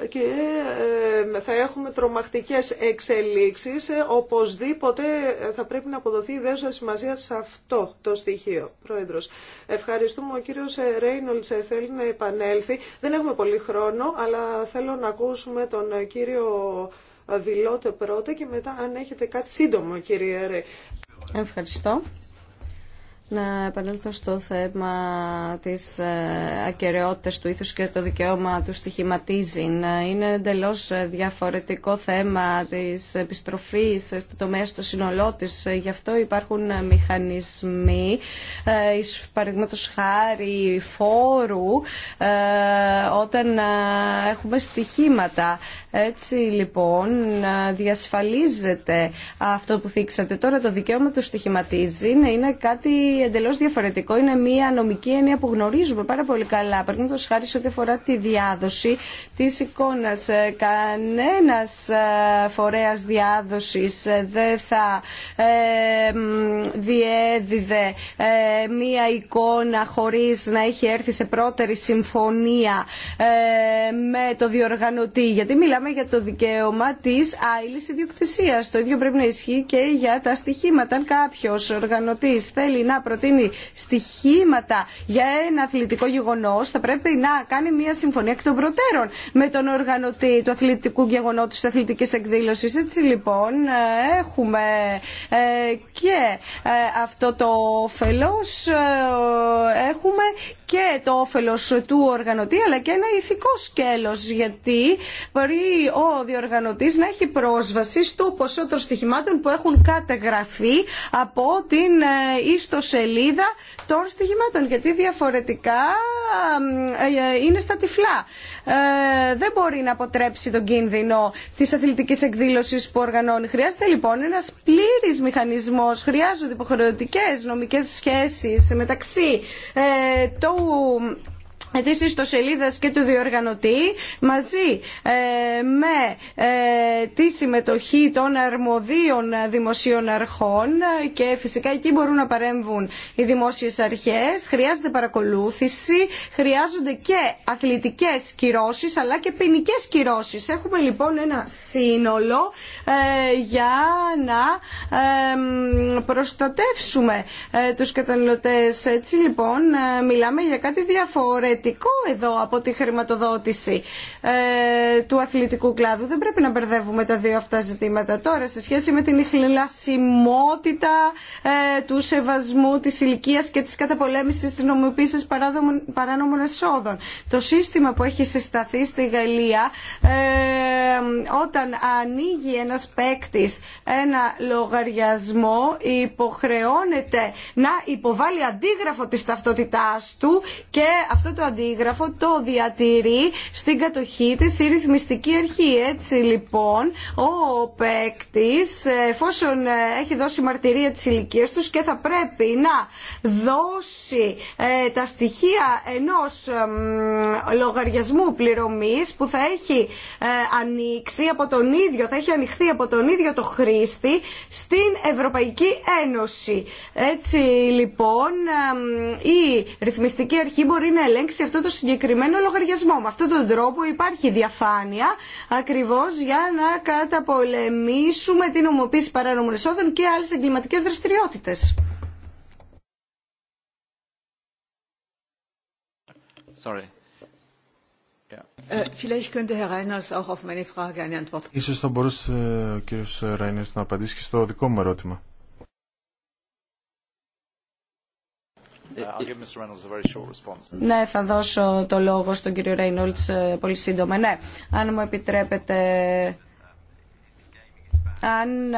και ε, θα έχουμε τρομακτικές εξελίξεις. Ε, οπωσδήποτε ε, θα πρέπει να αποδοθεί ιδέουσα σημασία σε αυτό το στοιχείο. Πρόεδρος, ευχαριστούμε. Ο κύριος Ρέινολτς θέλει να επανέλθει. Δεν έχουμε πολύ χρόνο, αλλά θέλω να ακούσουμε τον κύριο Βιλότε πρώτα και μετά αν έχετε κάτι σύντομο, κύριε Ρέ. Ευχαριστώ να επανέλθω στο θέμα της ε, ακεραιότητας του ήθους και το δικαίωμα του στοιχηματίζει. Είναι εντελώς ε, διαφορετικό θέμα της επιστροφής του τομέα στο σύνολό της. Ε, γι' αυτό υπάρχουν μηχανισμοί, παραδείγματος χάρη φόρου, όταν έχουμε στοιχήματα. Έτσι λοιπόν διασφαλίζεται αυτό που θίξατε. Τώρα το δικαίωμα του στοιχηματίζει είναι κάτι εντελώ διαφορετικό. Είναι μια νομική έννοια που γνωρίζουμε πάρα πολύ καλά. Παραδείγματο χάρη σε ό,τι αφορά τη διάδοση τη εικόνα. Ε, Κανένα ε, φορέα διάδοση ε, δεν θα ε, διέδιδε μια εικόνα χωρί να έχει έρθει σε πρώτερη συμφωνία με το διοργανωτή. Γιατί μιλάμε για το δικαίωμα τη άειλη ιδιοκτησία. Το ίδιο πρέπει να ισχύει και για τα στοιχήματα. Αν κάποιο οργανωτή θέλει να προτείνει στοιχήματα για ένα αθλητικό γεγονό, θα πρέπει να κάνει μια συμφωνία εκ των προτέρων με τον οργανωτή του αθλητικού γεγονότου τη αθλητική εκδήλωση. Έτσι λοιπόν ε, έχουμε ε, και ε, αυτό το φελός Έχουμε και το όφελος του οργανωτή αλλά και ένα ηθικό σκέλος γιατί μπορεί ο διοργανωτής να έχει πρόσβαση στο ποσό των στοιχημάτων που έχουν καταγραφεί από την ε, ιστοσελίδα των στοιχημάτων γιατί διαφορετικά ε, ε, είναι στα τυφλά. Δεν μπορεί να αποτρέψει τον κίνδυνο της αθλητικής εκδήλωσης που οργανώνει. Χρειάζεται λοιπόν ένας πλήρης μηχανισμός, χρειάζονται υποχρεωτικές νομικές σχέσεις μεταξύ του που Επίση, στο σελίδα και του διοργανωτή, μαζί ε, με ε, τη συμμετοχή των αρμοδίων δημοσίων αρχών και φυσικά εκεί μπορούν να παρέμβουν οι δημόσιες αρχές. Χρειάζεται παρακολούθηση, χρειάζονται και αθλητικές κυρώσεις αλλά και ποινικέ κυρώσεις. Έχουμε λοιπόν ένα σύνολο ε, για να προστατεύσουμε τους καταναλωτές. Έτσι λοιπόν μιλάμε για κάτι διαφορετικό θετικό εδώ από τη χρηματοδότηση ε, του αθλητικού κλάδου. Δεν πρέπει να μπερδεύουμε τα δύο αυτά ζητήματα. Τώρα, σε σχέση με την ηχληλασιμότητα ε, του σεβασμού της ηλικία και της καταπολέμησης της νομιουποίησης παράνομων εσόδων. Το σύστημα που έχει συσταθεί στη Γαλλία, ε, όταν ανοίγει ένας παίκτη ένα λογαριασμό, υποχρεώνεται να υποβάλει αντίγραφο της ταυτότητάς του και αυτό το αντίγραφο το διατηρεί στην κατοχή της η ρυθμιστική αρχή. Έτσι λοιπόν ο παίκτη, εφόσον ε, έχει δώσει μαρτυρία της ηλικία τους και θα πρέπει να δώσει ε, τα στοιχεία ενός λογαριασμού πληρωμής που θα έχει ε, ανοίξει από τον ίδιο, θα έχει ανοιχθεί από τον ίδιο το χρήστη στην Ευρωπαϊκή Ένωση. Έτσι λοιπόν η ρυθμιστική αρχή μπορεί να ελέγξει ανοίξει αυτό το συγκεκριμένο λογαριασμό. Με αυτόν τον τρόπο υπάρχει διαφάνεια ακριβώς για να καταπολεμήσουμε την ομοποίηση παράνομων εσόδων και άλλες εγκληματικέ δραστηριότητες. Sorry. Ε, Ίσως θα μπορούσε ε, ο κύριος Ράινερς να απαντήσει και στο δικό μου ερώτημα. Uh, ναι, θα δώσω το λόγο στον κύριο Ρέινολτς ε, πολύ σύντομα. Ναι, αν μου επιτρέπετε αν ε,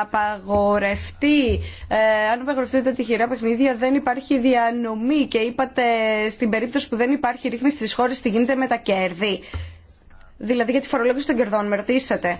απαγορευτεί, ε, αν απαγορευτεί τα τυχερά παιχνίδια δεν υπάρχει διανομή και είπατε στην περίπτωση που δεν υπάρχει ρύθμιση στις χώρες τι γίνεται με τα κέρδη. Δηλαδή για τη φορολόγηση των κερδών, με ρωτήσατε.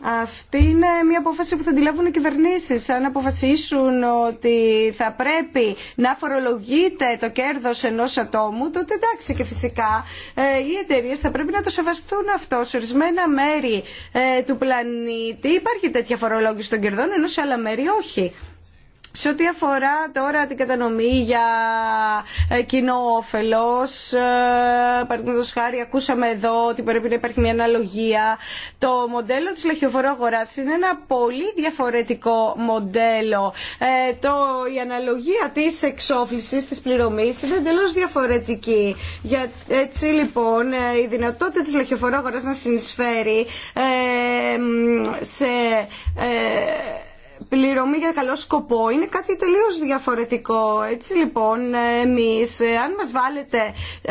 Αυτή είναι μια απόφαση που θα αντιλάβουν οι κυβερνήσει. Αν αποφασίσουν ότι θα πρέπει να φορολογείται το κέρδο ενό ατόμου, τότε εντάξει και φυσικά ε, οι εταιρείε θα πρέπει να το σεβαστούν αυτό. Σε ορισμένα μέρη ε, του πλανήτη υπάρχει τέτοια φορολόγηση των κερδών, ενώ σε άλλα μέρη όχι. Σε ό,τι αφορά τώρα την κατανομή για ε, κοινό όφελο, ε, παραδείγματο χάρη, ακούσαμε εδώ ότι πρέπει να υπάρχει μια αναλογία. Το μοντέλο τη λαχιοφορού αγορά είναι ένα πολύ διαφορετικό μοντέλο. Ε, το, η αναλογία τη εξόφληση τη πληρωμή είναι εντελώ διαφορετική. Για, έτσι λοιπόν, η δυνατότητα τη λαχιοφορού να συνεισφέρει σε πληρωμή για καλό σκοπό είναι κάτι τελείως διαφορετικό. Έτσι λοιπόν εμείς, ε, αν μας βάλετε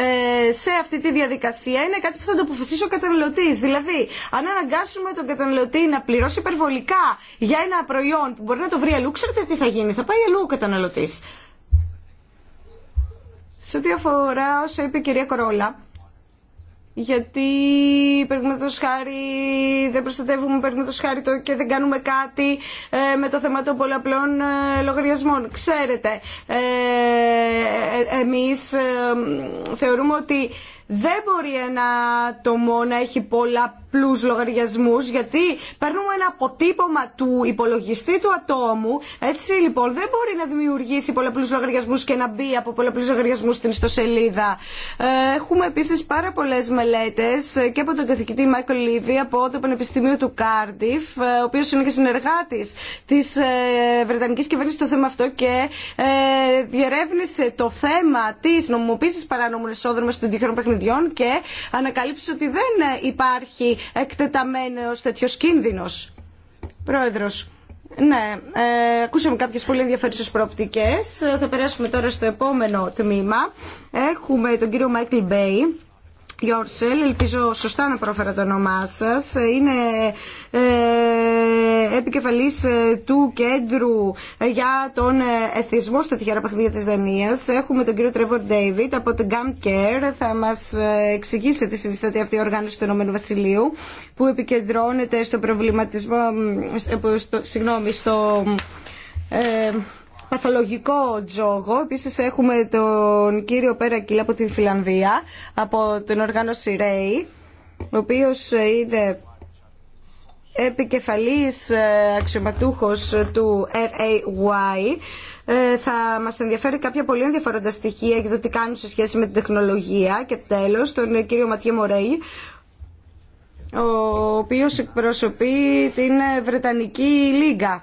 ε, σε αυτή τη διαδικασία, είναι κάτι που θα το αποφασίσει ο καταναλωτή. Δηλαδή, αν αναγκάσουμε τον καταναλωτή να πληρώσει υπερβολικά για ένα προϊόν που μπορεί να το βρει αλλού, ξέρετε τι θα γίνει, θα πάει αλλού ο καταναλωτή. Σε ό,τι αφορά όσα είπε η κυρία Κορόλα, γιατί το χάρη δεν προστατεύουμε το χάρη το, και δεν κάνουμε κάτι ε, με το θέμα των πολλαπλών ε, λογαριασμών. Ξέρετε, ε, ε εμείς θεωρούμε ότι δεν μπορεί ένα άτομο να έχει πολλά απλούς λογαριασμούς γιατί παίρνουμε ένα αποτύπωμα του υπολογιστή του ατόμου. Έτσι λοιπόν δεν μπορεί να δημιουργήσει πολλαπλούς λογαριασμούς και να μπει από πολλαπλούς λογαριασμούς στην ιστοσελίδα. Ε, έχουμε επίσης πάρα πολλές μελέτες και από τον καθηγητή Μάικλ Λίβι από το Πανεπιστημίο του Κάρντιφ, ε, ο οποίος είναι και συνεργάτης της ε, Βρετανικής κυβέρνησης στο θέμα αυτό και διερεύνησε το θέμα της νομιμοποίησης παράνομων εσόδων μας των τυχερών παιχνιδιών και ανακαλύψει ότι δεν υπάρχει εκτεταμένος τέτοιο κίνδυνο. Πρόεδρος. Ναι, ε, ακούσαμε κάποιες πολύ ενδιαφέρουσες προοπτικέ. Θα περάσουμε τώρα στο επόμενο τμήμα. Έχουμε τον κύριο Μάικλ Μπέι Γιόρσελ, ελπίζω σωστά να πρόφερα το όνομά σας, είναι ε, επικεφαλής ε, του κέντρου ε, για τον ε, εθισμό στο τυχερά παιχνίδια της Δανίας. Έχουμε τον κύριο Τρέβορ Ντέιβιτ από το Gum Care, θα μας εξηγήσει τι συνιστάτη αυτή η οργάνωση του Ηνωμένου Βασιλείου, που επικεντρώνεται στο προβληματισμό, στο, συγγνώμη, στο... Ε, παθολογικό τζόγο. Επίση έχουμε τον κύριο Πέρα από την Φιλανδία, από την οργάνωση ΡΕΙ, ο οποίος είναι επικεφαλής ε, αξιωματούχος του RAY. Ε, θα μας ενδιαφέρει κάποια πολύ ενδιαφέροντα στοιχεία για το τι κάνουν σε σχέση με την τεχνολογία. Και τέλος, τον κύριο Ματιέ Μορέη, ο οποίος εκπροσωπεί την Βρετανική Λίγκα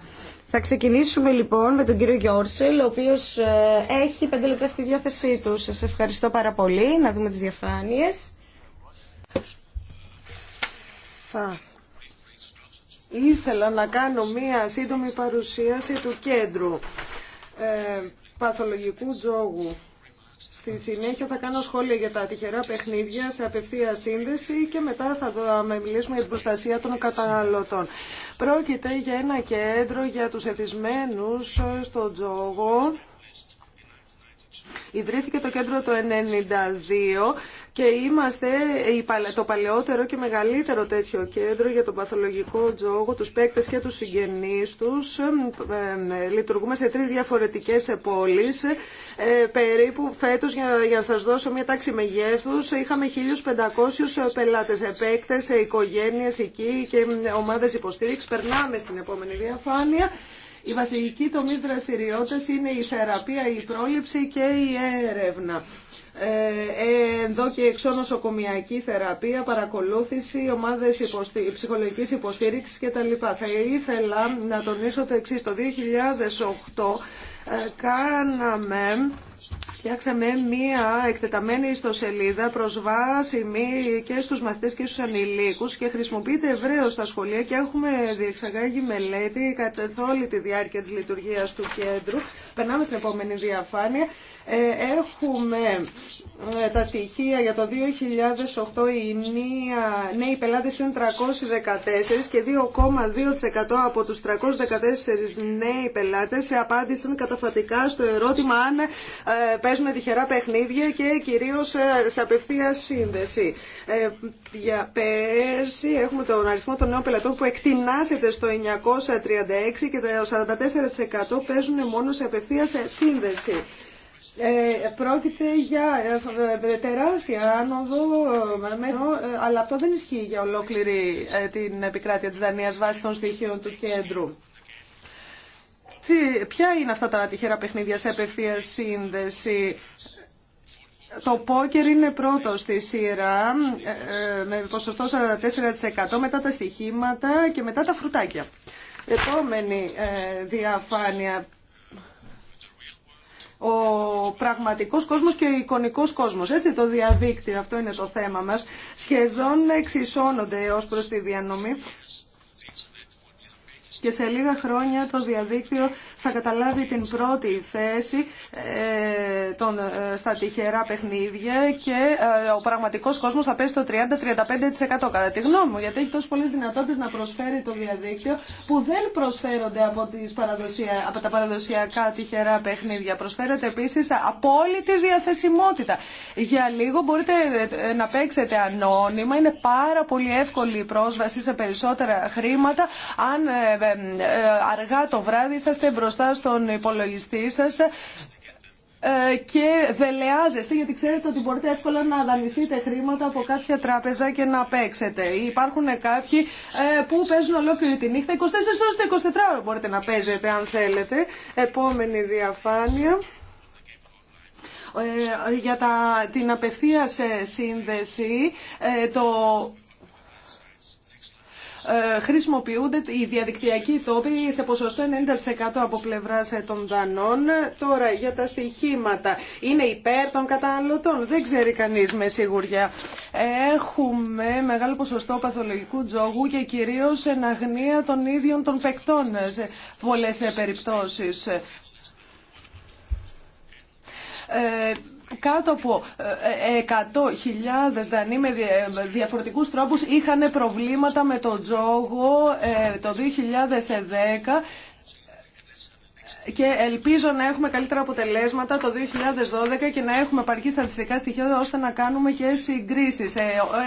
θα ξεκινήσουμε λοιπόν με τον κύριο Γιόρσελ, ο οποίος ε, έχει πέντε λεπτά στη διάθεσή του. Σας ευχαριστώ πάρα πολύ. Να δούμε τις διαφάνειες. Θα ήθελα να κάνω μία σύντομη παρουσίαση του κέντρου ε, παθολογικού τζόγου Στη συνέχεια θα κάνω σχόλια για τα τυχερά παιχνίδια σε απευθεία σύνδεση και μετά θα με μιλήσουμε για την προστασία των καταναλωτών. Πρόκειται για ένα κέντρο για τους εθισμένους στο τζόγο. Ιδρύθηκε το κέντρο το 92 και είμαστε το παλαιότερο και μεγαλύτερο τέτοιο κέντρο για τον παθολογικό τζόγο, τους παίκτες και τους συγγενείς τους. Ε, ε, λειτουργούμε σε τρεις διαφορετικές πόλεις. Ε, περίπου φέτος, για να σας δώσω μια τάξη μεγέθους, είχαμε 1.500 πελάτες, παίκτες, οικογένειες εκεί και ομάδες υποστήριξης. Περνάμε στην επόμενη διαφάνεια. Οι βασικοί τομεί δραστηριότητα είναι η θεραπεία, η πρόληψη και η έρευνα. Ε, εδώ και εξώνοσοκομιακή θεραπεία, παρακολούθηση, ομάδε υποστη... ψυχολογική υποστήριξη κτλ. Θα ήθελα να τονίσω το εξή. Το 2008 ε, κάναμε Φτιάξαμε μία εκτεταμένη ιστοσελίδα προσβάσιμη και στους μαθητές και στους ανηλίκους και χρησιμοποιείται ευρέω στα σχολεία και έχουμε διεξαγάγει μελέτη κατά όλη τη διάρκεια της λειτουργίας του κέντρου. Περνάμε στην επόμενη διαφάνεια. Ε, έχουμε ε, τα στοιχεία για το 2008 οι νέοι πελάτες είναι 314 και 2,2% από τους 314 νέοι πελάτες απάντησαν καταφατικά στο ερώτημα αν ε, παίζουν τυχερά παιχνίδια και κυρίως σε απευθεία σύνδεση. Για πέρσι έχουμε τον αριθμό των νέων πελατών που εκτινάσεται στο 936 και το 44% παίζουν μόνο σε απευθεία σύνδεση. Ε, πρόκειται για ε, ε, τεράστια άνοδο, αλλά αυτό δεν ισχύει για ολόκληρη την επικράτεια της Δανίας βάσει των στοιχείων του κέντρου. Τι, ποια είναι αυτά τα τυχερά παιχνίδια σε απευθεία σύνδεση. Το πόκερ είναι πρώτο στη σειρά με ποσοστό 44% μετά τα στοιχήματα και μετά τα φρουτάκια. Επόμενη διαφάνεια ο πραγματικός κόσμος και ο εικονικός κόσμος. Έτσι το διαδίκτυο, αυτό είναι το θέμα μας, σχεδόν εξισώνονται ως προς τη διανομή και σε λίγα χρόνια το διαδίκτυο θα καταλάβει την πρώτη θέση ε, ε, στα τυχερά παιχνίδια και ε, ο πραγματικός κόσμος θα πέσει το 30-35% κατά τη γνώμη μου, γιατί έχει τόσο πολλές δυνατότητες να προσφέρει το διαδίκτυο που δεν προσφέρονται από, τις παραδοσια... από τα παραδοσιακά τυχερά παιχνίδια. Προσφέρεται επίσης απόλυτη διαθεσιμότητα. Για λίγο μπορείτε να παίξετε ανώνυμα, είναι πάρα πολύ εύκολη η πρόσβαση σε περισσότερα χρήματα αν αργά το βράδυ είσαστε μπροστά μπροστά στον υπολογιστή σας ε, και δελεάζεστε γιατί ξέρετε ότι μπορείτε εύκολα να δανειστείτε χρήματα από κάποια τράπεζα και να παίξετε. Υπάρχουν κάποιοι ε, που παίζουν ολόκληρη τη νύχτα, 24 ώρες το 24 μπορείτε να παίζετε αν θέλετε. Επόμενη διαφάνεια ε, για τα, την απευθείας σύνδεση το ε, χρησιμοποιούνται οι διαδικτυακοί τόποι σε ποσοστό 90% από πλευρά ε, των δανών. Τώρα για τα στοιχήματα. Είναι υπέρ των καταναλωτών. Δεν ξέρει κανεί με σιγουριά. Έχουμε μεγάλο ποσοστό παθολογικού τζόγου και κυρίω εναγνία των ίδιων των παικτών σε πολλέ ε, περιπτώσει κάτω από 100.000 ε, δανεί με ε, διαφορετικούς τρόπους είχαν προβλήματα με τον τζόγο ε, το 2010 και ελπίζω να έχουμε καλύτερα αποτελέσματα το 2012 και να έχουμε παρκή στατιστικά στοιχεία ώστε να κάνουμε και συγκρίσει.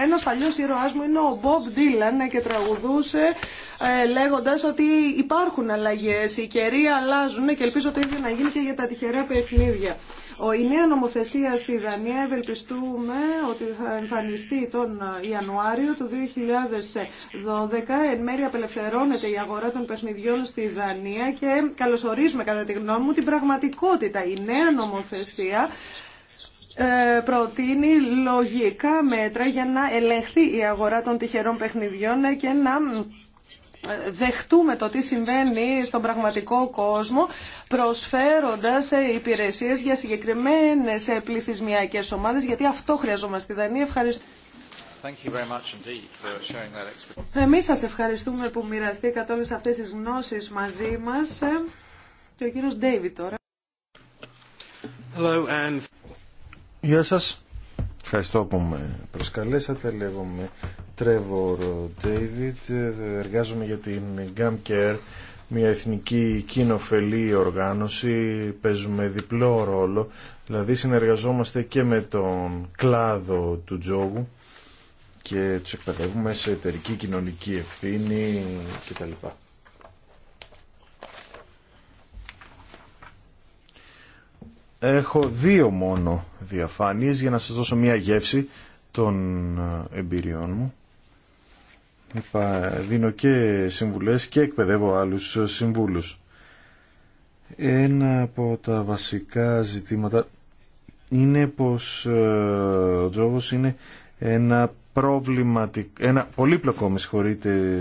Ένας παλιό ήρωάς μου είναι ο Μπομπ Ντίλαν και τραγουδούσε ε, λέγοντας ότι υπάρχουν αλλαγές, οι καιροί αλλάζουν και ελπίζω το ίδιο να γίνει και για τα τυχερά παιχνίδια. Η νέα νομοθεσία στη Δανία ευελπιστούμε ότι θα εμφανιστεί τον Ιανουάριο του 2012. Εν μέρει απελευθερώνεται η αγορά των παιχνιδιών στη Δανία και καλωσορίζουμε κατά τη γνώμη μου την πραγματικότητα. Η νέα νομοθεσία ε, προτείνει λογικά μέτρα για να ελεγχθεί η αγορά των τυχερών παιχνιδιών και να δεχτούμε το τι συμβαίνει στον πραγματικό κόσμο προσφέροντας ε, υπηρεσίες για συγκεκριμένες ε, πληθυσμιακές ομάδες γιατί αυτό χρειαζόμαστε στη Δανία. Ευχαριστώ. Thank you very much for that Εμείς σας ευχαριστούμε που μοιραστήκατε όλες αυτές τις γνώσεις μαζί μας ε, και ο κύριος Ντέιβιτ τώρα. Hello Γεια σας. Ευχαριστώ που με προσκαλέσατε. Λέγομαι Τρέβορ Ντέιβιτ. Εργάζομαι για την Care μια εθνική κοινοφελή οργάνωση. Παίζουμε διπλό ρόλο, δηλαδή συνεργαζόμαστε και με τον κλάδο του τζόγου και τους εκπαιδεύουμε σε εταιρική κοινωνική ευθύνη κτλ. Έχω δύο μόνο διαφάνειες για να σας δώσω μια γεύση των ε, εμπειριών μου δίνω και συμβουλές και εκπαιδεύω άλλους συμβούλους. Ένα από τα βασικά ζητήματα είναι πως ε, ο τζόγος είναι ένα προβληματικό, ένα πολύπλοκο με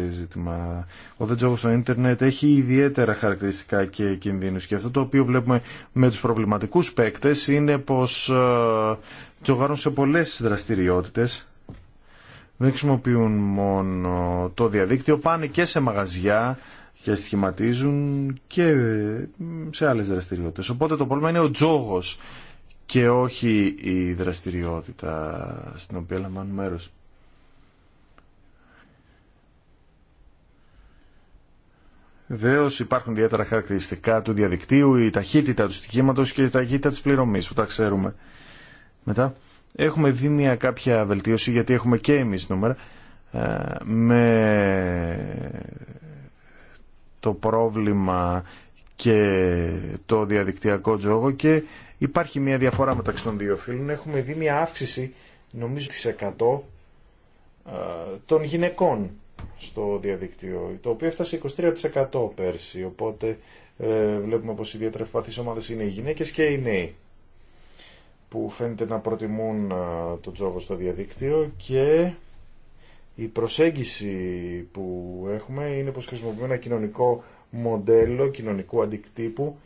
ζήτημα. Ο δε τζόγος στο ίντερνετ έχει ιδιαίτερα χαρακτηριστικά και κινδύνους και αυτό το οποίο βλέπουμε με τους προβληματικούς παίκτες είναι πως ε, τζογάρουν σε πολλές δραστηριότητες δεν χρησιμοποιούν μόνο το διαδίκτυο, πάνε και σε μαγαζιά και σχηματίζουν και σε άλλες δραστηριότητες. Οπότε το πρόβλημα είναι ο τζόγος και όχι η δραστηριότητα στην οποία λαμβάνουν μέρος. Βεβαίω υπάρχουν ιδιαίτερα χαρακτηριστικά του διαδικτύου, η ταχύτητα του στοιχήματο και η ταχύτητα τη πληρωμής, που τα ξέρουμε. Μετά. Έχουμε δει μια κάποια βελτίωση γιατί έχουμε και εμείς νούμερα ε, με το πρόβλημα και το διαδικτυακό τζόγο και υπάρχει μια διαφορά μεταξύ των δύο φίλων. Έχουμε δει μια αύξηση νομίζω της 100 ε, των γυναικών στο διαδικτύο, το οποίο έφτασε 23% πέρσι, οπότε ε, βλέπουμε πως οι ευπαθείς ομάδες είναι οι γυναίκες και οι νέοι που φαίνεται να προτιμούν ε, το τζόγο στο διαδίκτυο και η προσέγγιση που έχουμε είναι πως χρησιμοποιούμε ένα κοινωνικό μοντέλο κοινωνικού αντικτύπου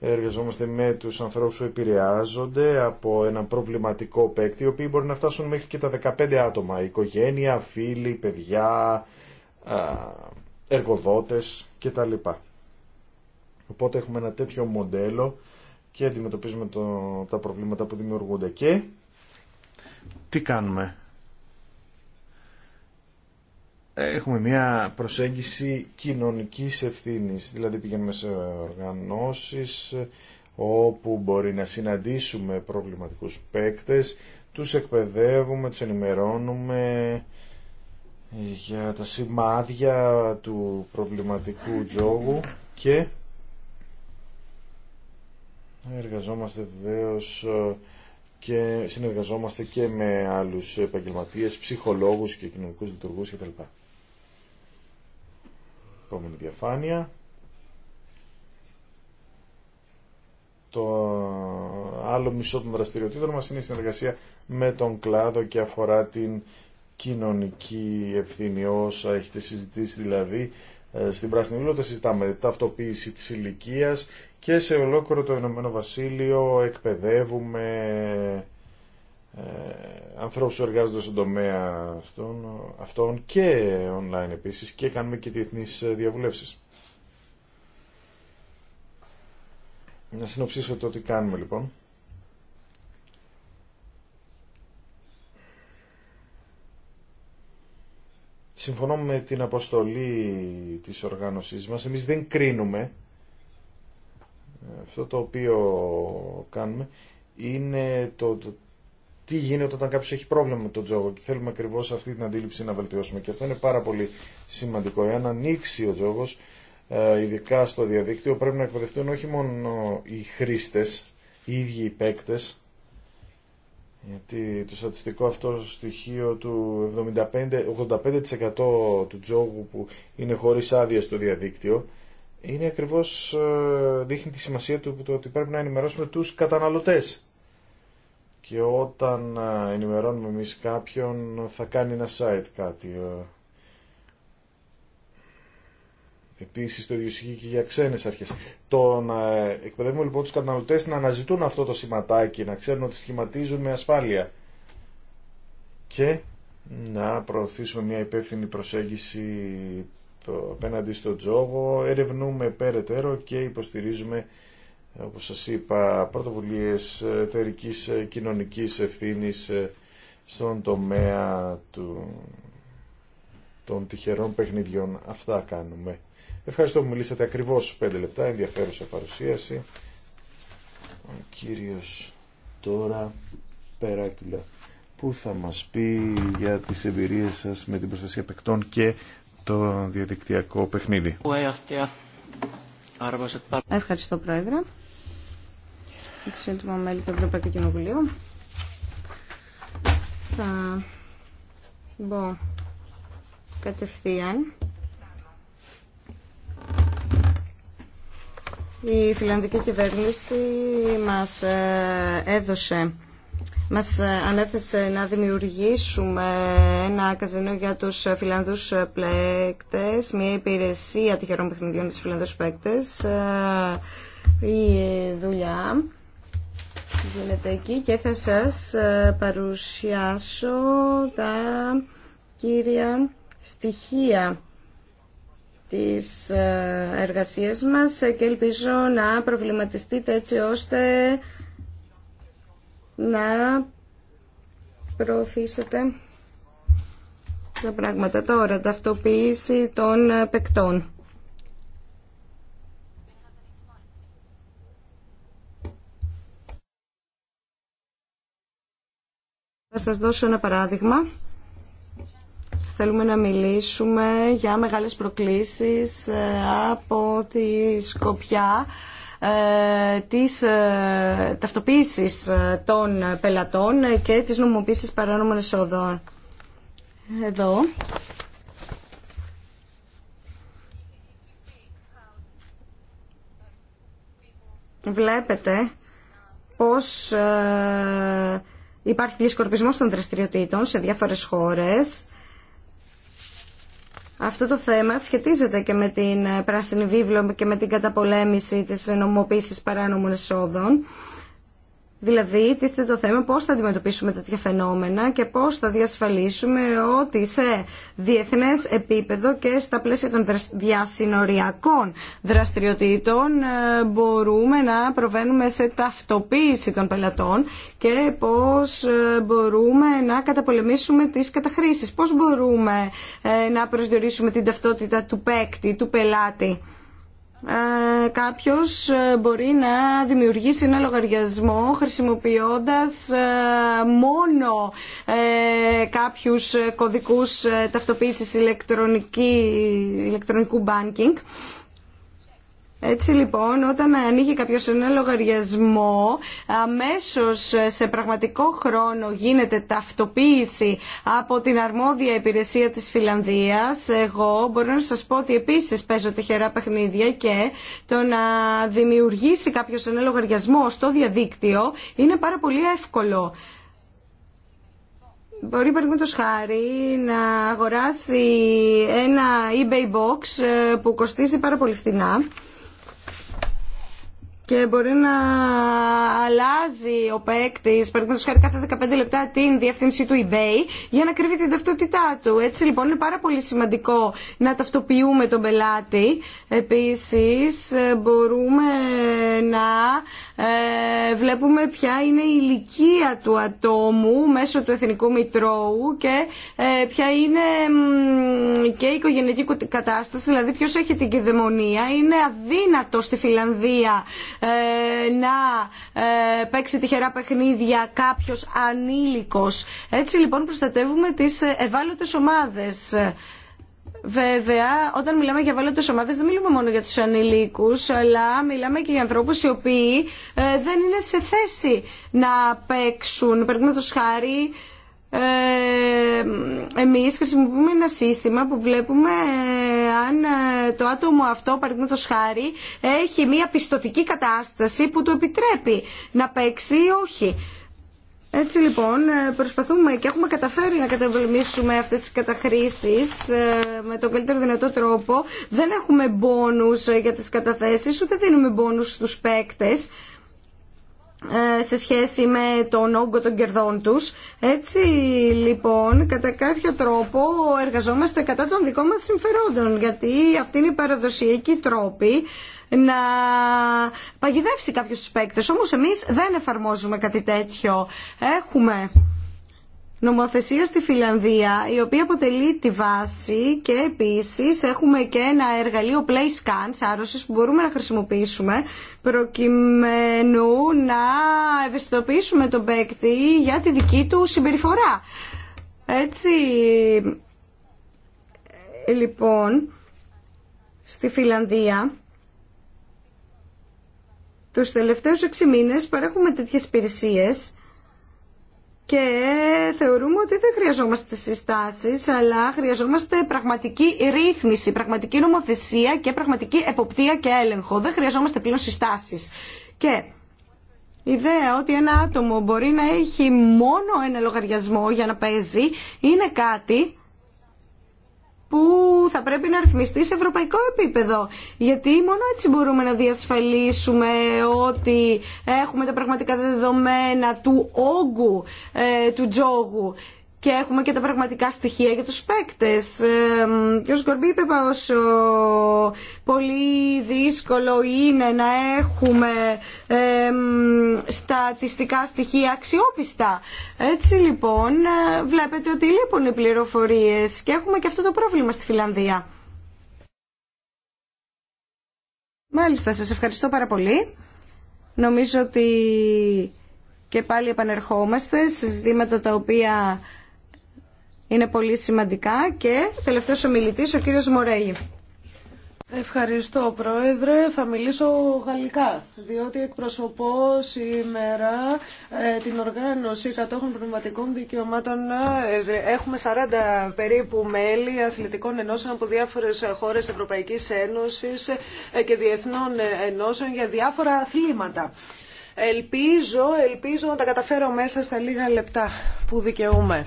εργαζόμαστε με τους ανθρώπους που επηρεάζονται από ένα προβληματικό παίκτη οι οποίοι μπορεί να φτάσουν μέχρι και τα 15 άτομα οικογένεια, φίλοι, παιδιά, εργοδότες κτλ. Οπότε έχουμε ένα τέτοιο μοντέλο και αντιμετωπίζουμε το, τα προβλήματα που δημιουργούνται. Και τι κάνουμε. Έχουμε μια προσέγγιση κοινωνικής ευθύνης, δηλαδή πηγαίνουμε σε οργανώσεις όπου μπορεί να συναντήσουμε προβληματικούς παίκτες, τους εκπαιδεύουμε, τους ενημερώνουμε για τα σημάδια του προβληματικού τζόγου και Εργαζόμαστε βεβαίω ε, και συνεργαζόμαστε και με άλλους επαγγελματίες, ψυχολόγους και κοινωνικούς λειτουργούς κτλ. Επόμενη διαφάνεια. Το άλλο μισό των δραστηριοτήτων μας είναι η συνεργασία με τον κλάδο και αφορά την κοινωνική ευθύνη όσα έχετε συζητήσει δηλαδή ε, στην Πράσινη Βίβλο συζητάμε ταυτοποίηση της ηλικία και σε ολόκληρο το Ηνωμένο Βασίλειο εκπαιδεύουμε ε, ανθρώπους που εργάζονται στον τομέα αυτών, αυτών και online επίσης και κάνουμε και διεθνείς διαβουλεύσεις. Να συνοψίσω το τι κάνουμε λοιπόν. Συμφωνώ με την αποστολή της οργάνωσής μας. Εμείς δεν κρίνουμε αυτό το οποίο κάνουμε είναι το, τι γίνεται όταν κάποιο έχει πρόβλημα με τον τζόγο και θέλουμε ακριβώ αυτή την αντίληψη να βελτιώσουμε. Και αυτό είναι πάρα πολύ σημαντικό. Εάν ανοίξει ο τζόγο, ε, ειδικά στο διαδίκτυο, πρέπει να εκπαιδευτούν όχι μόνο οι χρήστε, οι ίδιοι οι παίκτε, γιατί το στατιστικό αυτό στοιχείο του 75, 85% του τζόγου που είναι χωρίς άδεια στο διαδίκτυο είναι ακριβώς, ε, δείχνει τη σημασία του το ότι πρέπει να ενημερώσουμε τους καταναλωτές. Και όταν ε, ενημερώνουμε εμεί κάποιον θα κάνει ένα site κάτι. Ε. Επίσης το ίδιο και για ξένες αρχές. Το να εκπαιδεύουμε λοιπόν τους καταναλωτές να αναζητούν αυτό το σηματάκι, να ξέρουν ότι σχηματίζουν με ασφάλεια. Και να προωθήσουμε μια υπεύθυνη προσέγγιση στο, απέναντι στο τζόγο, ερευνούμε περαιτέρω και υποστηρίζουμε, όπως σας είπα, πρωτοβουλίες εταιρική ε, κοινωνικής ευθύνης ε, στον τομέα του, των τυχερών παιχνιδιών. Αυτά κάνουμε. Ευχαριστώ που μιλήσατε ακριβώς 5 λεπτά, ενδιαφέρουσα παρουσίαση. Ο κύριος τώρα Περάκυλα που θα μας πει για τις εμπειρίες σας με την προστασία παικτών και το διαδικτυακό παιχνίδι. Ευχαριστώ Πρόεδρε. Εξαιρετικά μέλη του Ευρωπαϊκού Κοινοβουλίου. Θα μπω κατευθείαν. Η φιλανδική κυβέρνηση μας ε, έδωσε μας ε, ανέθεσε να δημιουργήσουμε ένα καζινό για τους φιλανδούς πλέκτες, μια υπηρεσία τυχερών παιχνιδιών για τους φιλανδούς πλέκτες. Ε, η δουλειά γίνεται εκεί και θα σας ε, παρουσιάσω τα κύρια στοιχεία της εργασίας μας και ελπίζω να προβληματιστείτε έτσι ώστε να προωθήσετε τα πράγματα τώρα, ταυτοποίηση των παικτών. Θα σας δώσω ένα παράδειγμα. Θέλουμε να μιλήσουμε για μεγάλες προκλήσεις ε, από τη Σκοπιά ε, της ε, ταυτοποίησης ε, των πελατών και της νομοποίησης παράνομων εισόδων. Εδώ. Βλέπετε πως υπάρχει διασκορπισμός των δραστηριοτήτων σε διάφορες χώρες αυτό το θέμα σχετίζεται και με την ε, Πράσινη Βίβλο και με την καταπολέμηση της νομοποίησης παράνομων εσόδων Δηλαδή, τίθεται το θέμα πώς θα αντιμετωπίσουμε τέτοια φαινόμενα και πώς θα διασφαλίσουμε ότι σε διεθνές επίπεδο και στα πλαίσια των διασυνοριακών δραστηριοτήτων ε, μπορούμε να προβαίνουμε σε ταυτοποίηση των πελατών και πώς ε, μπορούμε να καταπολεμήσουμε τις καταχρήσεις. Πώς μπορούμε ε, να προσδιορίσουμε την ταυτότητα του παίκτη, του πελάτη ε, κάποιος ε, μπορεί να δημιουργήσει ένα λογαριασμό χρησιμοποιώντας ε, μόνο κάποιους κωδικούς ταυτοποίησης ηλεκτρονική, ηλεκτρονικού banking έτσι λοιπόν, όταν ανοίγει κάποιο ένα λογαριασμό, αμέσω ε, σε πραγματικό χρόνο γίνεται ταυτοποίηση από την αρμόδια υπηρεσία τη Φιλανδία. Εγώ μπορώ να σα πω ότι επίση παίζω τυχερά παιχνίδια και το να δημιουργήσει κάποιο ένα λογαριασμό στο διαδίκτυο είναι πάρα πολύ εύκολο. Μπορεί παραδείγματο χάρη να αγοράσει ένα eBay box ε, που κοστίζει πάρα πολύ φθηνά και μπορεί να αλλάζει ο παίκτη, παραδείγματο χάρη κάθε 15 λεπτά, την διεύθυνση του eBay για να κρύβει την ταυτότητά του. Έτσι λοιπόν είναι πάρα πολύ σημαντικό να ταυτοποιούμε τον πελάτη. Επίση μπορούμε να ε, βλέπουμε ποια είναι η ηλικία του ατόμου μέσω του Εθνικού Μητρώου και ε, ποια είναι και η οικογενειακή κατάσταση, δηλαδή ποιος έχει την κυδαιμονία. Είναι αδύνατο στη Φιλανδία ε, να παίξει τυχερά παιχνίδια κάποιος ανήλικος. Έτσι λοιπόν προστατεύουμε τις ευάλωτες ομάδες. Βέβαια, όταν μιλάμε για ευάλωτε ομάδε, δεν μιλούμε μόνο για του ανηλίκου, αλλά μιλάμε και για ανθρώπου οι οποίοι ε, δεν είναι σε θέση να παίξουν. Παραδείγματο χάρη, ε, εμείς χρησιμοποιούμε ένα σύστημα που βλέπουμε ε, αν ε, το άτομο αυτό, παραδείγματο χάρη, έχει μια πιστοτική κατάσταση που του επιτρέπει να παίξει ή όχι. Έτσι λοιπόν ε, προσπαθούμε και έχουμε καταφέρει να καταβολμήσουμε αυτές τις καταχρήσεις ε, με τον καλύτερο δυνατό τρόπο. Δεν έχουμε μπόνους ε, για τις καταθέσεις, ούτε δίνουμε μπόνους στους παίκτες σε σχέση με τον όγκο των κερδών τους. Έτσι λοιπόν κατά κάποιο τρόπο εργαζόμαστε κατά των δικών μας συμφερόντων γιατί αυτή είναι η παραδοσιακή τρόπη να παγιδεύσει κάποιους τους παίκτες. Όμως εμείς δεν εφαρμόζουμε κάτι τέτοιο. Έχουμε νομοθεσία στη Φιλανδία, η οποία αποτελεί τη βάση και επίσης έχουμε και ένα εργαλείο play scans, άρρωσης που μπορούμε να χρησιμοποιήσουμε προκειμένου να ευαισθητοποιήσουμε τον παίκτη για τη δική του συμπεριφορά. Έτσι, λοιπόν, στη Φιλανδία τους τελευταίους 6 μήνες παρέχουμε τέτοιες υπηρεσίε και θεωρούμε ότι δεν χρειαζόμαστε συστάσεις, αλλά χρειαζόμαστε πραγματική ρύθμιση, πραγματική νομοθεσία και πραγματική εποπτεία και έλεγχο. Δεν χρειαζόμαστε πλέον συστάσεις. Και η ιδέα ότι ένα άτομο μπορεί να έχει μόνο ένα λογαριασμό για να παίζει είναι κάτι που θα πρέπει να ρυθμιστεί σε ευρωπαϊκό επίπεδο. Γιατί μόνο έτσι μπορούμε να διασφαλίσουμε ότι έχουμε τα πραγματικά δεδομένα του όγκου ε, του τζόγου και έχουμε και τα πραγματικά στοιχεία για τους παίκτες. Και ο Σκορμπή είπε πόσο πολύ δύσκολο είναι να έχουμε στατιστικά στοιχεία αξιόπιστα. Έτσι λοιπόν ε, βλέπετε ότι λείπουν οι πληροφορίες και έχουμε και αυτό το πρόβλημα στη Φιλανδία. Μάλιστα, σας ευχαριστώ πάρα πολύ. Νομίζω ότι και πάλι επανερχόμαστε σε ζητήματα τα οποία είναι πολύ σημαντικά και τελευταίος ομιλητής ο κύριος Μορέγη. Ευχαριστώ Πρόεδρε. Θα μιλήσω γαλλικά, διότι εκπροσωπώ σήμερα ε, την οργάνωση κατόχων πνευματικών δικαιωμάτων. Ε, έχουμε 40 περίπου μέλη αθλητικών ενώσεων από διάφορες χώρες Ευρωπαϊκής Ένωσης ε, και διεθνών ενώσεων για διάφορα αθλήματα. Ελπίζω, ελπίζω να τα καταφέρω μέσα στα λίγα λεπτά που δικαιούμαι.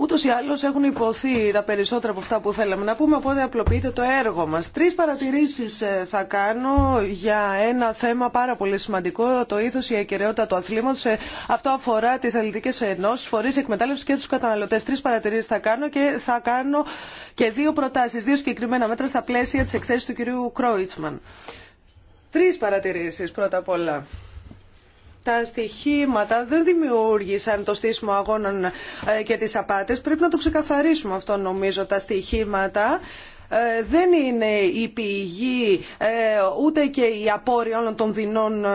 Ούτω ή άλλω έχουν υποθεί τα περισσότερα από αυτά που θέλαμε να πούμε, οπότε απλοποιείται το έργο μα. Τρει παρατηρήσει ε, θα κάνω για ένα θέμα πάρα πολύ σημαντικό, το ήθο, η ακαιρεότητα του αθλήματο. Ε, αυτό αφορά τι αθλητικέ ενώσει, φορεί εκμετάλλευση και του καταναλωτέ. Τρει παρατηρήσει θα κάνω και θα κάνω και δύο προτάσει, δύο συγκεκριμένα μέτρα στα πλαίσια τη εκθέση του κυρίου Κρόιτσμαν. Τρει παρατηρήσει πρώτα απ' όλα τα στοιχήματα δεν δημιούργησαν το στήσιμο αγώνων ε, και τις απάτες. Πρέπει να το ξεκαθαρίσουμε αυτό νομίζω. Τα στοιχήματα ε, δεν είναι η πηγή ε, ούτε και η απόρρια όλων των δεινών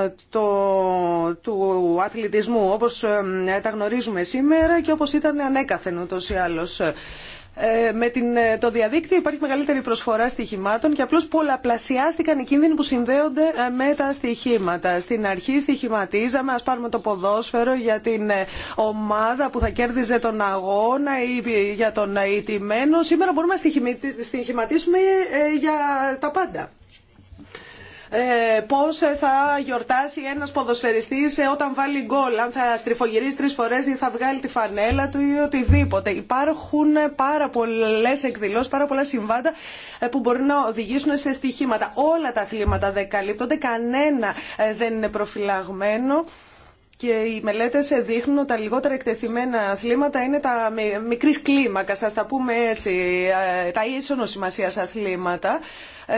του αθλητισμού όπως τα γνωρίζουμε σήμερα και όπως ήταν ανέκαθεν ούτως ή άλλως. Ε, με την, ε, το διαδίκτυο υπάρχει μεγαλύτερη προσφορά στοιχημάτων και απλώς πολλαπλασιάστηκαν οι κίνδυνοι που συνδέονται ε, με τα στοιχήματα. Στην αρχή στοιχηματίζαμε, ας πάρουμε το ποδόσφαιρο για την ομάδα που θα κέρδιζε τον αγώνα ή για τον αιτημένο. Σήμερα μπορούμε να στοιχηματίσουμε για τα πάντα. Ε, Πώ θα γιορτάσει ένας ποδοσφαιριστής ε, όταν βάλει γκολ, αν θα στριφογυρίσει τρει φορέ ή θα βγάλει τη φανέλα του ή οτιδήποτε. Υπάρχουν πάρα πολλέ εκδηλώσει, πάρα πολλά συμβάντα ε, που μπορούν να οδηγήσουν σε στοιχήματα. Όλα τα αθλήματα δεν καλύπτονται, κανένα δεν είναι προφυλαγμένο και οι μελέτε δείχνουν ότι τα λιγότερα εκτεθειμένα αθλήματα είναι τα μικρή κλίμακα. ας τα πούμε έτσι, τα ίσονο σημασία αθλήματα. Ε,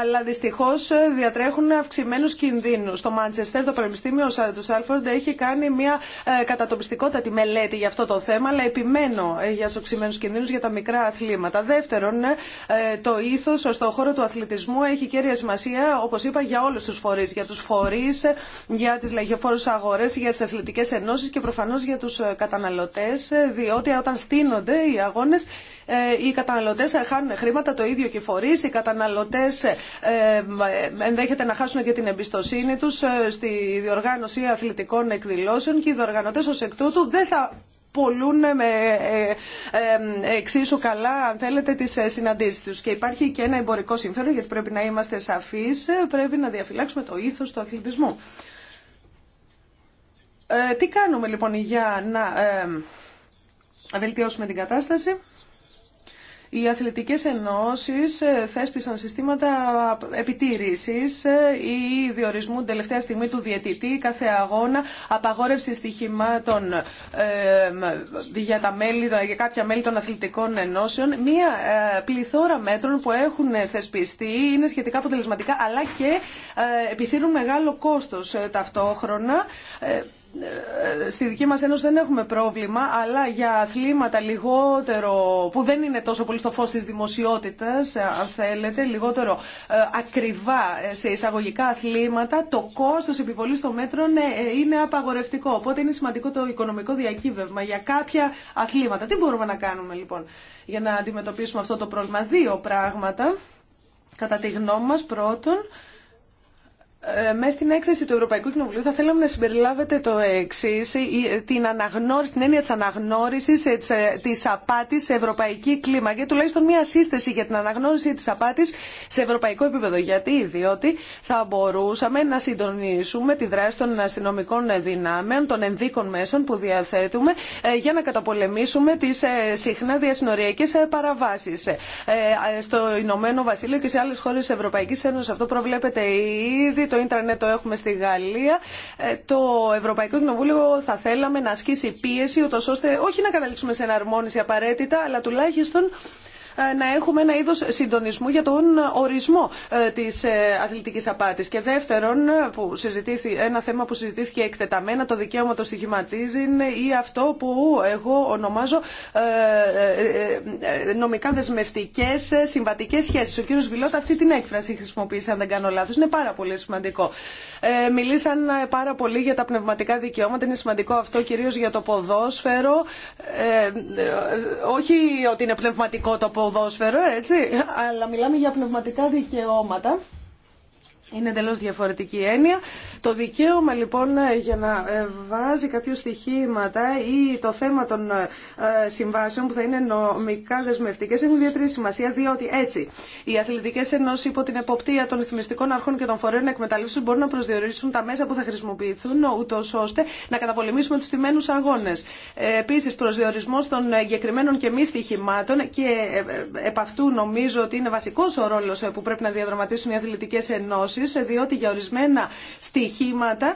αλλά δυστυχώ διατρέχουν αυξημένου κινδύνου. Στο Μάντσεστερ το Πανεπιστήμιο του Σάλφορντ έχει κάνει μια ε, κατατοπιστικότατη μελέτη για αυτό το θέμα, αλλά επιμένω ε, για του αυξημένου κινδύνους για τα μικρά αθλήματα. Δεύτερον, το ήθο στον χώρο του αθλητισμού έχει κέρια σημασία, όπω είπα, για όλου του φορεί, για του φορεί για τι λαγιοφόρου αγορέ για τι αθλητικέ ενώσει και προφανώ για του καταναλωτέ, διότι όταν στείνονται οι ε, οι καταναλωτέ χάνουν χρήματα, το ίδιο και οι φορεί. οι καταναλωτέ καταναλωτέ ε, ε, ενδέχεται να χάσουν και την εμπιστοσύνη τους ε, στη διοργάνωση αθλητικών εκδηλώσεων και οι διοργανωτές ω εκ τούτου δεν θα πολλούν με εξίσου καλά, αν θέλετε, τις συναντήσεις τους. Και υπάρχει και ένα εμπορικό συμφέρον, γιατί πρέπει να είμαστε σαφείς, πρέπει να διαφυλάξουμε το ήθος του αθλητισμού. Ε, τι κάνουμε λοιπόν για να ε, βελτιώσουμε την κατάσταση. Οι αθλητικές ενώσεις ε, θέσπισαν συστήματα επιτήρησης ε, ή διορισμού τελευταία στιγμή του διαιτητή κάθε αγώνα, απαγόρευση στοιχημάτων ε, για, τα για κάποια μέλη των αθλητικών ενώσεων. Μία πληθώρα μέτρων που έχουν θεσπιστεί είναι σχετικά αποτελεσματικά αλλά και επισύρουν μεγάλο κόστος ταυτόχρονα στη δική μας ένωση δεν έχουμε πρόβλημα, αλλά για αθλήματα λιγότερο, που δεν είναι τόσο πολύ στο φως της δημοσιότητας, αν θέλετε, λιγότερο ε, ακριβά ε, σε εισαγωγικά αθλήματα, το κόστος επιβολής των μέτρων ε, είναι απαγορευτικό. Οπότε είναι σημαντικό το οικονομικό διακύβευμα για κάποια αθλήματα. Τι μπορούμε να κάνουμε λοιπόν για να αντιμετωπίσουμε αυτό το πρόβλημα. Δύο πράγματα, κατά τη γνώμη μας, πρώτον, ε, μέσα στην έκθεση του Ευρωπαϊκού Κοινοβουλίου θα θέλαμε να συμπεριλάβετε το εξή, ε, την, αναγνώριση, την έννοια τη αναγνώριση ε, τη απάτη σε ευρωπαϊκή κλίμακα, τουλάχιστον μία σύσταση για την αναγνώριση τη απάτη σε ευρωπαϊκό επίπεδο. Γιατί, διότι θα μπορούσαμε να συντονίσουμε τη δράση των αστυνομικών δυνάμεων, των ενδίκων μέσων που διαθέτουμε για να καταπολεμήσουμε τι συχνά διασυνοριακέ παραβάσει. Στο Ηνωμένο Βασίλειο και σε άλλε χώρε τη Ευρωπαϊκή Ένωση αυτό προβλέπεται ήδη το ίντρανετ το έχουμε στη Γαλλία. Ε, το Ευρωπαϊκό Κοινοβούλιο θα θέλαμε να ασκήσει πίεση, ούτως ώστε όχι να καταλήξουμε σε εναρμόνιση απαραίτητα, αλλά τουλάχιστον ε, να έχουμε ένα είδος συντονισμού για τον ορισμό ε, της ε, αθλητικής απάτης. Και δεύτερον, που συζητήθη, ένα θέμα που συζητήθηκε εκτεταμένα, το δικαίωμα το στοιχηματίζει ή αυτό που εγώ ονομάζω νομικά δεσμευτικές συμβατικές σχέσεις. Ο κύριος Βιλότα αυτή την έκφραση χρησιμοποίησε, αν δεν κάνω λάθος. Είναι πάρα πολύ σημαντικό. Μιλήσαν πάρα πολύ για τα πνευματικά δικαιώματα. Είναι σημαντικό αυτό κυρίως για το ποδόσφαιρο. Όχι ότι είναι πνευματικό το ποδόσφαιρο ποδόσφαιρο, έτσι, αλλά μιλάμε για πνευματικά δικαιώματα. Είναι εντελώ διαφορετική έννοια. Το δικαίωμα λοιπόν ε, για να ε, βάζει κάποιο στοιχήματα ή το θέμα των ε, συμβάσεων που θα είναι νομικά δεσμευτικέ έχουν ιδιαίτερη σημασία διότι έτσι οι αθλητικέ ενώσει υπό την εποπτεία των ρυθμιστικών αρχών και των φορέων εκμεταλλεύσεων μπορούν να προσδιορίσουν τα μέσα που θα χρησιμοποιηθούν ούτω ώστε να καταπολεμήσουμε του τιμένου αγώνε. Επίση προσδιορισμό των εγκεκριμένων και μη στοιχημάτων και επ' αυτού νομίζω ότι είναι βασικό ο ρόλο που πρέπει να διαδραματίσουν οι αθλητικέ ενώσει διότι για ορισμένα στοιχήματα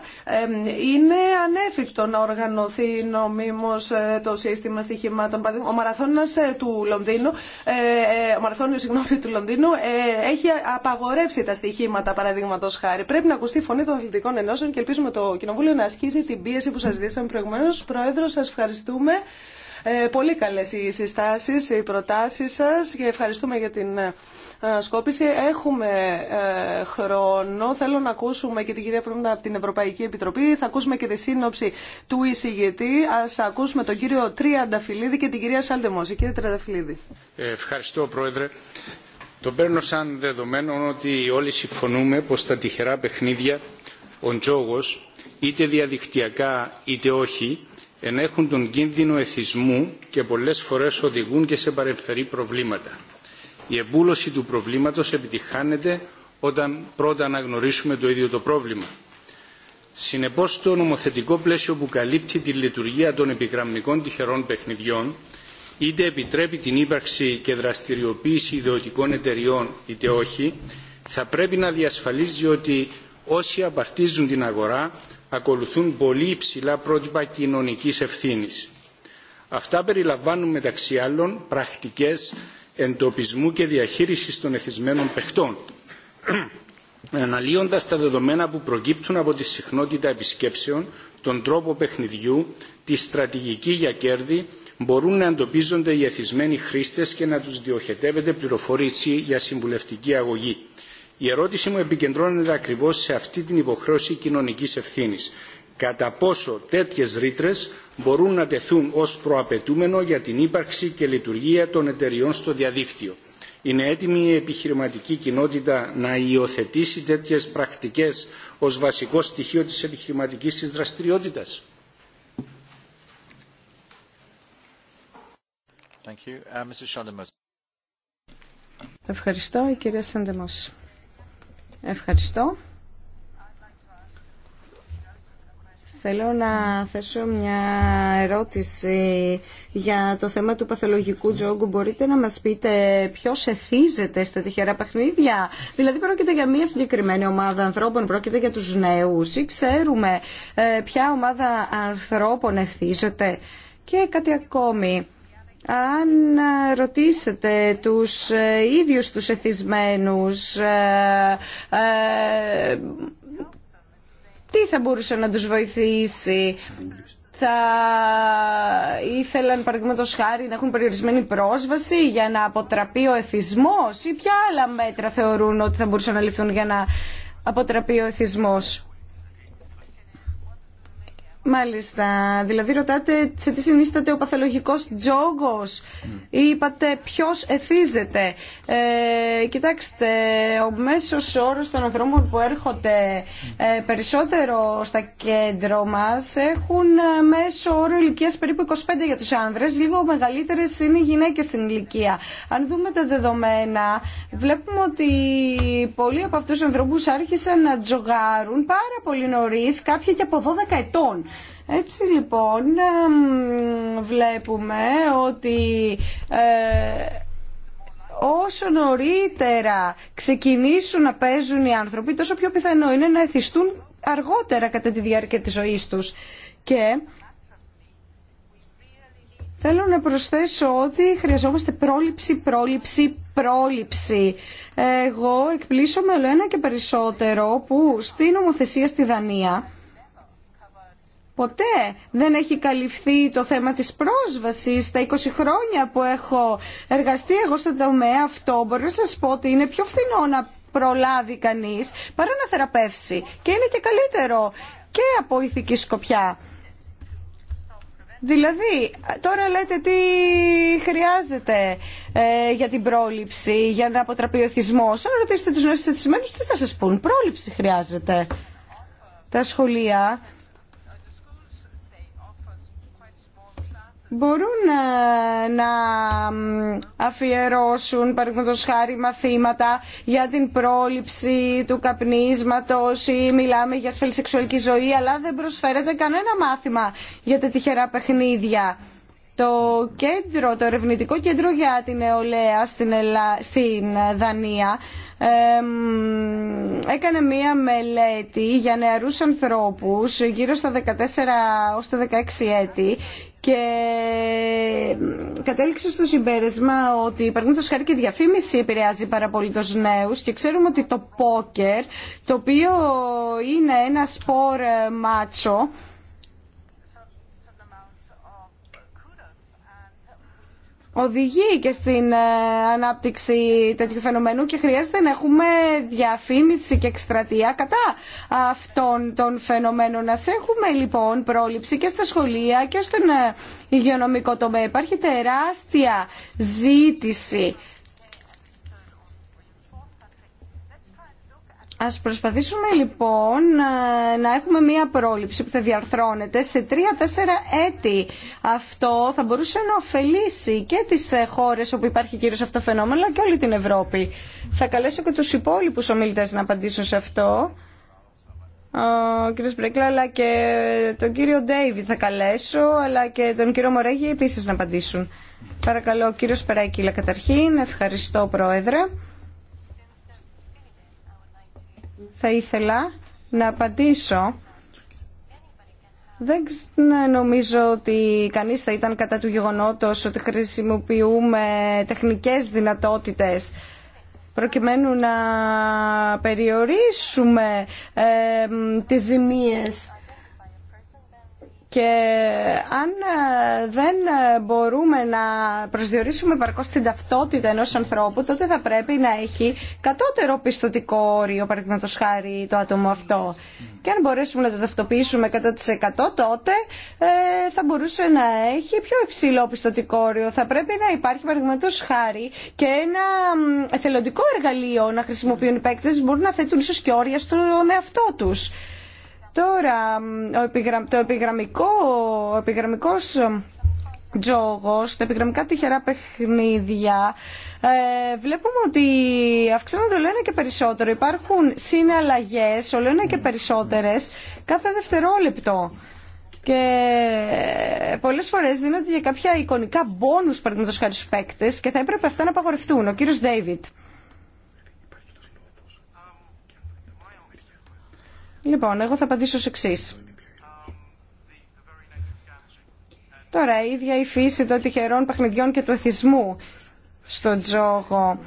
είναι ανέφικτο να οργανωθεί νομίμως ε, το σύστημα στοιχημάτων. Ο μαραθώνας ε, του Λονδίνου, ε, ο μαραθώνιος συγγνώμη, του Λονδίνου έχει απαγορεύσει τα στοιχήματα παραδείγματο χάρη. Πρέπει να ακουστεί η φωνή των αθλητικών ενώσεων και ελπίζουμε το Κοινοβούλιο να ασκήσει την πίεση που σας δίσαμε προηγουμένως. Πρόεδρο, σας ευχαριστούμε. πολύ καλές οι συστάσεις, οι προτάσεις σας και ευχαριστούμε για την ανασκόπηση. Έχουμε ε, χρόνο. Θέλω να ακούσουμε και την κυρία Πρόεδρε από την Ευρωπαϊκή Επιτροπή. Θα ακούσουμε και τη σύνοψη του εισηγητή. Α ακούσουμε τον κύριο Τριανταφυλλίδη και την κυρία Σάλτεμόζη. Κύριε Τριανταφυλλίδη. Ε, ευχαριστώ, Πρόεδρε. Το παίρνω σαν δεδομένο ότι όλοι συμφωνούμε πω τα τυχερά παιχνίδια, ο τζόγο, είτε διαδικτυακά είτε όχι, ενέχουν τον κίνδυνο εθισμού και πολλές φορές οδηγούν και σε παρεμφερή προβλήματα. Η εμπούλωση του προβλήματος επιτυχάνεται όταν πρώτα αναγνωρίσουμε το ίδιο το πρόβλημα. Συνεπώς το νομοθετικό πλαίσιο που καλύπτει τη λειτουργία των επιγραμμικών τυχερών παιχνιδιών είτε επιτρέπει την ύπαρξη και δραστηριοποίηση ιδιωτικών εταιριών είτε όχι θα πρέπει να διασφαλίζει ότι όσοι απαρτίζουν την αγορά ακολουθούν πολύ υψηλά πρότυπα κοινωνικής ευθύνης. Αυτά περιλαμβάνουν μεταξύ άλλων πρακτικές εντοπισμού και διαχείρισης των εθισμένων παιχτών, αναλύοντας τα δεδομένα που προκύπτουν από τη συχνότητα επισκέψεων, τον τρόπο παιχνιδιού, τη στρατηγική για κέρδη, μπορούν να εντοπίζονται οι εθισμένοι χρήστες και να τους διοχετεύεται πληροφορήση για συμβουλευτική αγωγή. Η ερώτηση μου επικεντρώνεται ακριβώς σε αυτή την υποχρέωση κοινωνικής ευθύνης κατά πόσο τέτοιες ρήτρε μπορούν να τεθούν ως προαπαιτούμενο για την ύπαρξη και λειτουργία των εταιριών στο διαδίκτυο. Είναι έτοιμη η επιχειρηματική κοινότητα να υιοθετήσει τέτοιες πρακτικές ως βασικό στοιχείο της επιχειρηματικής της δραστηριότητας. Uh, Ευχαριστώ, η κυρία Ευχαριστώ. Θέλω να θέσω μια ερώτηση για το θέμα του παθολογικού τζόγκου. Μπορείτε να μας πείτε ποιος εθίζεται στα τυχερά παιχνίδια. Δηλαδή πρόκειται για μια συγκεκριμένη ομάδα ανθρώπων, πρόκειται για τους νέους ή ξέρουμε ε, ποια ομάδα ανθρώπων εθίζεται. Και κάτι ακόμη. Αν ρωτήσετε τους ε, ίδιους τους εθισμένους, ε, τι θα μπορούσε να τους βοηθήσει. Θα ήθελαν, παραδείγματο χάρη, να έχουν περιορισμένη πρόσβαση για να αποτραπεί ο εθισμός ή ποια άλλα μέτρα θεωρούν ότι θα μπορούσαν να ληφθούν για να αποτραπεί ο εθισμός. Μάλιστα. Δηλαδή ρωτάτε σε τι συνίσταται ο παθολογικός τζόγος ή είπατε ποιος εθίζεται. Ε, κοιτάξτε, ο μέσος όρος των ανθρώπων που έρχονται ε, περισσότερο στα κέντρο μας έχουν ε, μέσο όρο ηλικία περίπου 25 για τους άνδρες, λίγο μεγαλύτερες είναι οι γυναίκες στην ηλικία. Αν δούμε τα δεδομένα, βλέπουμε ότι πολλοί από αυτούς τους ανθρώπους άρχισαν να τζογάρουν πάρα πολύ νωρίς, κάποιοι και από 12 ετών. Έτσι λοιπόν βλέπουμε ότι ε, όσο νωρίτερα ξεκινήσουν να παίζουν οι άνθρωποι τόσο πιο πιθανό είναι να εθιστούν αργότερα κατά τη διάρκεια της ζωής τους. Και Θέλω να προσθέσω ότι χρειαζόμαστε πρόληψη, πρόληψη, πρόληψη. Εγώ με όλο ένα και περισσότερο που στην νομοθεσία στη Δανία ποτέ δεν έχει καλυφθεί το θέμα της πρόσβασης. Τα 20 χρόνια που έχω εργαστεί εγώ στον τομέα αυτό μπορώ να σας πω ότι είναι πιο φθηνό να προλάβει κανείς παρά να θεραπεύσει και είναι και καλύτερο και από ηθική σκοπιά. Δηλαδή, τώρα λέτε τι χρειάζεται ε, για την πρόληψη, για να αποτραπεί ο εθισμός. Αν ρωτήσετε τους τι θα σας πούν. Πρόληψη χρειάζεται. Τα σχολεία μπορούν ε, να αφιερώσουν παραδείγματος χάρη μαθήματα για την πρόληψη του καπνίσματος ή μιλάμε για ασφαλή σεξουαλική ζωή αλλά δεν προσφέρεται κανένα μάθημα για τα τυχερά παιχνίδια. Το, κέντρο, το ερευνητικό κέντρο για την νεολαία στην, στην Δανία έκανε μία μελέτη για νεαρούς ανθρώπους γύρω στα 14 ως τα 16 έτη και κατέληξε στο συμπέρασμα ότι παραδείγματο χάρη και διαφήμιση επηρεάζει πάρα πολύ του νέου και ξέρουμε ότι το πόκερ, το οποίο είναι ένα σπορ ε, μάτσο, οδηγεί και στην ε, ανάπτυξη τέτοιου φαινομένου και χρειάζεται να έχουμε διαφήμιση και εκστρατεία κατά αυτών των φαινομένων. Να έχουμε λοιπόν πρόληψη και στα σχολεία και στον ε, υγειονομικό τομέα. Υπάρχει τεράστια ζήτηση Ας προσπαθήσουμε λοιπόν ε, να έχουμε μία πρόληψη που θα διαρθρώνεται σε τρία-τέσσερα έτη. Αυτό θα μπορούσε να ωφελήσει και τις ε, χώρες όπου υπάρχει κύριο αυτό το φαινόμενο, αλλά και όλη την Ευρώπη. Θα καλέσω και τους υπόλοιπους ομιλητές να απαντήσουν σε αυτό. Ο κύριο Μπρέκλα, αλλά και τον κύριο Ντέιβι θα καλέσω, αλλά και τον κύριο Μορέγη επίσης να απαντήσουν. Παρακαλώ, κύριο Σπεράκηλα, καταρχήν. Ευχαριστώ, Πρόεδρε θα ήθελα να απαντήσω. Δεν ναι, νομίζω ότι κανείς θα ήταν κατά του γεγονότος ότι χρησιμοποιούμε τεχνικές δυνατότητες προκειμένου να περιορίσουμε τις ζημίες και αν ε, δεν ε, μπορούμε να προσδιορίσουμε παρκώς την ταυτότητα ενός ανθρώπου, τότε θα πρέπει να έχει κατώτερο πιστοτικό όριο, παραδείγματο χάρη, το άτομο αυτό. Και αν μπορέσουμε να το ταυτοποιήσουμε 100% τότε ε, θα μπορούσε να έχει πιο υψηλό πιστοτικό όριο. Θα πρέπει να υπάρχει, παραδείγματο χάρη, και ένα εθελοντικό εργαλείο να χρησιμοποιούν οι παίκτες, μπορούν να θέτουν ίσως και όρια στον εαυτό τους. Τώρα, ο επιγραμ, το επιγραμμικό, ο επιγραμμικός τζόγος, τα επιγραμμικά τυχερά παιχνίδια, ε, βλέπουμε ότι αυξάνονται όλο ένα και περισσότερο. Υπάρχουν συναλλαγές όλο ένα και περισσότερες κάθε δευτερόλεπτο. Και ε, πολλές φορές δίνονται για κάποια εικονικά μπόνους παραδείγματος χάρη στους παίκτες και θα έπρεπε αυτά να απαγορευτούν. Ο κύριος Ντέιβιτ. Λοιπόν, εγώ θα απαντήσω ως εξής. Τώρα, η ίδια η φύση των τυχερών παιχνιδιών και του εθισμού στον τζόγο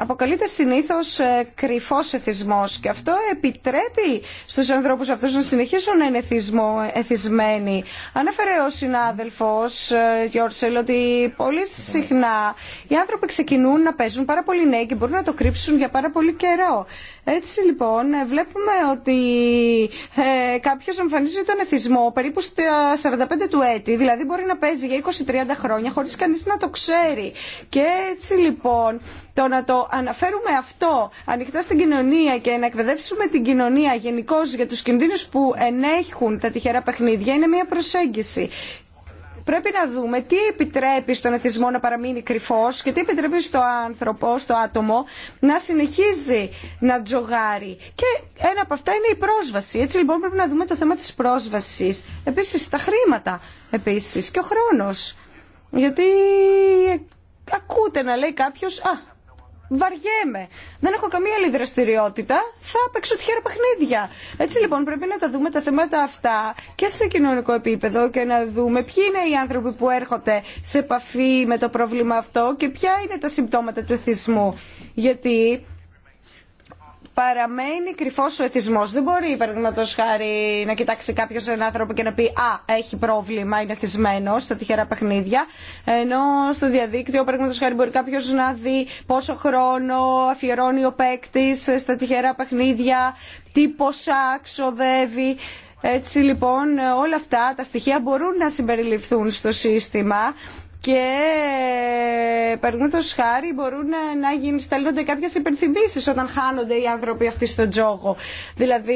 αποκαλείται συνήθως ε, κρυφός εθισμός και αυτό επιτρέπει στους ανθρώπους αυτούς να συνεχίσουν να είναι εθισμό, εθισμένοι. Ανέφερε ο συνάδελφος ε, Γιώρσελ ότι πολύ συχνά οι άνθρωποι ξεκινούν να παίζουν πάρα πολύ νέοι και μπορούν να το κρύψουν για πάρα πολύ καιρό. Έτσι λοιπόν ε, βλέπουμε ότι ε, κάποιο εμφανίζει τον εθισμό περίπου στα 45 του έτη, δηλαδή μπορεί να παίζει για 20-30 χρόνια χωρίς κανείς να το ξέρει. Και έτσι λοιπόν το να το αναφέρουμε αυτό ανοιχτά στην κοινωνία και να εκπαιδεύσουμε την κοινωνία γενικώ για τους κινδύνους που ενέχουν τα τυχερά παιχνίδια είναι μια προσέγγιση. Πρέπει να δούμε τι επιτρέπει στον εθισμό να παραμείνει κρυφός και τι επιτρέπει στο άνθρωπο, στο άτομο, να συνεχίζει να τζογάρει. Και ένα από αυτά είναι η πρόσβαση. Έτσι λοιπόν πρέπει να δούμε το θέμα της πρόσβασης. Επίσης τα χρήματα επίσης και ο χρόνος. Γιατί ε, ακούτε να λέει κάποιος, α, Βαριέμαι. Δεν έχω καμία άλλη δραστηριότητα. Θα παίξω τυχαία παιχνίδια. Έτσι λοιπόν πρέπει να τα δούμε τα θέματα αυτά και σε κοινωνικό επίπεδο και να δούμε ποιοι είναι οι άνθρωποι που έρχονται σε επαφή με το πρόβλημα αυτό και ποια είναι τα συμπτώματα του εθισμού. Γιατί παραμένει κρυφός ο εθισμός. Δεν μπορεί, παραδείγματο χάρη, να κοιτάξει κάποιο έναν άνθρωπο και να πει «Α, έχει πρόβλημα, είναι εθισμένο στα τυχερά παιχνίδια. Ενώ στο διαδίκτυο, παραδείγματο χάρη, μπορεί κάποιο να δει πόσο χρόνο αφιερώνει ο παίκτη στα τυχερά παιχνίδια, τι ποσά ξοδεύει. Έτσι λοιπόν όλα αυτά τα στοιχεία μπορούν να συμπεριληφθούν στο σύστημα και παραδείγματο χάρη μπορούν να γίνει στέλνονται κάποιε υπενθυμίσει όταν χάνονται οι άνθρωποι αυτοί στον τζόγο. Δηλαδή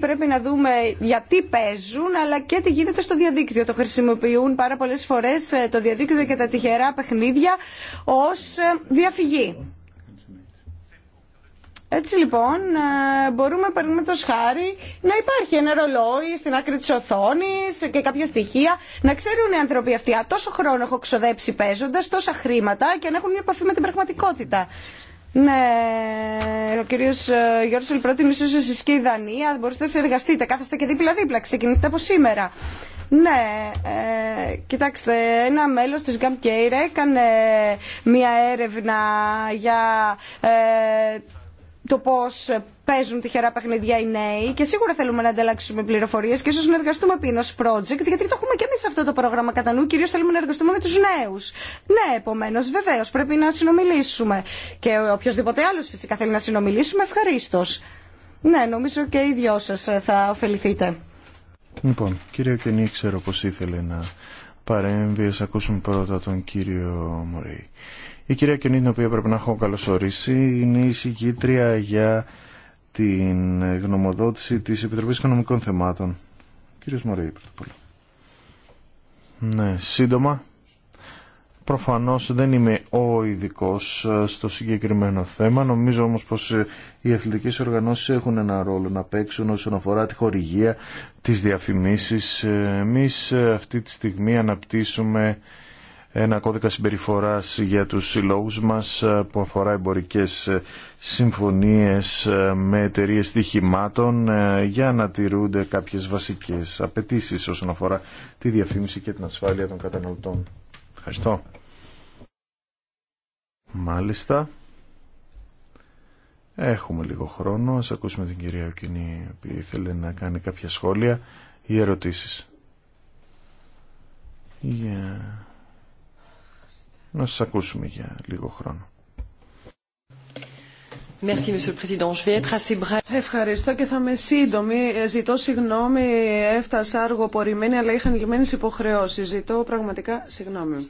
πρέπει να δούμε γιατί παίζουν αλλά και τι γίνεται στο διαδίκτυο. Το χρησιμοποιούν πάρα πολλές φορές ε, το διαδίκτυο και τα τυχερά παιχνίδια ως ε, διαφυγή. Έτσι λοιπόν ε, μπορούμε παραδείγματο χάρη να υπάρχει ένα ρολόι στην άκρη της οθόνης και κάποια στοιχεία να ξέρουν οι άνθρωποι αυτοί α, τόσο χρόνο έχω ξοδέψει παίζοντας, τόσα χρήματα και να έχουν μια επαφή με την πραγματικότητα. Ναι, ο κύριο ε, Γιώργο Ελπρότεινο, ίσω εσεί και η Δανία μπορείτε να συνεργαστείτε. Κάθεστε και δίπλα-δίπλα, ξεκινήστε από σήμερα. Ναι, ε, κοιτάξτε, ένα μέλος της Γκαμπ έκανε ε, μια έρευνα για ε, το πώ παίζουν τυχερά παιχνιδιά οι νέοι και σίγουρα θέλουμε να ανταλλάξουμε πληροφορίε και ίσω να εργαστούμε επί ενό project γιατί το έχουμε και εμεί αυτό το πρόγραμμα κατά νου, Κυρίω θέλουμε να εργαστούμε με του νέου. Ναι, επομένω, βεβαίω πρέπει να συνομιλήσουμε και οποιοδήποτε άλλο φυσικά θέλει να συνομιλήσουμε, ευχαρίστω. Ναι, νομίζω και οι δυο σα ε, θα ωφεληθείτε. Λοιπόν, κύριε Κενή, ξέρω πώ ήθελε να παρέμβει. Α ακούσουμε πρώτα τον κύριο Μωρέη. Η κυρία Κιονή, την οποία πρέπει να έχω καλωσορίσει, είναι η συγκήτρια για την γνωμοδότηση της Επιτροπής Οικονομικών Θεμάτων. Κύριος Μωρέη, πρώτα απ' όλα. Ναι, σύντομα. Προφανώς δεν είμαι ο ειδικό ε, στο συγκεκριμένο θέμα. Νομίζω όμως πως ε, οι αθλητικές οργανώσεις έχουν ένα ρόλο να παίξουν όσον αφορά τη χορηγία, τις διαφημίσεις. Ε, εμείς αυτή τη στιγμή αναπτύσσουμε ένα κώδικα συμπεριφοράς για τους συλλόγου μας ε, που αφορά εμπορικές ε, συμφωνίες ε, με εταιρείε στοιχημάτων για να τηρούνται κάποιες βασικές απαιτήσεις όσον αφορά τη διαφήμιση και την ασφάλεια των καταναλωτών. Ευχαριστώ. Μάλιστα. Έχουμε λίγο χρόνο. Ας ακούσουμε την κυρία Οκινή που ήθελε να κάνει κάποια σχόλια ή ερωτήσεις να σας ακούσουμε για λίγο χρόνο. Ευχαριστώ και θα είμαι σύντομη. Ε, ζητώ συγγνώμη, έφτασα αργοπορημένη, αλλά είχαν λυμμένες υποχρεώσεις. Ζητώ πραγματικά συγγνώμη.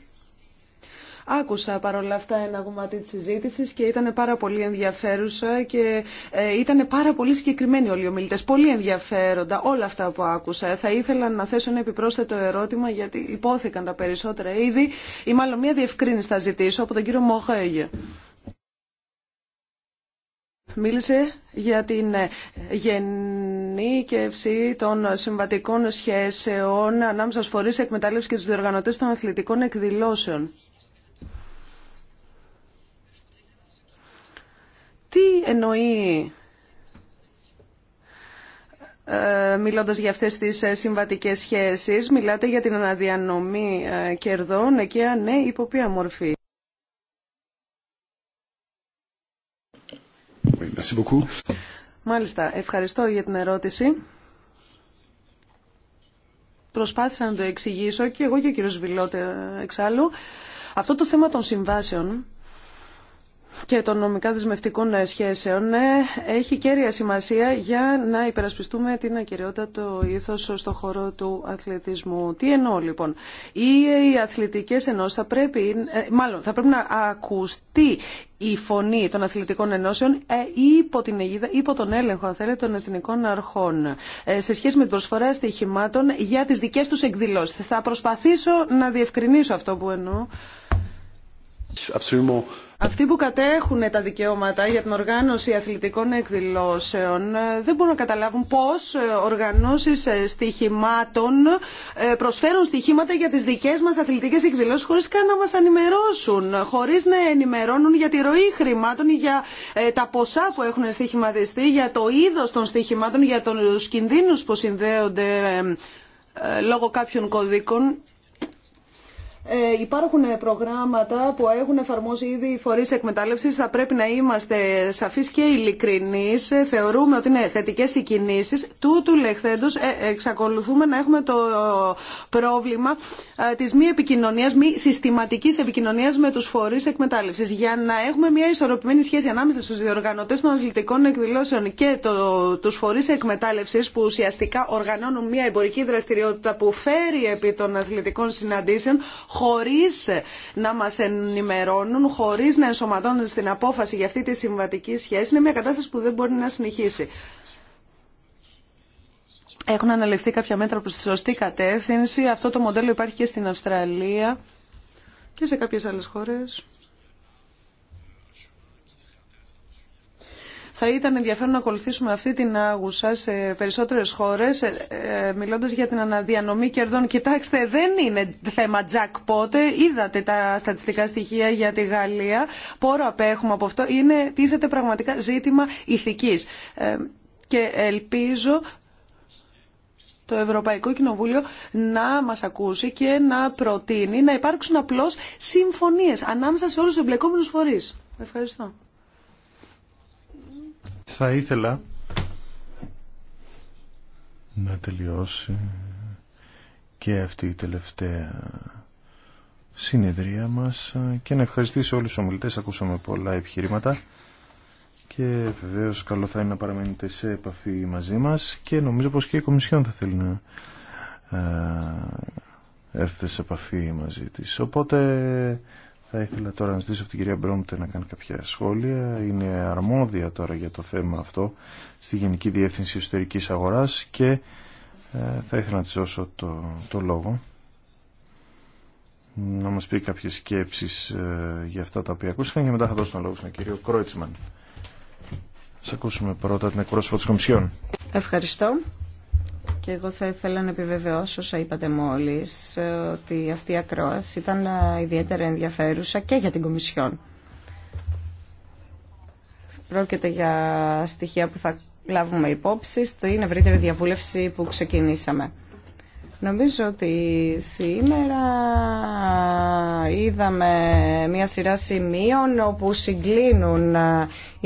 Άκουσα παρόλα αυτά ένα κομμάτι τη συζήτηση και ήταν πάρα πολύ ενδιαφέρουσα και ε, ήταν πάρα πολύ συγκεκριμένοι όλοι οι ομιλητέ. Πολύ ενδιαφέροντα όλα αυτά που άκουσα. Θα ήθελα να θέσω ένα επιπρόσθετο ερώτημα γιατί υπόθηκαν τα περισσότερα ήδη ή μάλλον μια διευκρίνηση θα ζητήσω από τον κύριο Μοχέγε μίλησε για την ε, γεννήκευση των συμβατικών σχέσεων ανάμεσα στους φορείς εκμετάλλευσης και τους διοργανωτές των αθλητικών εκδηλώσεων. Τι εννοεί ε, μιλώντας για αυτές τις ε, συμβατικές σχέσεις, μιλάτε για την αναδιανομή ε, κερδών και αν ναι, υπό ποια μορφή. Μάλιστα, ευχαριστώ για την ερώτηση. Προσπάθησα να το εξηγήσω και εγώ και ο κύριος Βιλότε εξάλλου. Αυτό το θέμα των συμβάσεων και των νομικά δεσμευτικών ε, σχέσεων ε, έχει κέρια σημασία για να υπερασπιστούμε την ακυριότητα του ήθος στο χώρο του αθλητισμού. Τι εννοώ λοιπόν. Οι αθλητικές ενώσεις θα πρέπει, ε, μάλλον θα πρέπει να ακουστεί η φωνή των αθλητικών ενώσεων υπό την αιγίδα, υπό τον έλεγχο αν των εθνικών αρχών σε σχέση με την προσφορά στοιχημάτων για τις δικές τους εκδηλώσεις. Θα προσπαθήσω να διευκρινίσω αυτό που εννοώ. Absolument αυτοί που κατέχουν τα δικαιώματα για την οργάνωση αθλητικών εκδηλώσεων ε, δεν μπορούν να καταλάβουν πώς ε, οργανώσεις ε, στοιχημάτων προσφέρουν στοιχήματα για τις δικές μας αθλητικές εκδηλώσεις χωρίς καν να μας ενημερώσουν, χωρίς να ενημερώνουν για τη ροή χρημάτων, για τα ποσά που έχουν στοιχηματιστεί, για το είδος των στοιχημάτων, για τους κινδύνους που συνδέονται λόγω κάποιων κωδίκων ε, υπάρχουν προγράμματα που έχουν εφαρμόσει ήδη οι φορείς εκμετάλλευσης. Θα πρέπει να είμαστε σαφείς και ειλικρινείς. Θεωρούμε ότι είναι θετικές οι κινήσεις. Τούτου λεχθέντος ε, εξακολουθούμε να έχουμε το πρόβλημα ε, της μη επικοινωνίας, μη συστηματικής επικοινωνίας με τους φορείς εκμετάλλευσης. Για να έχουμε μια ισορροπημένη σχέση ανάμεσα στους διοργανωτές των αθλητικών εκδηλώσεων και το, τους φορείς εκμετάλλευσης που ουσιαστικά οργανώνουν μια εμπορική δραστηριότητα που φέρει επί των αθλητικών συναντήσεων χωρίς να μας ενημερώνουν, χωρίς να ενσωματώνουν στην απόφαση για αυτή τη συμβατική σχέση. Είναι μια κατάσταση που δεν μπορεί να συνεχίσει. Έχουν αναλυφθεί κάποια μέτρα προς τη σωστή κατεύθυνση. Αυτό το μοντέλο υπάρχει και στην Αυστραλία και σε κάποιες άλλες χώρες. Θα ήταν ενδιαφέρον να ακολουθήσουμε αυτή την άγουσα σε περισσότερες χώρες, ε, ε, μιλώντας για την αναδιανομή κερδών. Κοιτάξτε, δεν είναι θέμα τζακ πότε. Είδατε τα στατιστικά στοιχεία για τη Γαλλία. Πόρο απέχουμε από αυτό. Είναι, τίθεται πραγματικά ζήτημα ηθικής. Ε, και ελπίζω το Ευρωπαϊκό Κοινοβούλιο να μας ακούσει και να προτείνει να υπάρξουν απλώς συμφωνίες ανάμεσα σε όλους τους εμπλεκόμενους φορείς. Ευχαριστώ. Θα ήθελα να τελειώσει και αυτή η τελευταία συνεδρία μας και να ευχαριστήσω όλους τους ομιλητές. Ακούσαμε πολλά επιχειρήματα και βεβαίως καλό θα είναι να παραμένετε σε επαφή μαζί μας και νομίζω πως και η Κομισιόν θα θέλει να ε, έρθει σε επαφή μαζί της. Οπότε θα ήθελα τώρα να ζητήσω από την κυρία Μπρόμπτε να κάνει κάποια σχόλια. Είναι αρμόδια τώρα για το θέμα αυτό στη Γενική Διεύθυνση Ιστορικής Αγοράς και ε, θα ήθελα να της δώσω το, το λόγο να μας πει κάποιες σκέψεις ε, για αυτά τα οποία ακούστηκαν και μετά θα δώσω τον λόγο στον κύριο Κρόιτσμαν. Σας ακούσουμε πρώτα την εκπρόσωπο της Κομισιόν. Ευχαριστώ. Και εγώ θα ήθελα να επιβεβαιώσω όσα είπατε μόλις ότι αυτή η ακρόαση ήταν ιδιαίτερα ενδιαφέρουσα και για την Κομισιόν. Πρόκειται για στοιχεία που θα λάβουμε υπόψη στην ευρύτερη διαβούλευση που ξεκινήσαμε. Νομίζω ότι σήμερα είδαμε μια σειρά σημείων όπου συγκλίνουν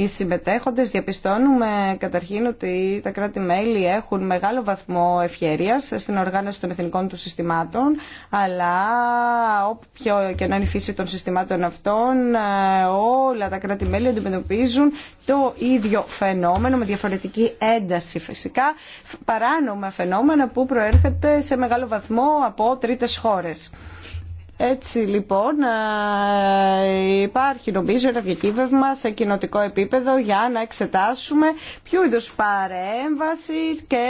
οι συμμετέχοντες διαπιστώνουμε καταρχήν ότι τα κράτη-μέλη έχουν μεγάλο βαθμό ευκαιρία στην οργάνωση των εθνικών του συστημάτων, αλλά όποιο και να είναι η φύση των συστημάτων αυτών, όλα τα κράτη-μέλη αντιμετωπίζουν το ίδιο φαινόμενο με διαφορετική ένταση φυσικά, παράνομα φαινόμενα που προέρχεται σε μεγάλο βαθμό από τρίτες χώρες. Έτσι λοιπόν ε, υπάρχει νομίζω ένα διακύβευμα σε κοινοτικό επίπεδο για να εξετάσουμε ποιο είδους παρέμβαση και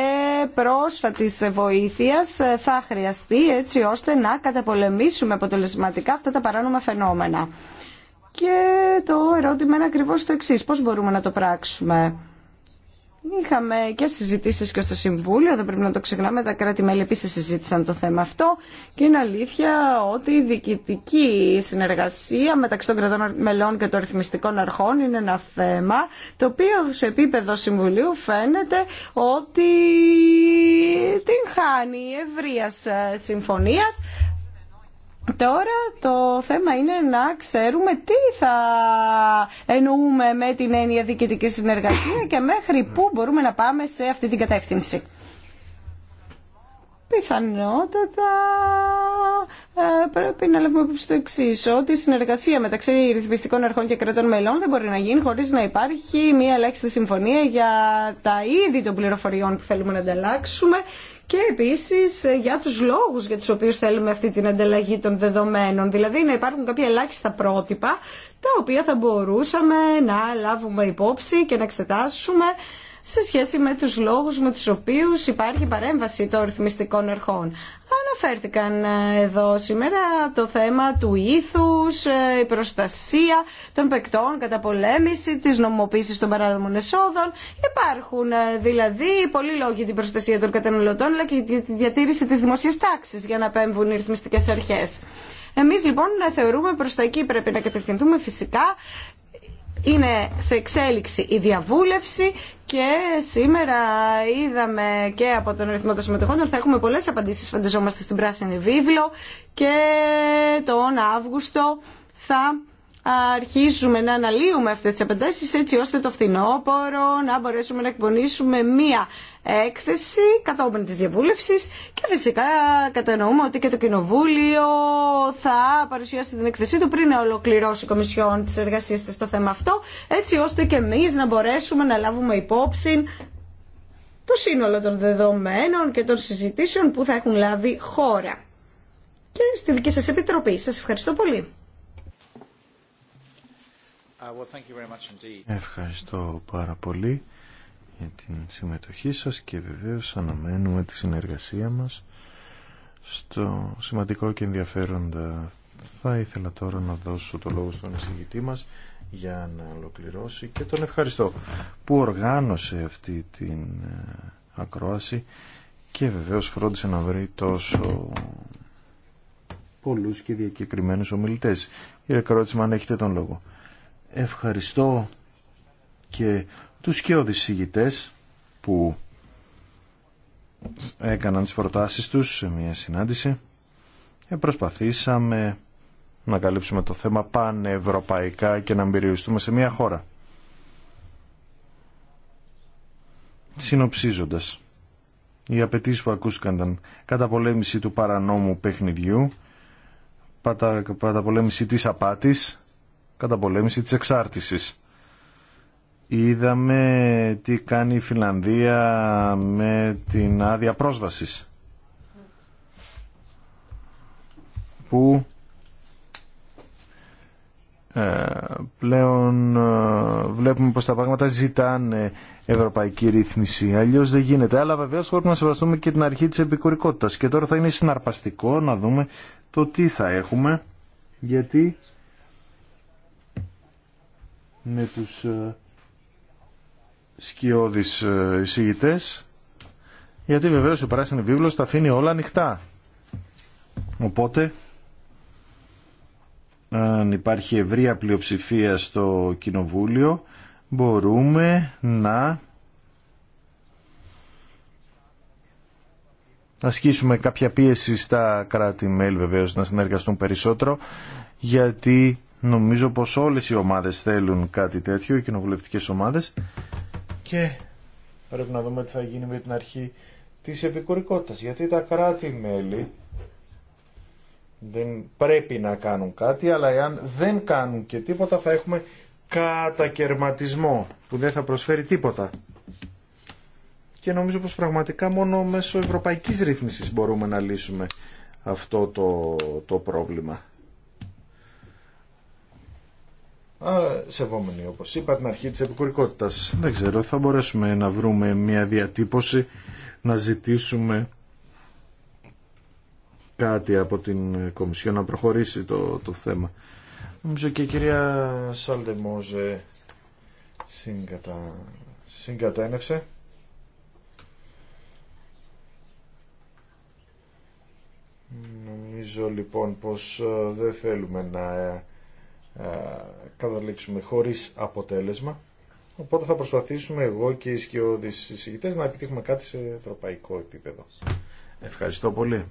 πρόσφατης βοήθειας ε, θα χρειαστεί έτσι ώστε να καταπολεμήσουμε αποτελεσματικά αυτά τα παράνομα φαινόμενα. Και το ερώτημα είναι ακριβώς το εξής, πώς μπορούμε να το πράξουμε. Είχαμε και συζητήσει και στο Συμβούλιο, δεν πρέπει να το ξεχνάμε. Τα κράτη-μέλη επίση συζήτησαν το θέμα αυτό. Και είναι αλήθεια ότι η διοικητική συνεργασία μεταξύ των κρατών μελών και των αριθμιστικών αρχών είναι ένα θέμα το οποίο σε επίπεδο Συμβουλίου φαίνεται ότι την χάνει ευρεία ε, συμφωνία Τώρα το θέμα είναι να ξέρουμε τι θα εννοούμε με την έννοια διοικητική συνεργασία και μέχρι πού μπορούμε να πάμε σε αυτή την κατεύθυνση. Πιθανότατα ε, πρέπει να λάβουμε υπόψη το εξή, ότι η συνεργασία μεταξύ ρυθμιστικών αρχών και κρατών μελών δεν μπορεί να γίνει χωρί να υπάρχει μία ελάχιστη συμφωνία για τα είδη των πληροφοριών που θέλουμε να ανταλλάξουμε και επίση ε, για τους λόγους για τους οποίους θέλουμε αυτή την ανταλλαγή των δεδομένων. Δηλαδή να υπάρχουν κάποια ελάχιστα πρότυπα τα οποία θα μπορούσαμε να λάβουμε υπόψη και να εξετάσουμε σε σχέση με τους λόγους με τους οποίους υπάρχει παρέμβαση των ρυθμιστικών αρχών. Αναφέρθηκαν ε, εδώ σήμερα το θέμα του ήθους, ε, η προστασία των παικτών, πολέμηση, της νομοποίησης των παράδομων εσόδων. Υπάρχουν ε, δηλαδή πολλοί λόγοι για την προστασία των καταναλωτών αλλά και τη διατήρηση της δημοσίας τάξης για να πέμβουν οι ρυθμιστικές αρχές. Εμείς λοιπόν θεωρούμε προς τα εκεί πρέπει να κατευθυνθούμε φυσικά είναι σε εξέλιξη η διαβούλευση και σήμερα είδαμε και από τον αριθμό των συμμετεχόντων θα έχουμε πολλές απαντήσεις φανταζόμαστε στην πράσινη βίβλο και τον Αύγουστο θα αρχίσουμε να αναλύουμε αυτές τις απαντήσεις έτσι ώστε το φθινόπωρο να μπορέσουμε να εκπονήσουμε μία έκθεση κατόπιν της διαβούλευσης και φυσικά κατανοούμε ότι και το Κοινοβούλιο θα παρουσιάσει την έκθεσή του πριν ολοκληρώσει η Κομισιόν τις εργασίες της στο θέμα αυτό έτσι ώστε και εμείς να μπορέσουμε να λάβουμε υπόψη το σύνολο των δεδομένων και των συζητήσεων που θα έχουν λάβει χώρα και στη δική σας επιτροπή. Σας ευχαριστώ πολύ. Uh, ευχαριστώ πάρα πολύ για την συμμετοχή σας και βεβαίως αναμένουμε τη συνεργασία μας στο σημαντικό και ενδιαφέροντα θα ήθελα τώρα να δώσω το λόγο στον εισηγητή μας για να ολοκληρώσει και τον ευχαριστώ που οργάνωσε αυτή την ε, ακρόαση και βεβαίως φρόντισε να βρει τόσο πολλούς και διακεκριμένους ομιλητές. Κύριε Κρότσιμα, αν έχετε τον λόγο. Ευχαριστώ και τους και οδησηγητές που έκαναν τις προτάσεις τους σε μια συνάντηση και ε, προσπαθήσαμε να καλύψουμε το θέμα πανευρωπαϊκά και να περιοριστούμε σε μια χώρα. Συνοψίζοντας, οι απαιτήσει που ακούστηκαν ήταν καταπολέμηση του παρανόμου παιχνιδιού, καταπολέμηση της απάτης, καταπολέμηση της εξάρτησης. Είδαμε τι κάνει η Φιλανδία με την άδεια πρόσβασης. Που ε, πλέον ε, βλέπουμε πως τα πράγματα ζητάνε ευρωπαϊκή ρύθμιση. Αλλιώς δεν γίνεται. Αλλά βεβαίως πρέπει να σεβαστούμε και την αρχή της επικουρικότητας. Και τώρα θα είναι συναρπαστικό να δούμε το τι θα έχουμε. Γιατί με τους ε, σκιώδει ε, εισηγητέ. γιατί βεβαίω η πράσινη βίβλο τα αφήνει όλα ανοιχτά. Οπότε αν υπάρχει ευρεία πλειοψηφία στο κοινοβούλιο μπορούμε να ασκήσουμε κάποια πίεση στα κράτη-μέλη βεβαίω να συνεργαστούν περισσότερο γιατί νομίζω πως όλες οι ομάδες θέλουν κάτι τέτοιο, οι κοινοβουλευτικές ομάδες και πρέπει να δούμε τι θα γίνει με την αρχή της επικουρικότητας. Γιατί τα κράτη-μέλη δεν πρέπει να κάνουν κάτι, αλλά εάν δεν κάνουν και τίποτα θα έχουμε κατακαιρματισμό που δεν θα προσφέρει τίποτα. Και νομίζω πως πραγματικά μόνο μέσω ευρωπαϊκής ρύθμισης μπορούμε να λύσουμε αυτό το, το πρόβλημα. σεβόμενοι όπως είπα την αρχή της επικουρικότητα. Δεν ξέρω, θα μπορέσουμε να βρούμε μια διατύπωση, να ζητήσουμε κάτι από την Κομισιόν να προχωρήσει το, το θέμα. Νομίζω και η κυρία Σαλτεμόζε συγκατα... συγκατένευσε. Νομίζω λοιπόν πως ε, δεν θέλουμε να ε, καταλήξουμε χωρίς αποτέλεσμα. Οπότε θα προσπαθήσουμε εγώ και οι σκιώδεις συζητητές να επιτύχουμε κάτι σε ευρωπαϊκό επίπεδο. Ευχαριστώ πολύ.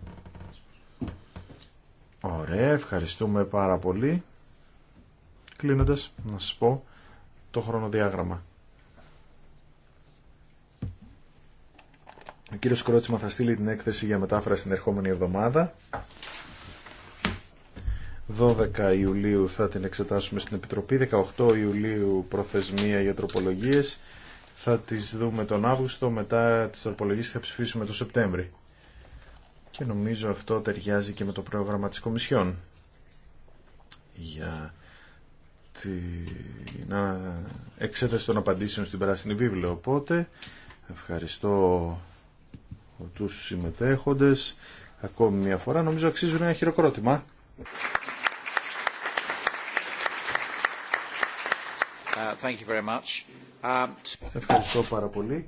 Ωραία, ευχαριστούμε πάρα πολύ. Κλείνοντας, να σας πω το χρονοδιάγραμμα. Ο κύριος Κρότσμα θα στείλει την έκθεση για μετάφραση την ερχόμενη εβδομάδα. 12 Ιουλίου θα την εξετάσουμε στην Επιτροπή, 18 Ιουλίου προθεσμία για τροπολογίες, θα τις δούμε τον Αύγουστο, μετά τις τροπολογίες θα ψηφίσουμε τον Σεπτέμβρη. Και νομίζω αυτό ταιριάζει και με το πρόγραμμα της Κομισιόν για την εξέταση των απαντήσεων στην Πράσινη Βίβλο. Οπότε ευχαριστώ τους συμμετέχοντες ακόμη μια φορά. Νομίζω αξίζουν ένα χειροκρότημα. Uh, thank you very much. Um, Ευχαριστώ πάρα πολύ.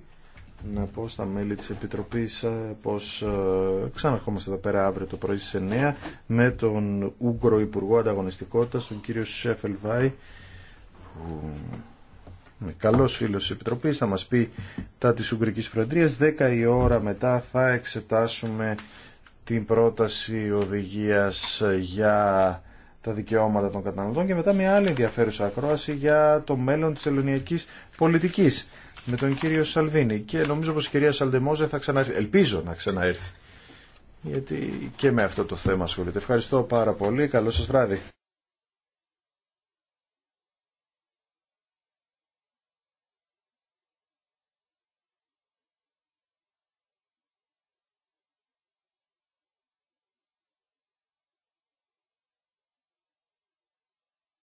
Να πω στα μέλη της Επιτροπής ε, πως ε, ξαναρχόμαστε εδώ πέρα αύριο το πρωί στις 9 με τον Ούγκρο Υπουργό Ανταγωνιστικότητας, τον κύριο Σέφελ που με καλός φίλος της Επιτροπής θα μας πει τα της Ουγγρικής Προεδρίας. δέκα η ώρα μετά θα εξετάσουμε την πρόταση οδηγίας για τα δικαιώματα των καταναλωτών και μετά μια άλλη ενδιαφέρουσα ακρόαση για το μέλλον της ελληνικής πολιτικής με τον κύριο Σαλβίνη και νομίζω πως η κυρία Σαλντεμόζε θα ξαναέρθει, ελπίζω να ξαναέρθει γιατί και με αυτό το θέμα ασχολείται. Ευχαριστώ πάρα πολύ, καλό σας βράδυ.